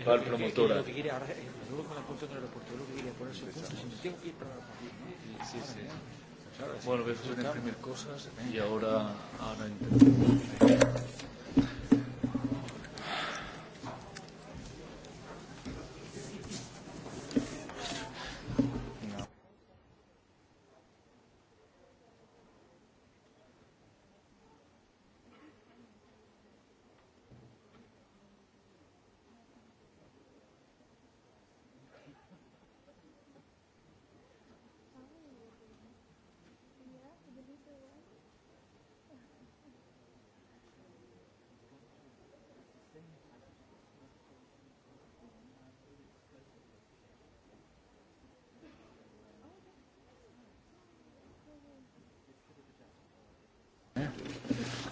va el promotor. que bueno, voy a hacer cosas y ahora, ahora intentamos.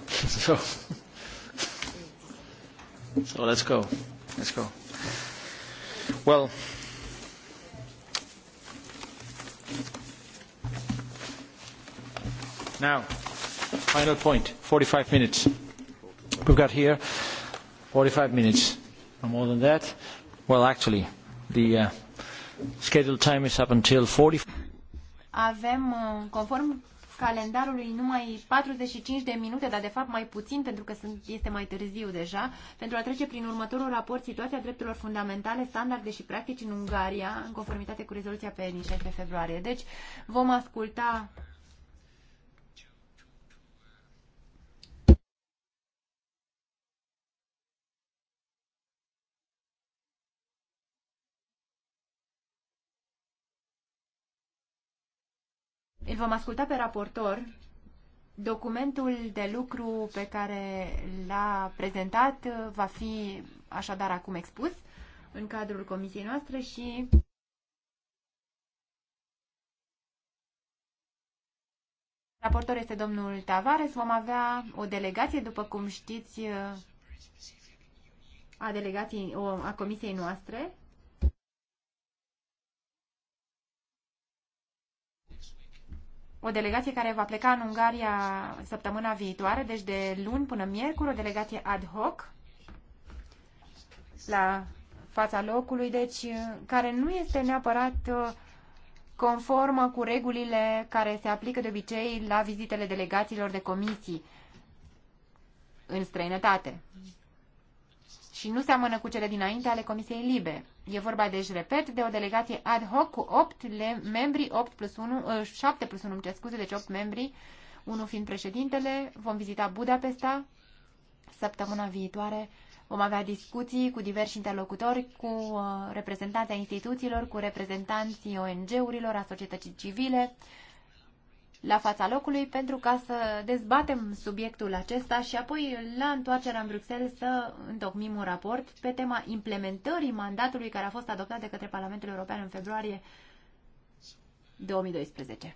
So, so let's go. Let's go. Well, now, final point, 45 minutes. We've got here 45 minutes, no more than that. Well, actually, the uh, scheduled time is up until 40. Avem, uh, conform calendarului numai 45 de minute, dar de fapt mai puțin pentru că sunt, este mai târziu deja, pentru a trece prin următorul raport situația drepturilor fundamentale, standarde și practici în Ungaria, în conformitate cu rezoluția pe 6 februarie. Deci vom asculta Îl vom asculta pe raportor. Documentul de lucru pe care l-a prezentat va fi așadar acum expus în cadrul comisiei noastre și Raportor este domnul Tavares. Vom avea o delegație, după cum știți, a delegației, o, a comisiei noastre o delegație care va pleca în Ungaria săptămâna viitoare, deci de luni până miercuri, o delegație ad hoc la fața locului, deci care nu este neapărat uh, conformă cu regulile care se aplică de obicei la vizitele delegațiilor de comisii în străinătate și nu seamănă cu cele dinainte ale Comisiei Libe. E vorba, deci, repet, de o delegație ad hoc cu 8 membri, 8 plus 1, 7 ă, plus 1, ce scuze, deci 8 membri, unul fiind președintele. Vom vizita Budapesta săptămâna viitoare. Vom avea discuții cu diversi interlocutori, cu ă, reprezentanții instituțiilor, cu reprezentanții ONG-urilor, a societății civile, la fața locului pentru ca să dezbatem subiectul acesta și apoi la întoarcerea în Bruxelles să întocmim un raport pe tema implementării mandatului care a fost adoptat de către Parlamentul European în februarie 2012.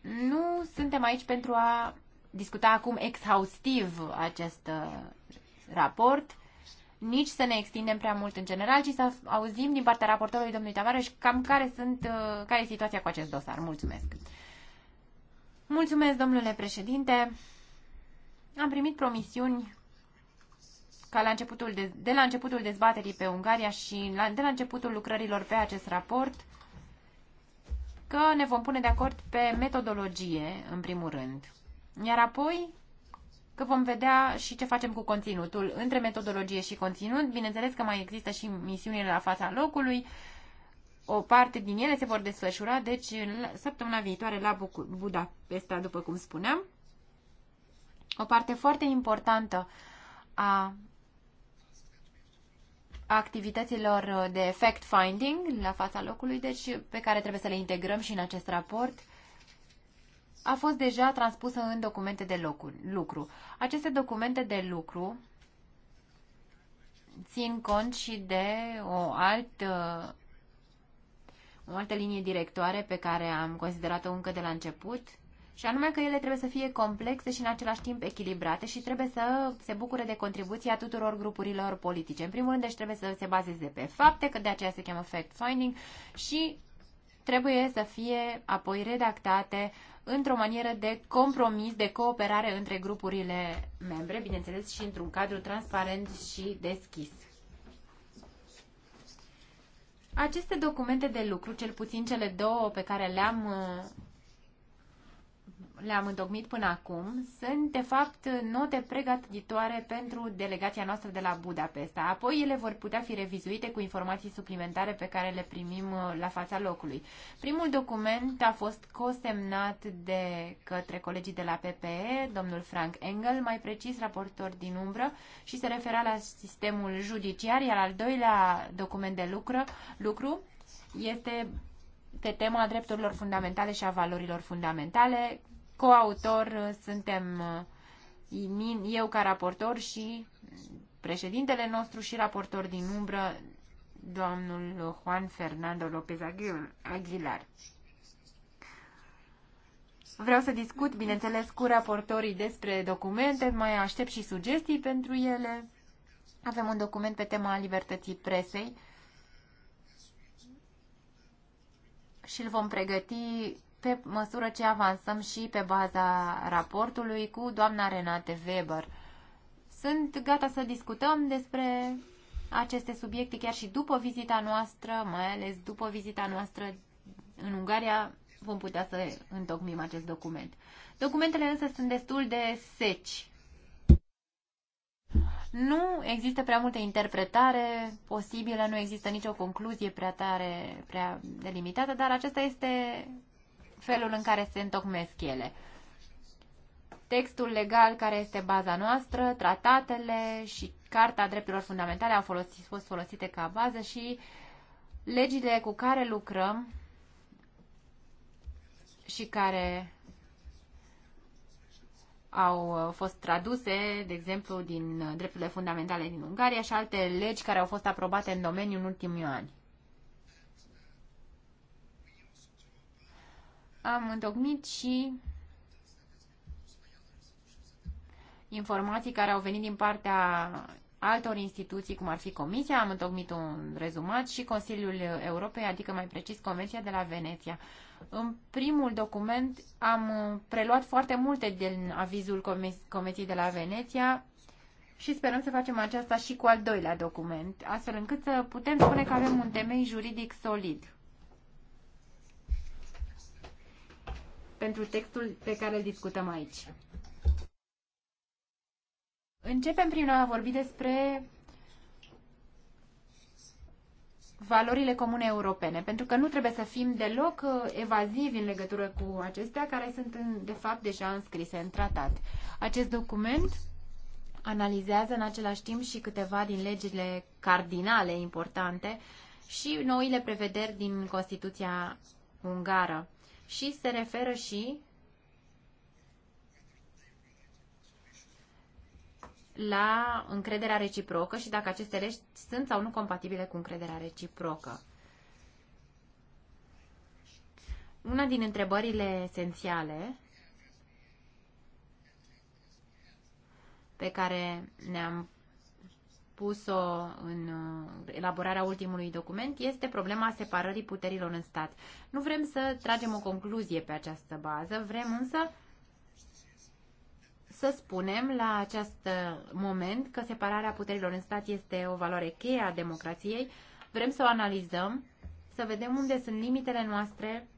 Nu suntem aici pentru a discuta acum exhaustiv acest uh, raport, nici să ne extindem prea mult în general, ci să auzim din partea raportorului domnului Tavares cam care, sunt, uh, care e situația cu acest dosar. Mulțumesc! Mulțumesc, domnule președinte! Am primit promisiuni ca la începutul de, de la începutul dezbaterii pe Ungaria și la, de la începutul lucrărilor pe acest raport că ne vom pune de acord pe metodologie, în primul rând. Iar apoi că vom vedea și ce facem cu conținutul. Între metodologie și conținut, bineînțeles că mai există și misiunile la fața locului. O parte din ele se vor desfășura, deci, săptămâna viitoare la Budapesta, după cum spuneam. O parte foarte importantă a activităților de fact-finding la fața locului, deci pe care trebuie să le integrăm și în acest raport a fost deja transpusă în documente de lucru. Aceste documente de lucru țin cont și de o altă, uh, o altă linie directoare pe care am considerat-o încă de la început, și anume că ele trebuie să fie complexe și în același timp echilibrate și trebuie să se bucure de contribuția tuturor grupurilor politice. În primul rând, deci trebuie să se bazeze pe fapte, că de aceea se cheamă fact-finding și trebuie să fie apoi redactate într-o manieră de compromis, de cooperare între grupurile membre, bineînțeles și într-un cadru transparent și deschis. Aceste documente de lucru, cel puțin cele două pe care le-am uh, le-am întocmit până acum sunt, de fapt, note pregătitoare pentru delegația noastră de la Budapesta. Apoi ele vor putea fi revizuite cu informații suplimentare pe care le primim uh, la fața locului. Primul document a fost cosemnat de către colegii de la PPE, domnul Frank Engel, mai precis raportor din umbră, și se refera la sistemul judiciar, iar al doilea document de lucru, lucru este pe tema drepturilor fundamentale și a valorilor fundamentale, coautor uh, suntem uh, eu ca raportor și președintele nostru și raportor din umbră, domnul Juan Fernando López Aguilar. Vreau să discut, bineînțeles, cu raportorii despre documente, mai aștept și sugestii pentru ele. Avem un document pe tema libertății presei și îl vom pregăti pe măsură ce avansăm și pe baza raportului cu doamna Renate Weber. Sunt gata să discutăm despre aceste subiecte chiar și după vizita noastră, mai ales după vizita noastră în Ungaria, vom putea să întocmim acest document. Documentele însă sunt destul de seci. Nu există prea multă interpretare posibilă, nu există nicio concluzie prea tare, prea delimitată, dar acesta este felul în care se întocmesc ele. Textul legal care este baza noastră, tratatele și Carta Drepturilor Fundamentale au folosit, fost folosite ca bază și legile cu care lucrăm și care au fost traduse, de exemplu, din drepturile fundamentale din Ungaria și alte legi care au fost aprobate în domeniu în ultimii ani. am întocmit și informații care au venit din partea altor instituții, cum ar fi Comisia, am întocmit un rezumat și Consiliul Europei, adică mai precis Convenția de la Veneția. În primul document am preluat foarte multe din avizul Convenției de la Veneția și sperăm să facem aceasta și cu al doilea document, astfel încât să putem spune că avem un temei juridic solid. pentru textul pe care îl discutăm aici. Începem prin a vorbi despre valorile comune europene, pentru că nu trebuie să fim deloc uh, evazivi în legătură cu acestea, care sunt de fapt deja înscrise în tratat. Acest document analizează în același timp și câteva din legile cardinale importante și noile prevederi din Constituția ungară și se referă și la încrederea reciprocă și dacă aceste legi sunt sau nu compatibile cu încrederea reciprocă. Una din întrebările esențiale pe care ne-am pus-o în uh, elaborarea ultimului document este problema separării puterilor în stat. Nu vrem să tragem o concluzie pe această bază, vrem însă să spunem la acest moment că separarea puterilor în stat este o valoare cheie a democrației. Vrem să o analizăm, să vedem unde sunt limitele noastre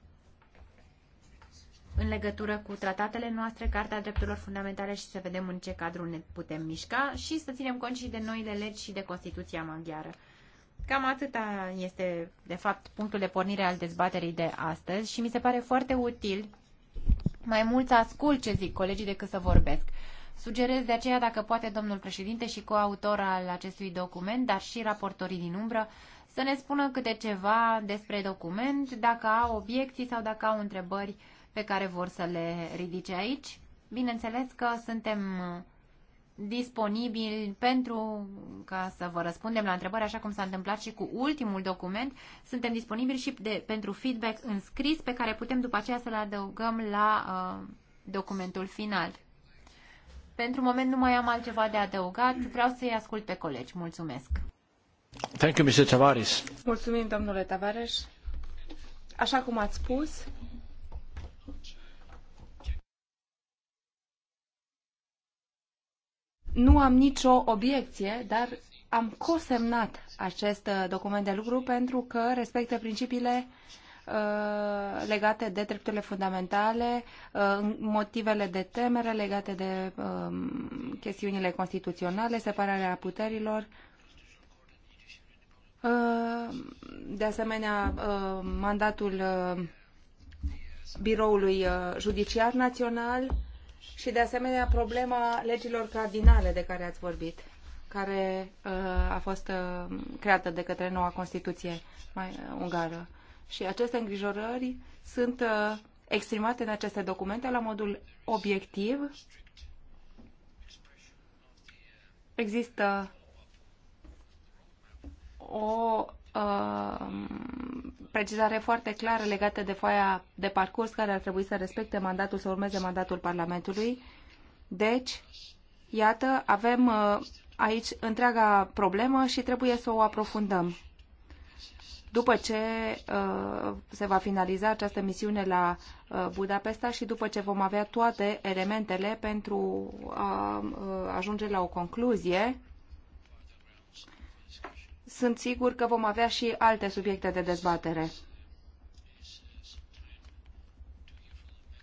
în legătură cu tratatele noastre, Carta Drepturilor Fundamentale și să vedem în ce cadru ne putem mișca și să ținem cont și de noile legi și de Constituția maghiară. Cam atâta este, de fapt, punctul de pornire al dezbaterii de astăzi și mi se pare foarte util mai mult să ascult ce zic colegii decât să vorbesc. Sugerez de aceea, dacă poate, domnul președinte și coautor al acestui document, dar și raportorii din umbră, să ne spună câte ceva despre document, dacă au obiecții sau dacă au întrebări pe care vor să le ridice aici. Bineînțeles că suntem disponibili pentru ca să vă răspundem la întrebări, așa cum s-a întâmplat și cu ultimul document. Suntem disponibili și de, pentru feedback în scris pe care putem după aceea să-l adăugăm la uh, documentul final. Pentru moment nu mai am altceva de adăugat. Vreau să-i ascult pe colegi. Mulțumesc. Thank you, Mr. Tavares. Mulțumim, domnule Tavares. Așa cum ați spus, nu am nicio obiecție, dar am cosemnat acest uh, document de lucru pentru că respectă principiile uh, legate de drepturile fundamentale, uh, motivele de temere legate de um, chestiunile constituționale, separarea puterilor, de asemenea mandatul Biroului uh, Judiciar Național și, de asemenea, problema legilor cardinale de care ați vorbit, care uh, a fost uh, creată de către noua Constituție mai ungară. Și aceste îngrijorări sunt exprimate în aceste documente la modul obiectiv. Există o Uh, precizare foarte clară legată de foaia de parcurs care ar trebui să respecte mandatul, să urmeze mandatul Parlamentului. Deci, iată, avem uh, aici întreaga problemă și trebuie să o aprofundăm. După ce uh, se va finaliza această misiune la uh, Budapesta și după ce vom avea toate elementele pentru a uh, ajunge la o concluzie, sunt sigur că vom avea și alte subiecte de dezbatere.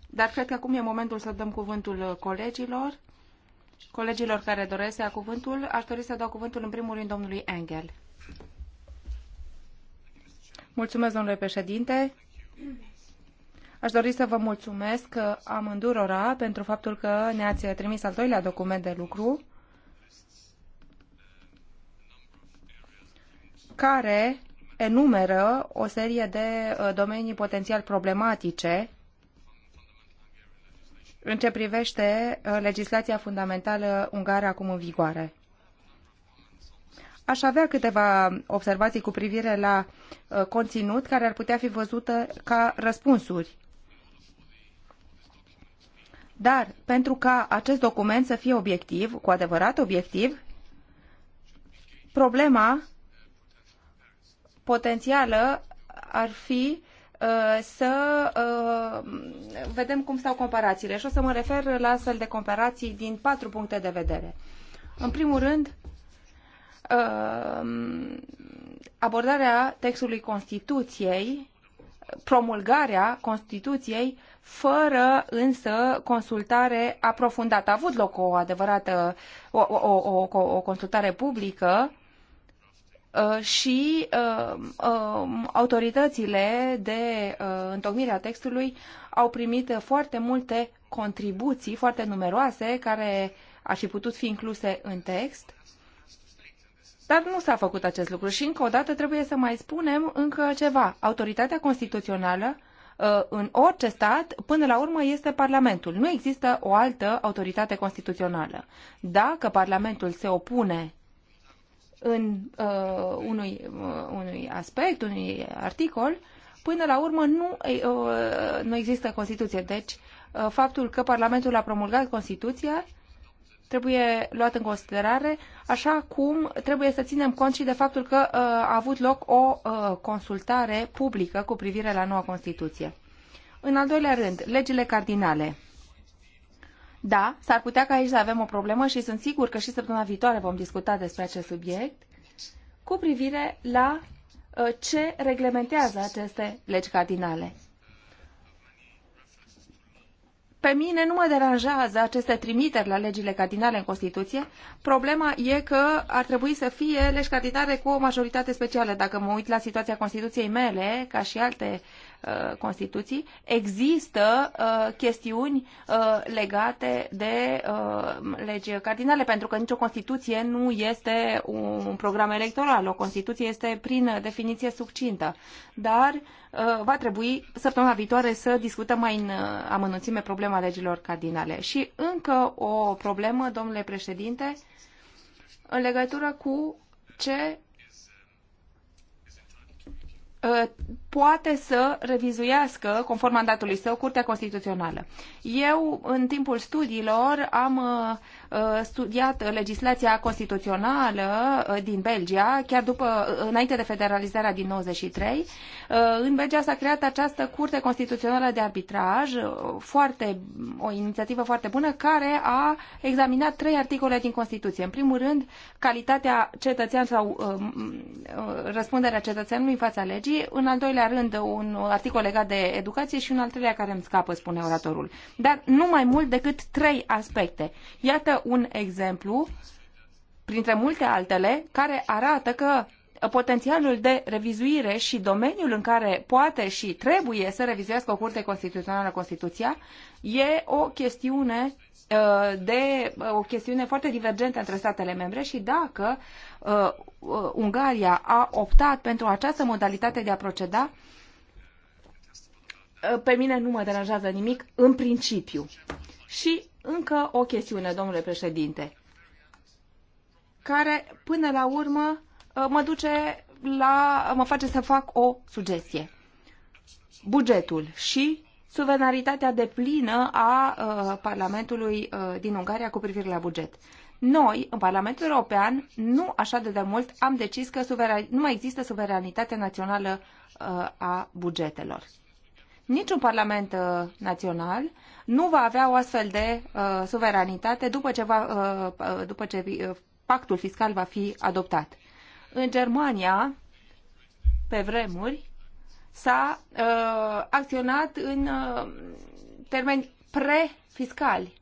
Dar cred că acum e momentul să dăm cuvântul colegilor. Colegilor care doresc să ia cuvântul, aș dori să dau cuvântul în primul rând domnului Engel. Mulțumesc, domnule președinte. Aș dori să vă mulțumesc amândurora pentru faptul că ne-ați trimis al doilea document de lucru care enumeră o serie de uh, domenii potențial problematice în ce privește uh, legislația fundamentală ungară acum în vigoare. Aș avea câteva observații cu privire la uh, conținut care ar putea fi văzute ca răspunsuri. Dar pentru ca acest document să fie obiectiv, cu adevărat obiectiv, problema potențială ar fi uh, să uh, vedem cum stau comparațiile și o să mă refer la astfel de comparații din patru puncte de vedere. În primul rând, uh, abordarea textului Constituției, promulgarea Constituției, fără însă consultare aprofundată. A avut loc o adevărată, o, o, o, o consultare publică Uh, și uh, um, autoritățile de uh, întocmire a textului au primit foarte multe contribuții, foarte numeroase, care ar fi putut fi incluse în text. Dar nu s-a făcut acest lucru și încă o dată trebuie să mai spunem încă ceva. Autoritatea constituțională în orice stat, până la urmă, este Parlamentul. Nu există o altă autoritate constituțională. Dacă Parlamentul se opune în uh, unui, uh, unui aspect, unui articol, până la urmă nu, uh, nu există Constituție. Deci, uh, faptul că Parlamentul a promulgat Constituția trebuie luat în considerare, așa cum trebuie să ținem cont și de faptul că uh, a avut loc o uh, consultare publică cu privire la noua Constituție. În al doilea rând, legile cardinale. Da, s-ar putea ca aici să avem o problemă și sunt sigur că și săptămâna viitoare vom discuta despre acest subiect cu privire la uh, ce reglementează aceste legi cardinale. Pe mine nu mă deranjează aceste trimiteri la legile cardinale în Constituție. Problema e că ar trebui să fie legi cardinale cu o majoritate specială. Dacă mă uit la situația Constituției mele, ca și alte uh, Uh, Constituții, există uh, chestiuni uh, legate de legi cardinale, pentru că nicio Constituție nu este un program electoral. O Constituție este prin definiție succintă. Dar va trebui săptămâna viitoare să discutăm mai în amănunțime problema legilor cardinale. Și încă o problemă, domnule președinte, în legătură cu ce Uh, poate să revizuiască, conform mandatului său, Curtea Constituțională. Eu, în timpul studiilor, am uh, Uh, studiat legislația constituțională uh, din Belgia, chiar după, uh, înainte de federalizarea din 93. În Belgia s-a creat această curte constituțională de arbitraj, foarte, o inițiativă foarte bună, care a examinat trei articole din Constituție. În primul rând, calitatea cetățean sau răspunderea cetățeanului în fața legii. În al doilea rând, un articol legat de educație și un al treilea care îmi scapă, spune oratorul. Dar nu mai mult decât trei aspecte. Iată un exemplu, printre multe altele, care arată că potențialul de revizuire și domeniul în care poate și trebuie să revizuiască o curte constituțională Constituția e o chestiune uh, de uh, o chestiune foarte divergentă între statele membre și dacă uh, uh Ungaria a optat pentru această modalitate de a proceda, pe mine nu mă deranjează nimic în principiu. Și încă o chestiune, domnule președinte, care până la urmă uh, mă duce la, mă face să fac o sugestie. Bugetul și suveranitatea deplină a uh, Parlamentului uh, din Ungaria cu privire la buget. Noi, în Parlamentul European, nu așa de demult am decis că suveran... nu mai există suveranitatea națională uh, a bugetelor niciun parlament uh, național nu va avea o astfel de uh, suveranitate după ce, va, uh, uh după ce uh, pactul fiscal va fi adoptat. În Germania, pe vremuri, s-a uh, acționat în uh, termeni prefiscali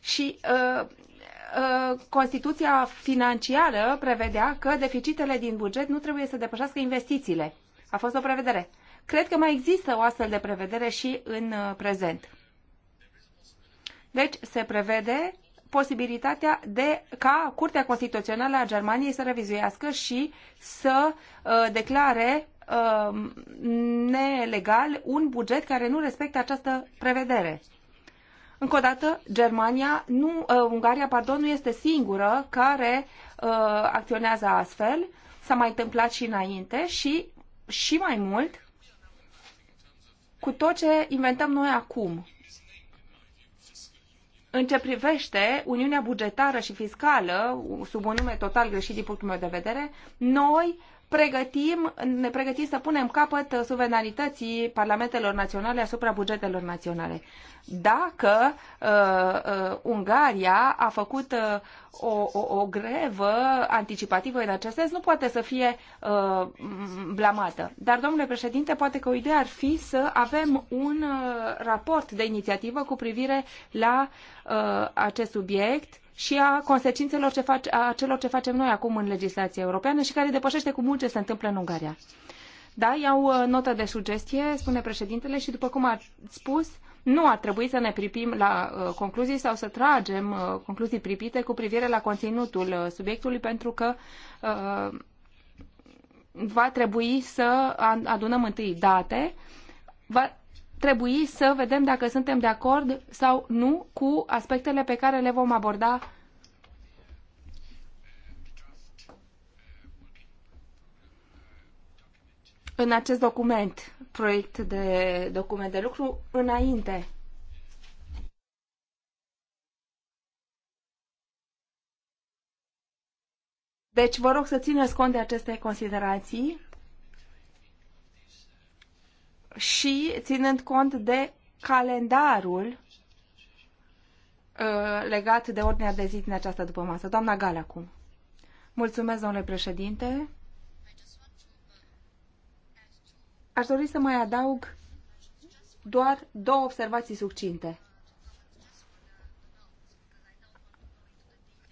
și uh, uh Constituția financiară prevedea că deficitele din buget nu trebuie să depășească investițiile. A fost o prevedere. Cred că mai există o astfel de prevedere și în uh, prezent. Deci se prevede posibilitatea de ca Curtea Constituțională a Germaniei să revizuiască și să uh, declare uh, nelegal un buget care nu respectă această prevedere. Încă o dată, Germania, nu, uh, Ungaria, pardon, nu este singură care uh, acționează astfel. S-a mai întâmplat și înainte și, și mai mult, cu tot ce inventăm noi acum. În ce privește Uniunea Bugetară și Fiscală, sub un nume total greșit din punctul meu de vedere, noi pregătim, ne pregătim să punem capăt suveranității parlamentelor naționale asupra bugetelor naționale. Dacă uh, uh, Ungaria a făcut uh, o, o, o grevă anticipativă în acest sens, nu poate să fie uh, blamată. Dar, domnule președinte, poate că o idee ar fi să avem un uh, raport de inițiativă cu privire la uh, acest subiect uh, și a consecințelor ce face, a celor ce facem noi acum în legislația europeană și care depășește cu mult ce se întâmplă în Ungaria. Da, iau uh, notă de sugestie, spune președintele, și după cum a spus, nu ar trebui să ne pripim la uh, concluzii sau să tragem uh, concluzii pripite cu privire la conținutul uh, subiectului, pentru că uh, va trebui să adunăm întâi date, va trebui să vedem dacă suntem de acord sau nu cu aspectele pe care le vom aborda în acest document, proiect de document de lucru, înainte. Deci vă rog să țineți cont de aceste considerații și ținând cont de calendarul uh, legat de ordinea de zi din această după masă. Doamna Gale acum. Mulțumesc, domnule președinte. Aș dori să mai adaug doar două observații succinte.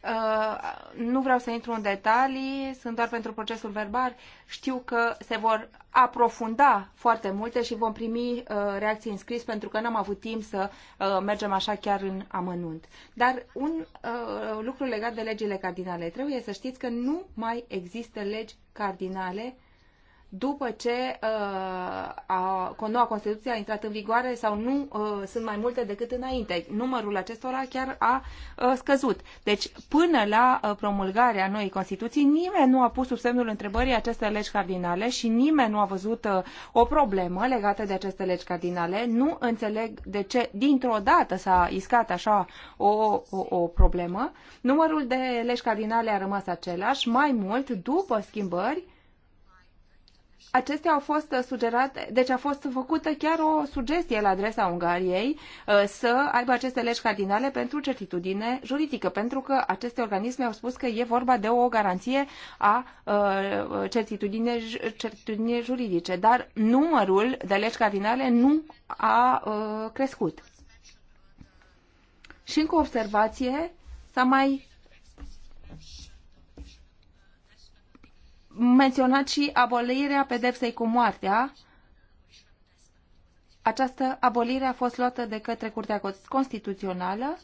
Uh, nu vreau să intru în detalii, sunt doar pentru procesul verbal. Știu că se vor aprofunda foarte multe și vom primi uh, reacții în scris pentru că n-am avut timp să uh, mergem așa chiar în amănunt. Dar un lucru legat de legile cardinale. Trebuie să știți că nu mai există legi cardinale după ce uh, a, noua Constituție a intrat în vigoare sau nu uh, sunt mai multe decât înainte. Numărul acestora chiar a uh, scăzut. Deci, până la uh, promulgarea noii Constituții, nimeni nu a pus sub semnul întrebării aceste legi cardinale și nimeni nu a văzut uh, o problemă legată de aceste legi cardinale. Nu înțeleg de ce dintr-o dată s-a iscat așa o, o, o problemă. Numărul de legi cardinale a rămas același. Mai mult, după schimbări, acestea au fost sugerate, deci a fost făcută chiar o sugestie la adresa Ungariei uh, să aibă aceste legi cardinale pentru certitudine juridică, pentru că aceste organisme au spus că e vorba de o garanție a uh, certitudine, certitudine juridice, dar numărul de legi cardinale nu a uh, crescut. Și încă o observație, s-a mai menționat și abolirea pedepsei cu moartea. Această abolire a fost luată de către Curtea Constituțională.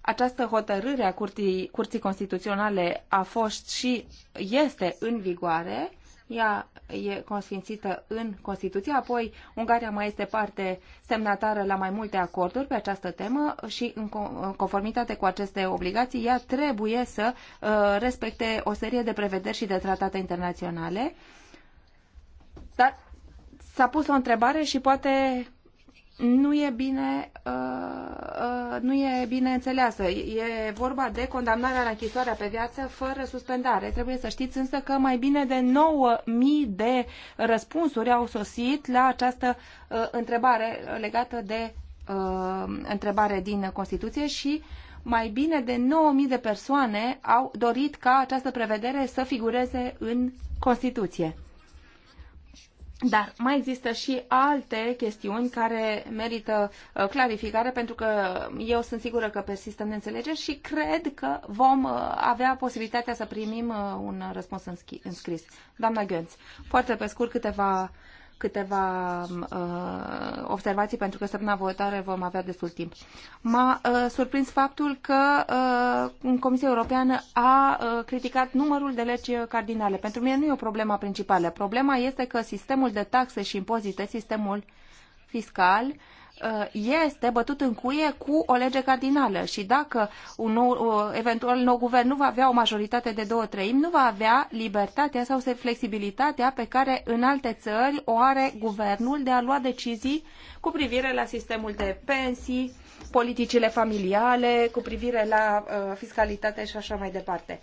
Această hotărâre a Curții, Curții Constituționale a fost și este în vigoare ea e consfințită în Constituție, apoi Ungaria mai este parte semnatară la mai multe acorduri pe această temă și în conformitate cu aceste obligații, ea trebuie să uh, respecte o serie de prevederi și de tratate internaționale. Dar s-a pus o întrebare și poate nu e bine, uh, uh, nu e bine înțeleasă. E vorba de condamnarea la închisoarea pe viață fără suspendare. Trebuie să știți însă că mai bine de 9.000 de răspunsuri au sosit la această uh, întrebare legată de uh, întrebare din Constituție și mai bine de 9.000 de persoane au dorit ca această prevedere să figureze în Constituție. Dar mai există și alte chestiuni care merită uh, clarificare pentru că eu sunt sigură că persistă neînțelegeri și cred că vom uh, avea posibilitatea să primim uh, un răspuns în scris. Doamna Gönț, foarte pe scurt câteva câteva uh, observații, pentru că săptămâna viitoare vom avea destul timp. M-a uh, surprins faptul că uh, Comisia Europeană a uh, criticat numărul de legi cardinale. Pentru mine nu e o problemă principală. Problema este că sistemul de taxe și impozite, sistemul fiscal, Uh, este bătut în cuie cu o lege cardinală și dacă un nou, uh, eventual nou guvern nu va avea o majoritate de două treimi, nu va avea libertatea sau flexibilitatea pe care în alte țări o are guvernul de a lua decizii cu privire la sistemul de pensii, politicile familiale, cu privire la uh, fiscalitate și așa mai departe.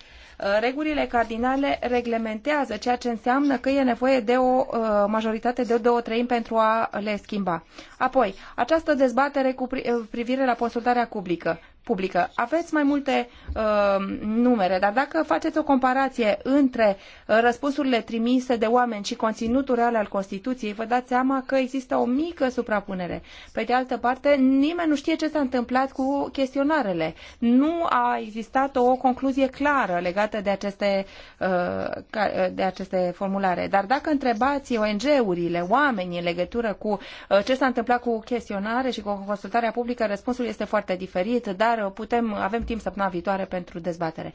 Regulile cardinale reglementează ceea ce înseamnă că e nevoie de o uh, majoritate de două treimi pentru a le schimba. Apoi, această dezbatere cu uh, privire la consultarea publică publică. Aveți mai multe uh, numere, dar dacă faceți o comparație între uh, răspunsurile trimise de oameni și conținutul real al Constituției, vă dați seama că există o mică suprapunere. Pe de altă parte, nimeni nu știe ce s-a întâmplat cu chestionarele. Nu a existat o concluzie clară legată de aceste, uh, uh de aceste formulare. Dar dacă întrebați ONG-urile, oamenii în legătură cu uh, ce s-a întâmplat cu chestionare și cu consultarea publică, răspunsul este foarte diferit, dar dar putem, avem timp săptămâna viitoare pentru dezbatere.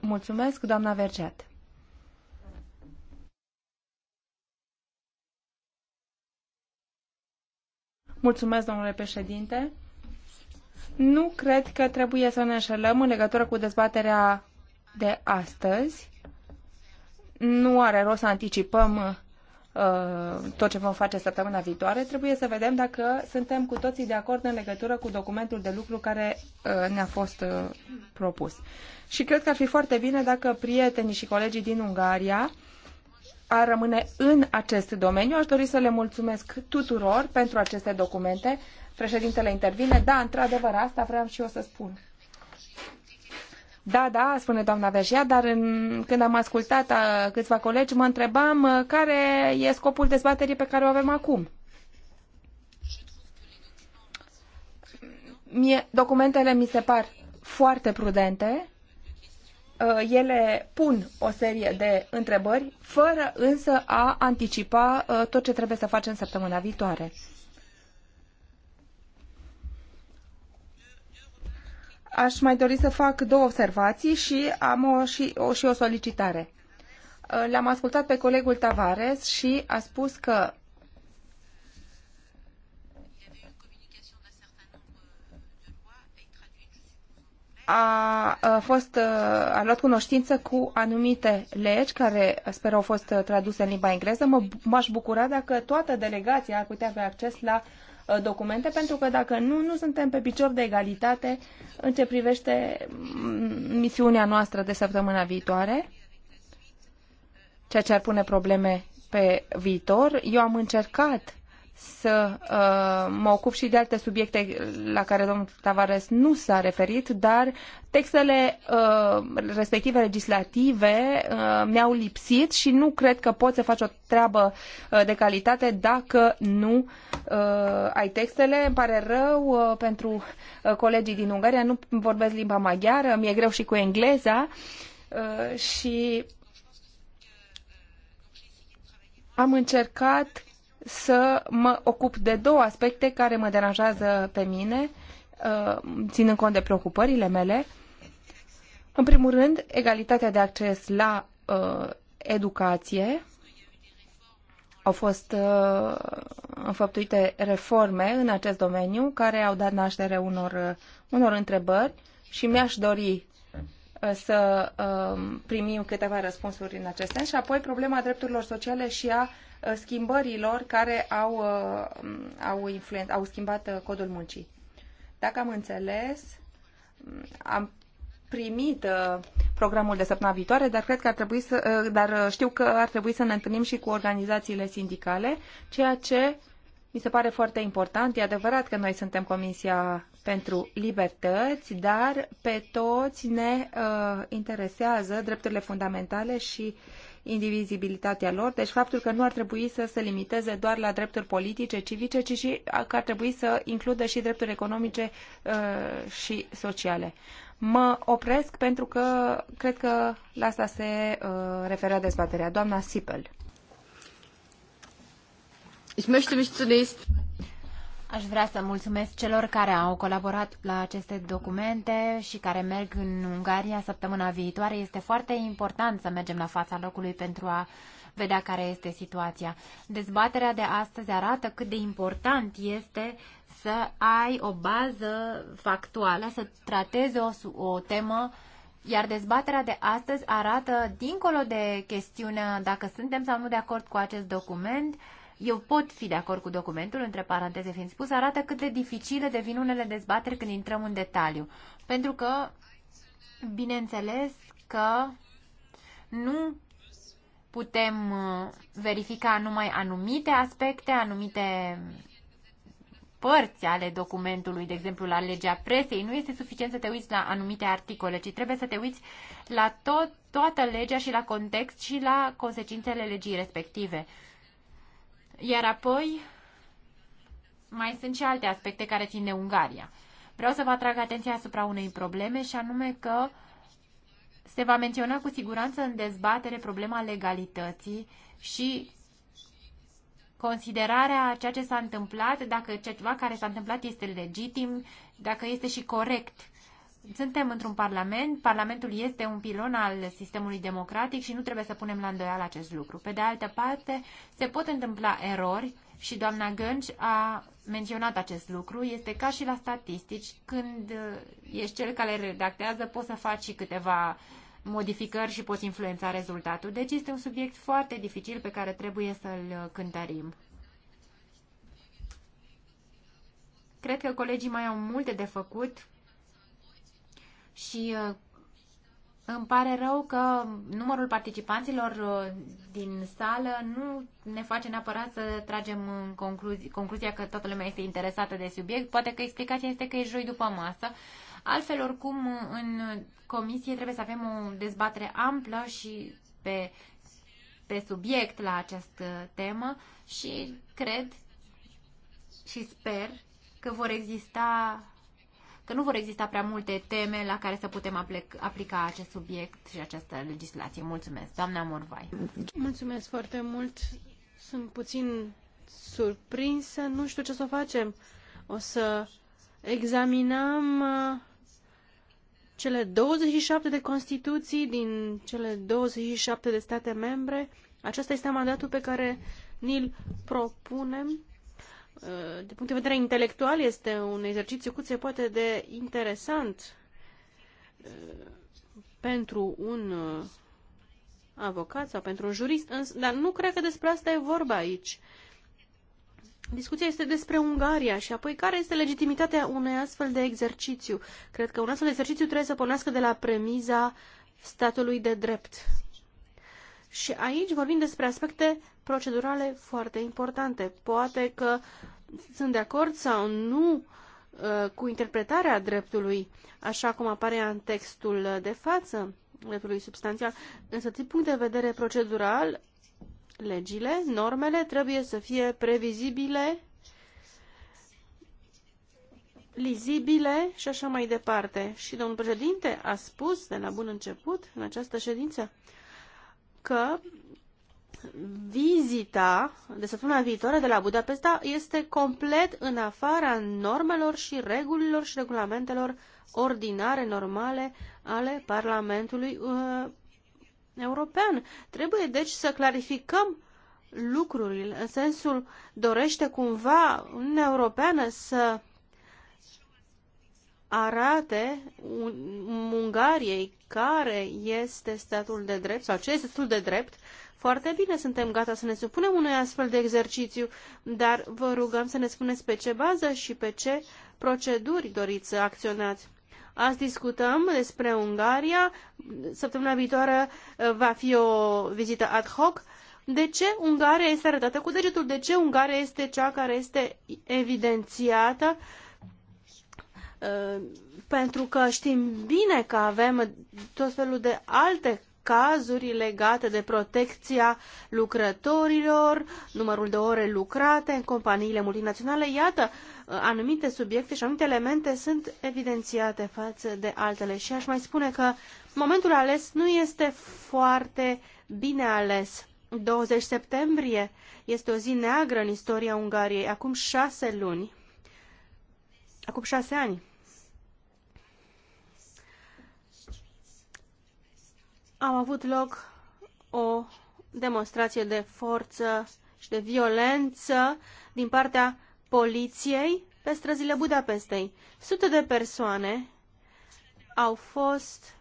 Mulțumesc, doamna Vergeat. Mulțumesc, domnule președinte. Nu cred că trebuie să ne înșelăm în legătură cu dezbaterea de astăzi. Nu are rost să anticipăm Uh, tot ce vom face săptămâna viitoare, trebuie să vedem dacă suntem cu toții de acord în legătură cu documentul de lucru care uh, ne-a fost uh, propus. Și cred că ar fi foarte bine dacă prietenii și colegii din Ungaria ar rămâne în acest domeniu. Aș dori să le mulțumesc tuturor pentru aceste documente. Președintele intervine. Da, într-adevăr, asta vreau și eu să spun. Da, da, spune doamna Vergea, dar în, când am ascultat a, uh, câțiva colegi, mă întrebam a, uh, care e scopul dezbaterii pe care o avem acum. Mie, documentele mi se par foarte prudente, uh, ele pun o serie de întrebări, fără însă a anticipa tot ce trebuie să facem săptămâna viitoare. aș mai dori să fac două observații și am o, și, o, și o solicitare. Uh, l-am ascultat pe colegul Tavares și a spus că a fost uh, a luat cunoștință cu anumite legi care uh, sper au fost traduse în limba engleză. M-aș bucura dacă toată delegația ar putea avea acces la Uh, documente, pentru că dacă nu, nu suntem pe picior de egalitate în ce privește mm, misiunea noastră de săptămâna viitoare, ceea ce ar pune probleme pe viitor. Eu am încercat să uh, mă ocup și de alte subiecte la care domnul Tavares nu s-a referit, dar textele uh, respective legislative uh, mi-au lipsit și nu cred că poți să faci o treabă uh, de calitate dacă nu uh, ai textele. Îmi pare rău uh, pentru uh, colegii din Ungaria, nu vorbesc limba maghiară, mi-e greu și cu engleza uh, și am încercat să mă ocup de două aspecte care mă deranjează pe mine, uh, ținând cont de preocupările mele. În primul rând, egalitatea de acces la uh, educație. Au fost uh, înfăptuite reforme în acest domeniu care au dat naștere unor, unor întrebări și mi-aș dori să um, primim câteva răspunsuri în acest sens și apoi problema drepturilor sociale și a uh, schimbărilor care au, uh, au, influen- au schimbat uh, codul muncii. Dacă am înțeles, um, am primit programul de săptămâna viitoare, dar cred că ar trebui să, dar știu că ar trebui să ne întâlnim și cu organizațiile sindicale, ceea ce mi se pare foarte important. E adevărat că noi suntem Comisia pentru Libertăți, dar pe toți ne uh, interesează drepturile fundamentale și indivizibilitatea lor, deci faptul că nu ar trebui să se limiteze doar la drepturi politice, civice, ci și că ar trebui să includă și drepturi economice uh, și sociale. Mă opresc pentru că cred că la asta se uh, referea dezbaterea. Doamna Sipel. Aș vrea să mulțumesc celor care au colaborat la aceste documente și care merg în Ungaria săptămâna viitoare. Este foarte important să mergem la fața locului pentru a vedea care este situația. Dezbaterea de astăzi arată cât de important este să ai o bază factuală, să tratezi o, o temă iar dezbaterea de astăzi arată, dincolo de chestiunea dacă suntem sau nu de acord cu acest document, eu pot fi de acord cu documentul, între paranteze fiind spus, arată cât de dificile devin unele dezbateri când intrăm în detaliu. Pentru că, bineînțeles că nu putem uh, verifica numai anumite aspecte, anumite părți ale documentului, de exemplu la legea presei, nu este suficient să te uiți la anumite articole, ci trebuie să te uiți la tot, toată legea și la context și la consecințele legii respective. Iar apoi mai sunt și alte aspecte care țin de Ungaria. Vreau să vă atrag atenția asupra unei probleme și anume că se va menționa cu siguranță în dezbatere problema legalității și considerarea a ceea ce s-a întâmplat, dacă ceva care s-a întâmplat este legitim, dacă este și corect suntem într-un parlament, parlamentul este un pilon al sistemului democratic și nu trebuie să punem la îndoială acest lucru. Pe de altă parte, se pot întâmpla erori și doamna Gânci a menționat acest lucru. Este ca și la statistici, când uh, ești cel care redactează, poți să faci și câteva modificări și poți influența rezultatul. Deci este un subiect foarte dificil pe care trebuie să-l uh, cântărim. Cred că colegii mai au multe de făcut și uh, îmi pare rău că numărul participanților uh, din sală nu ne face neapărat să tragem în concluzi, concluzia că toată lumea este interesată de subiect. Poate că explicația este că e joi după masă. Altfel, oricum, în comisie trebuie să avem o dezbatere amplă și pe, pe subiect la această temă și cred și sper că vor exista că nu vor exista prea multe teme la care să putem aplica acest subiect și această legislație. Mulțumesc, doamna Morvai. Mulțumesc foarte mult. Sunt puțin surprinsă. Nu știu ce să facem. O să examinăm uh, cele 27 de constituții din cele 27 de state membre. Acesta este mandatul pe care ni-l propunem Uh, de punct de vedere intelectual, este un exercițiu cât se poate de interesant uh, pentru un uh, avocat sau pentru un jurist, dar nu cred că despre asta e vorba aici. Discuția este despre Ungaria și apoi care este legitimitatea unui astfel de exercițiu. Cred că un astfel de exercițiu trebuie să pornească de la premiza statului de drept. Și aici vorbim despre aspecte procedurale foarte importante. Poate că sunt de acord sau nu uh, cu interpretarea dreptului, așa cum apare în textul de față, dreptului substanțial, însă din punct de vedere procedural, legile, normele trebuie să fie previzibile, lizibile și așa mai departe. Și domnul președinte a spus de la bun început, în această ședință, că vizita de săptămâna viitoare de la Budapesta este complet în afara normelor și regulilor și regulamentelor ordinare, normale ale Parlamentului uh, European. Trebuie deci să clarificăm lucrurile în sensul dorește cumva Uniunea Europeană să arate Ungariei care este statul de drept sau ce este statul de drept. Foarte bine, suntem gata să ne supunem unui astfel de exercițiu, dar vă rugăm să ne spuneți pe ce bază și pe ce proceduri doriți să acționați. Azi discutăm despre Ungaria. Săptămâna viitoare uh, va fi o vizită ad hoc. De ce Ungaria este arătată cu degetul? De ce Ungaria este cea care este evidențiată uh, Uh, pentru că știm bine că avem tot felul de alte cazuri legate de protecția lucrătorilor, numărul de ore lucrate în companiile multinaționale. Iată, uh, anumite subiecte și anumite elemente sunt evidențiate față de altele. Și aș mai spune că momentul ales nu este foarte bine ales. 20 septembrie este o zi neagră în istoria Ungariei, acum șase luni acum șase ani. Am avut loc o demonstrație de forță și de violență din partea poliției pe străzile Budapestei. Sute de persoane au fost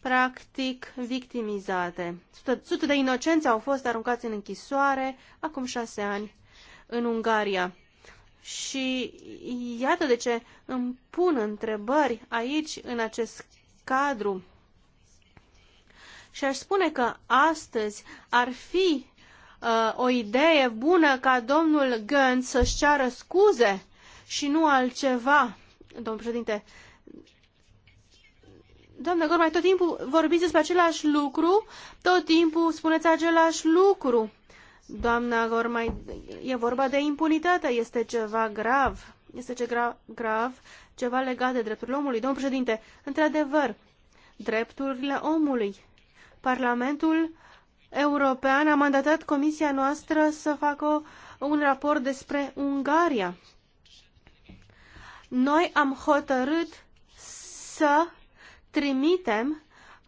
practic victimizate. Sute, sute de inocenți au fost aruncați în închisoare acum șase ani în Ungaria. Și iată de ce îmi pun întrebări aici, în acest cadru. Și aș spune că astăzi ar fi uh, o idee bună ca domnul Gând să-și ceară scuze și nu altceva, domnul președinte. Doamne Gormai, tot timpul vorbiți despre același lucru, tot timpul spuneți același lucru doamna mai e vorba de impunitate, este ceva grav, este ce gra grav, ceva legat de drepturile omului. Domnul președinte, într-adevăr, drepturile omului. Parlamentul European a mandatat comisia noastră să facă un raport despre Ungaria. Noi am hotărât să trimitem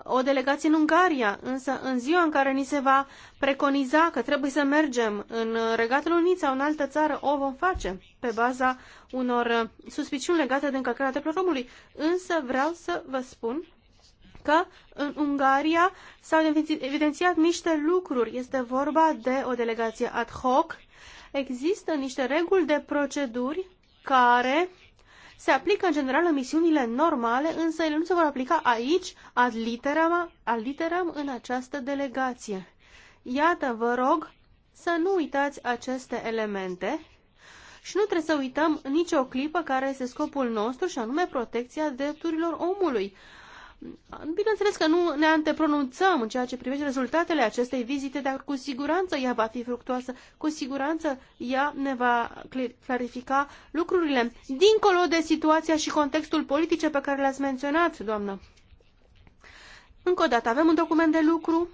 o delegație în Ungaria, însă în ziua în care ni se va preconiza că trebuie să mergem în Regatul Unit sau în altă țară, o vom face pe baza unor uh, suspiciuni legate de încălcarea drepturilor omului. Însă vreau să vă spun că în Ungaria s-au evidențiat niște lucruri. Este vorba de o delegație ad hoc. Există niște reguli de proceduri care se aplică în general în misiunile normale, însă ele nu se vor aplica aici, ad literam, ad literam în această delegație. Iată, vă rog să nu uitați aceste elemente și nu trebuie să uităm nicio clipă care este scopul nostru și anume protecția drepturilor omului. Bineînțeles că nu ne antepronunțăm în ceea ce privește rezultatele acestei vizite, dar cu siguranță ea va fi fructoasă, cu siguranță ea ne va clarifica lucrurile, dincolo de situația și contextul politice pe care le-ați menționat, doamnă. Încă o dată, avem un document de lucru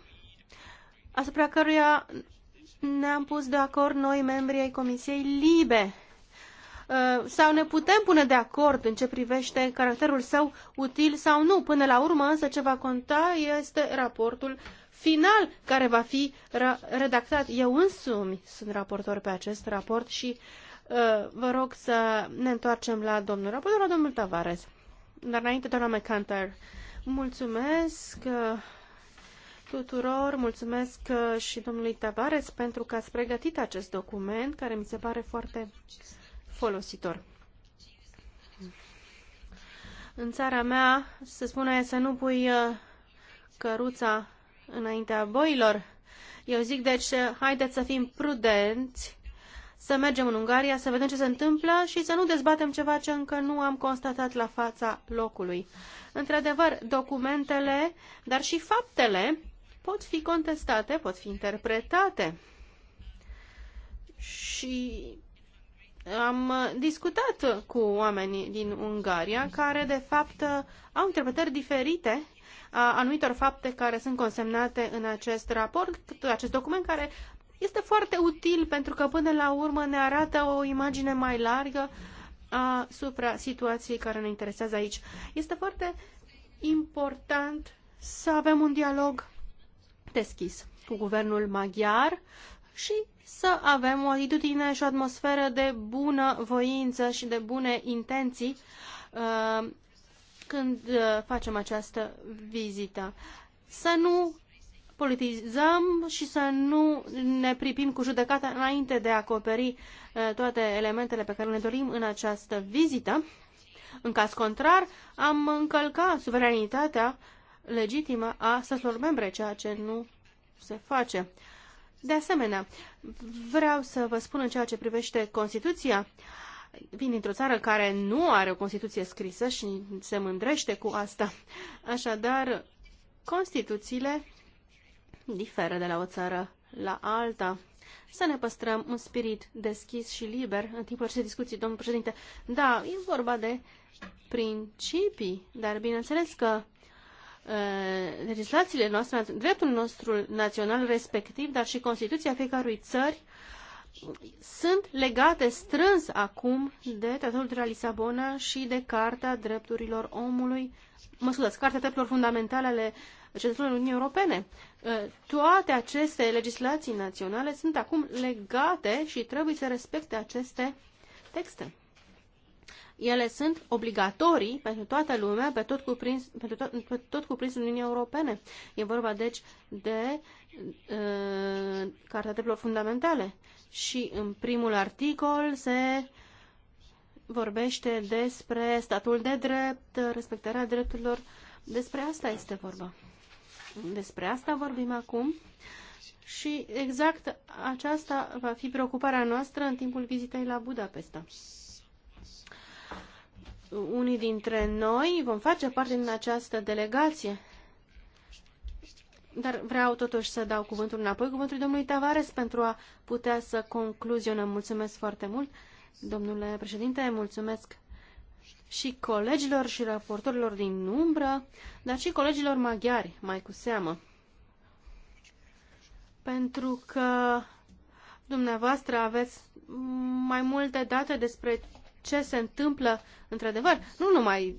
asupra căruia ne-am pus de acord noi, membrii ai Comisiei Libe. Uh, sau ne putem pune de acord în ce privește caracterul său util sau nu. Până la urmă, însă, ce va conta este raportul final care va fi redactat. Eu însumi sunt raportor pe acest raport și uh, vă rog să ne întoarcem la domnul raportor, la domnul Tavares. Dar înainte, doamna McCunter, mulțumesc uh, tuturor, mulțumesc și domnului Tavares pentru că ați pregătit acest document care mi se pare foarte folositor. În țara mea se spune să nu pui uh, căruța înaintea boilor. Eu zic, deci, uh, haideți să fim prudenți, să mergem în Ungaria, să vedem ce se întâmplă și să nu dezbatem ceva ce încă nu am constatat la fața locului. Într-adevăr, documentele, dar și faptele pot fi contestate, pot fi interpretate. Și am uh, discutat cu oamenii din Ungaria care, de fapt, uh, au interpretări diferite a anumitor fapte care sunt consemnate în acest raport, acest document care este foarte util pentru că până la urmă ne arată o imagine mai largă asupra situației care ne interesează aici. Este foarte important să avem un dialog deschis cu guvernul maghiar, și să avem o atitudine și o atmosferă de bună voință și de bune intenții uh, când uh, facem această vizită. Să nu politizăm și să nu ne pripim cu judecata înainte de a acoperi uh, toate elementele pe care le dorim în această vizită. În caz contrar, am încălca suveranitatea legitimă a statelor membre, ceea ce nu se face. De asemenea, vreau să vă spun în ceea ce privește Constituția. Vin dintr-o țară care nu are o Constituție scrisă și se mândrește cu asta. Așadar, Constituțiile diferă de la o țară la alta. Să ne păstrăm un spirit deschis și liber în timpul acestei discuții, domnul președinte. Da, e vorba de principii, dar bineînțeles că Uh, legislațiile noastre, dreptul nostru național respectiv, dar și Constituția fiecărui țări sunt legate strâns acum de Tratatul de la Lisabona și de Carta Drepturilor Omului, mă scuzați, Carta Drepturilor Fundamentale ale cetățenilor Uniunii Europene. Uh, toate aceste legislații naționale sunt acum legate și trebuie să respecte aceste texte. Ele sunt obligatorii pentru toată lumea, pe tot, cuprins, pentru tot, pe tot în Uniunii Europene. E vorba, deci, de uh, Carta Drepturilor Fundamentale. Și în primul articol se vorbește despre statul de drept, respectarea drepturilor. Despre asta este vorba. Despre asta vorbim acum. Și exact aceasta va fi preocuparea noastră în timpul vizitei la Budapesta unii dintre noi vom face parte din această delegație. Dar vreau totuși să dau cuvântul înapoi, cuvântul domnului Tavares, pentru a putea să concluzionăm. Mulțumesc foarte mult, domnule președinte, mulțumesc și colegilor și raportorilor din umbră, dar și colegilor maghiari, mai cu seamă. Pentru că dumneavoastră aveți mai multe date despre ce se întâmplă într-adevăr, nu numai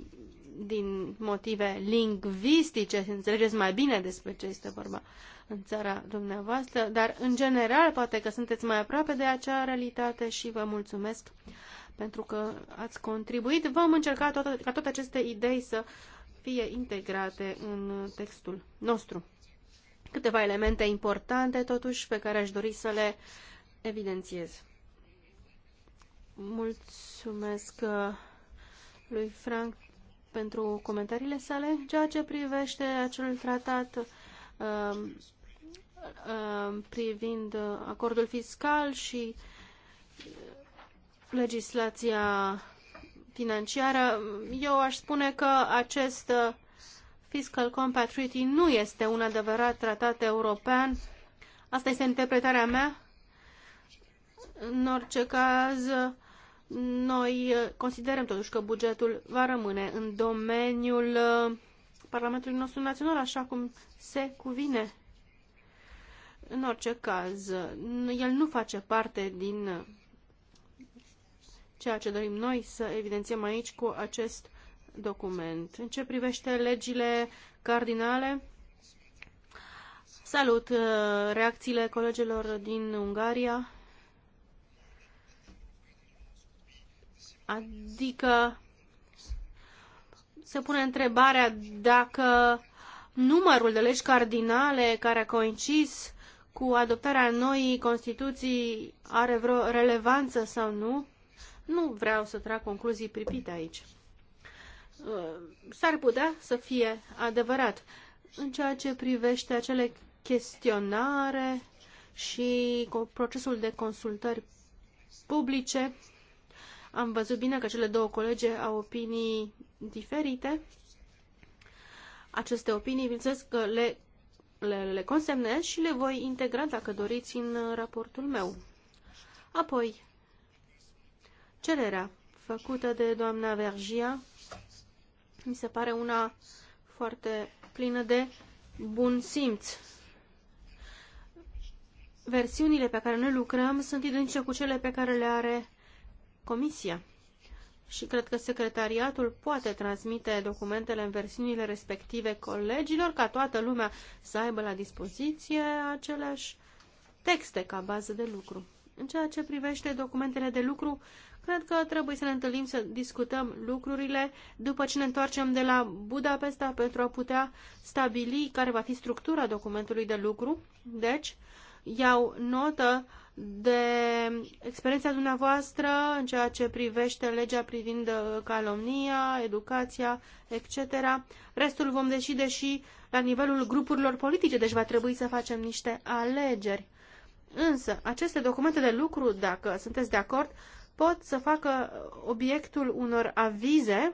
din motive lingvistice, să înțelegeți mai bine despre ce este vorba în țara dumneavoastră, dar în general poate că sunteți mai aproape de acea realitate și vă mulțumesc pentru că ați contribuit. Vom încerca tot, ca toate aceste idei să fie integrate în textul nostru. Câteva elemente importante, totuși, pe care aș dori să le evidențiez. Mulțumesc uh, lui Frank pentru comentariile sale. În ceea ce privește acel tratat uh, uh, privind acordul fiscal și legislația financiară, eu aș spune că acest Fiscal Compact Treaty nu este un adevărat tratat european. Asta este interpretarea mea. În orice caz, uh, noi uh, considerăm totuși că bugetul va rămâne în domeniul uh, Parlamentului nostru național, așa cum se cuvine. În orice caz, uh, el nu face parte din ceea ce dorim noi să evidențiem aici cu acest document. În ce privește legile cardinale, salut reacțiile colegilor din Ungaria Adică se pune întrebarea dacă numărul de legi cardinale care a coincis cu adoptarea noii Constituții are vreo relevanță sau nu. Nu vreau să trag concluzii pripite aici. S-ar putea să fie adevărat în ceea ce privește acele chestionare și procesul de consultări publice. Am văzut bine că cele două colege au opinii diferite. Aceste opinii, bineînțeles că le, le, le consemnez și le voi integra, dacă doriți, în raportul meu. Apoi, cererea făcută de doamna Vergia mi se pare una foarte plină de bun simț. Versiunile pe care noi lucrăm sunt identice cu cele pe care le are Comisia. Și cred că secretariatul poate transmite documentele în versiunile respective colegilor, ca toată lumea să aibă la dispoziție aceleași texte ca bază de lucru. În ceea ce privește documentele de lucru, cred că trebuie să ne întâlnim să discutăm lucrurile după ce ne întoarcem de la Budapesta pentru a putea stabili care va fi structura documentului de lucru. Deci, iau notă uh, de experiența dumneavoastră în ceea ce privește legea privind uh, calomnia, educația, etc. Restul vom decide și la nivelul grupurilor politice, deci va trebui să facem niște alegeri. Însă, aceste documente de lucru, dacă sunteți de acord, pot să facă obiectul unor avize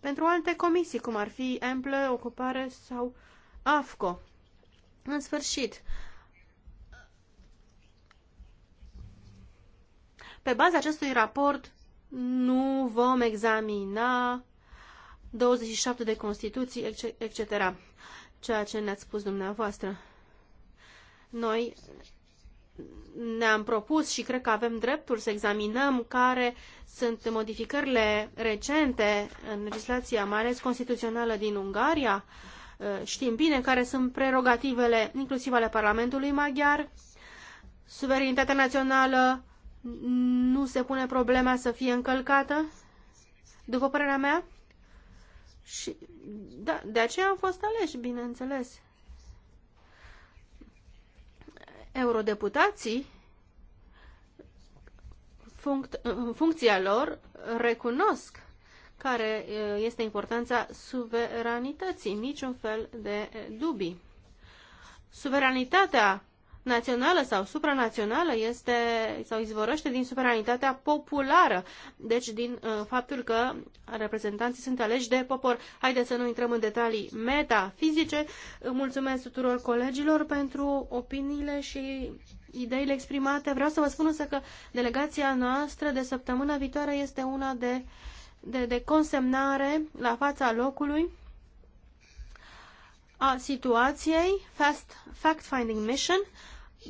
pentru alte comisii, cum ar fi Emple, Ocupare sau AFCO. În sfârșit, uh, Pe baza acestui raport nu vom examina 27 de Constituții, etc., ceea ce ne-ați spus dumneavoastră. Noi ne-am propus și cred că avem dreptul să examinăm care sunt modificările recente în legislația, mai ales constituțională din Ungaria. Știm bine care sunt prerogativele, inclusiv ale Parlamentului maghiar, suverenitatea națională, nu se pune problema să fie încălcată, după părerea mea. Și da, de aceea am fost aleși, bineînțeles. Eurodeputații, funct, în funcția lor, recunosc care este importanța suveranității, niciun fel de dubii. Suveranitatea națională sau supranațională este sau izvorăște din suveranitatea populară, deci din uh, faptul că reprezentanții sunt aleși de popor. Haideți să nu intrăm în detalii metafizice. Mulțumesc tuturor colegilor pentru opiniile și ideile exprimate. Vreau să vă spun însă că delegația noastră de săptămâna viitoare este una de, de, de consemnare la fața locului a situației, Fast Fact Finding Mission,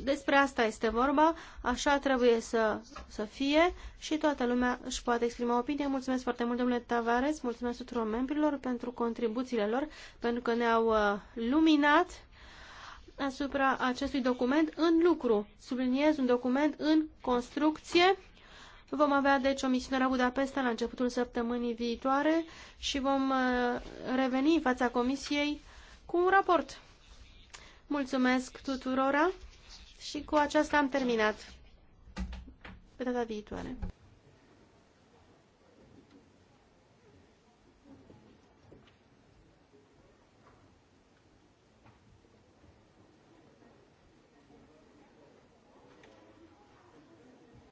despre asta este vorba, așa trebuie să, să fie și toată lumea își poate exprima opinie. Mulțumesc foarte mult, domnule Tavares, mulțumesc tuturor membrilor pentru contribuțiile lor, pentru că ne-au uh, luminat asupra acestui document în lucru. Subliniez un document în construcție. Vom avea, deci, o misiune la Budapesta la începutul săptămânii viitoare și vom uh, reveni în fața Comisiei cu un raport. Mulțumesc tuturora! Și cu aceasta am terminat. Pe data viitoare.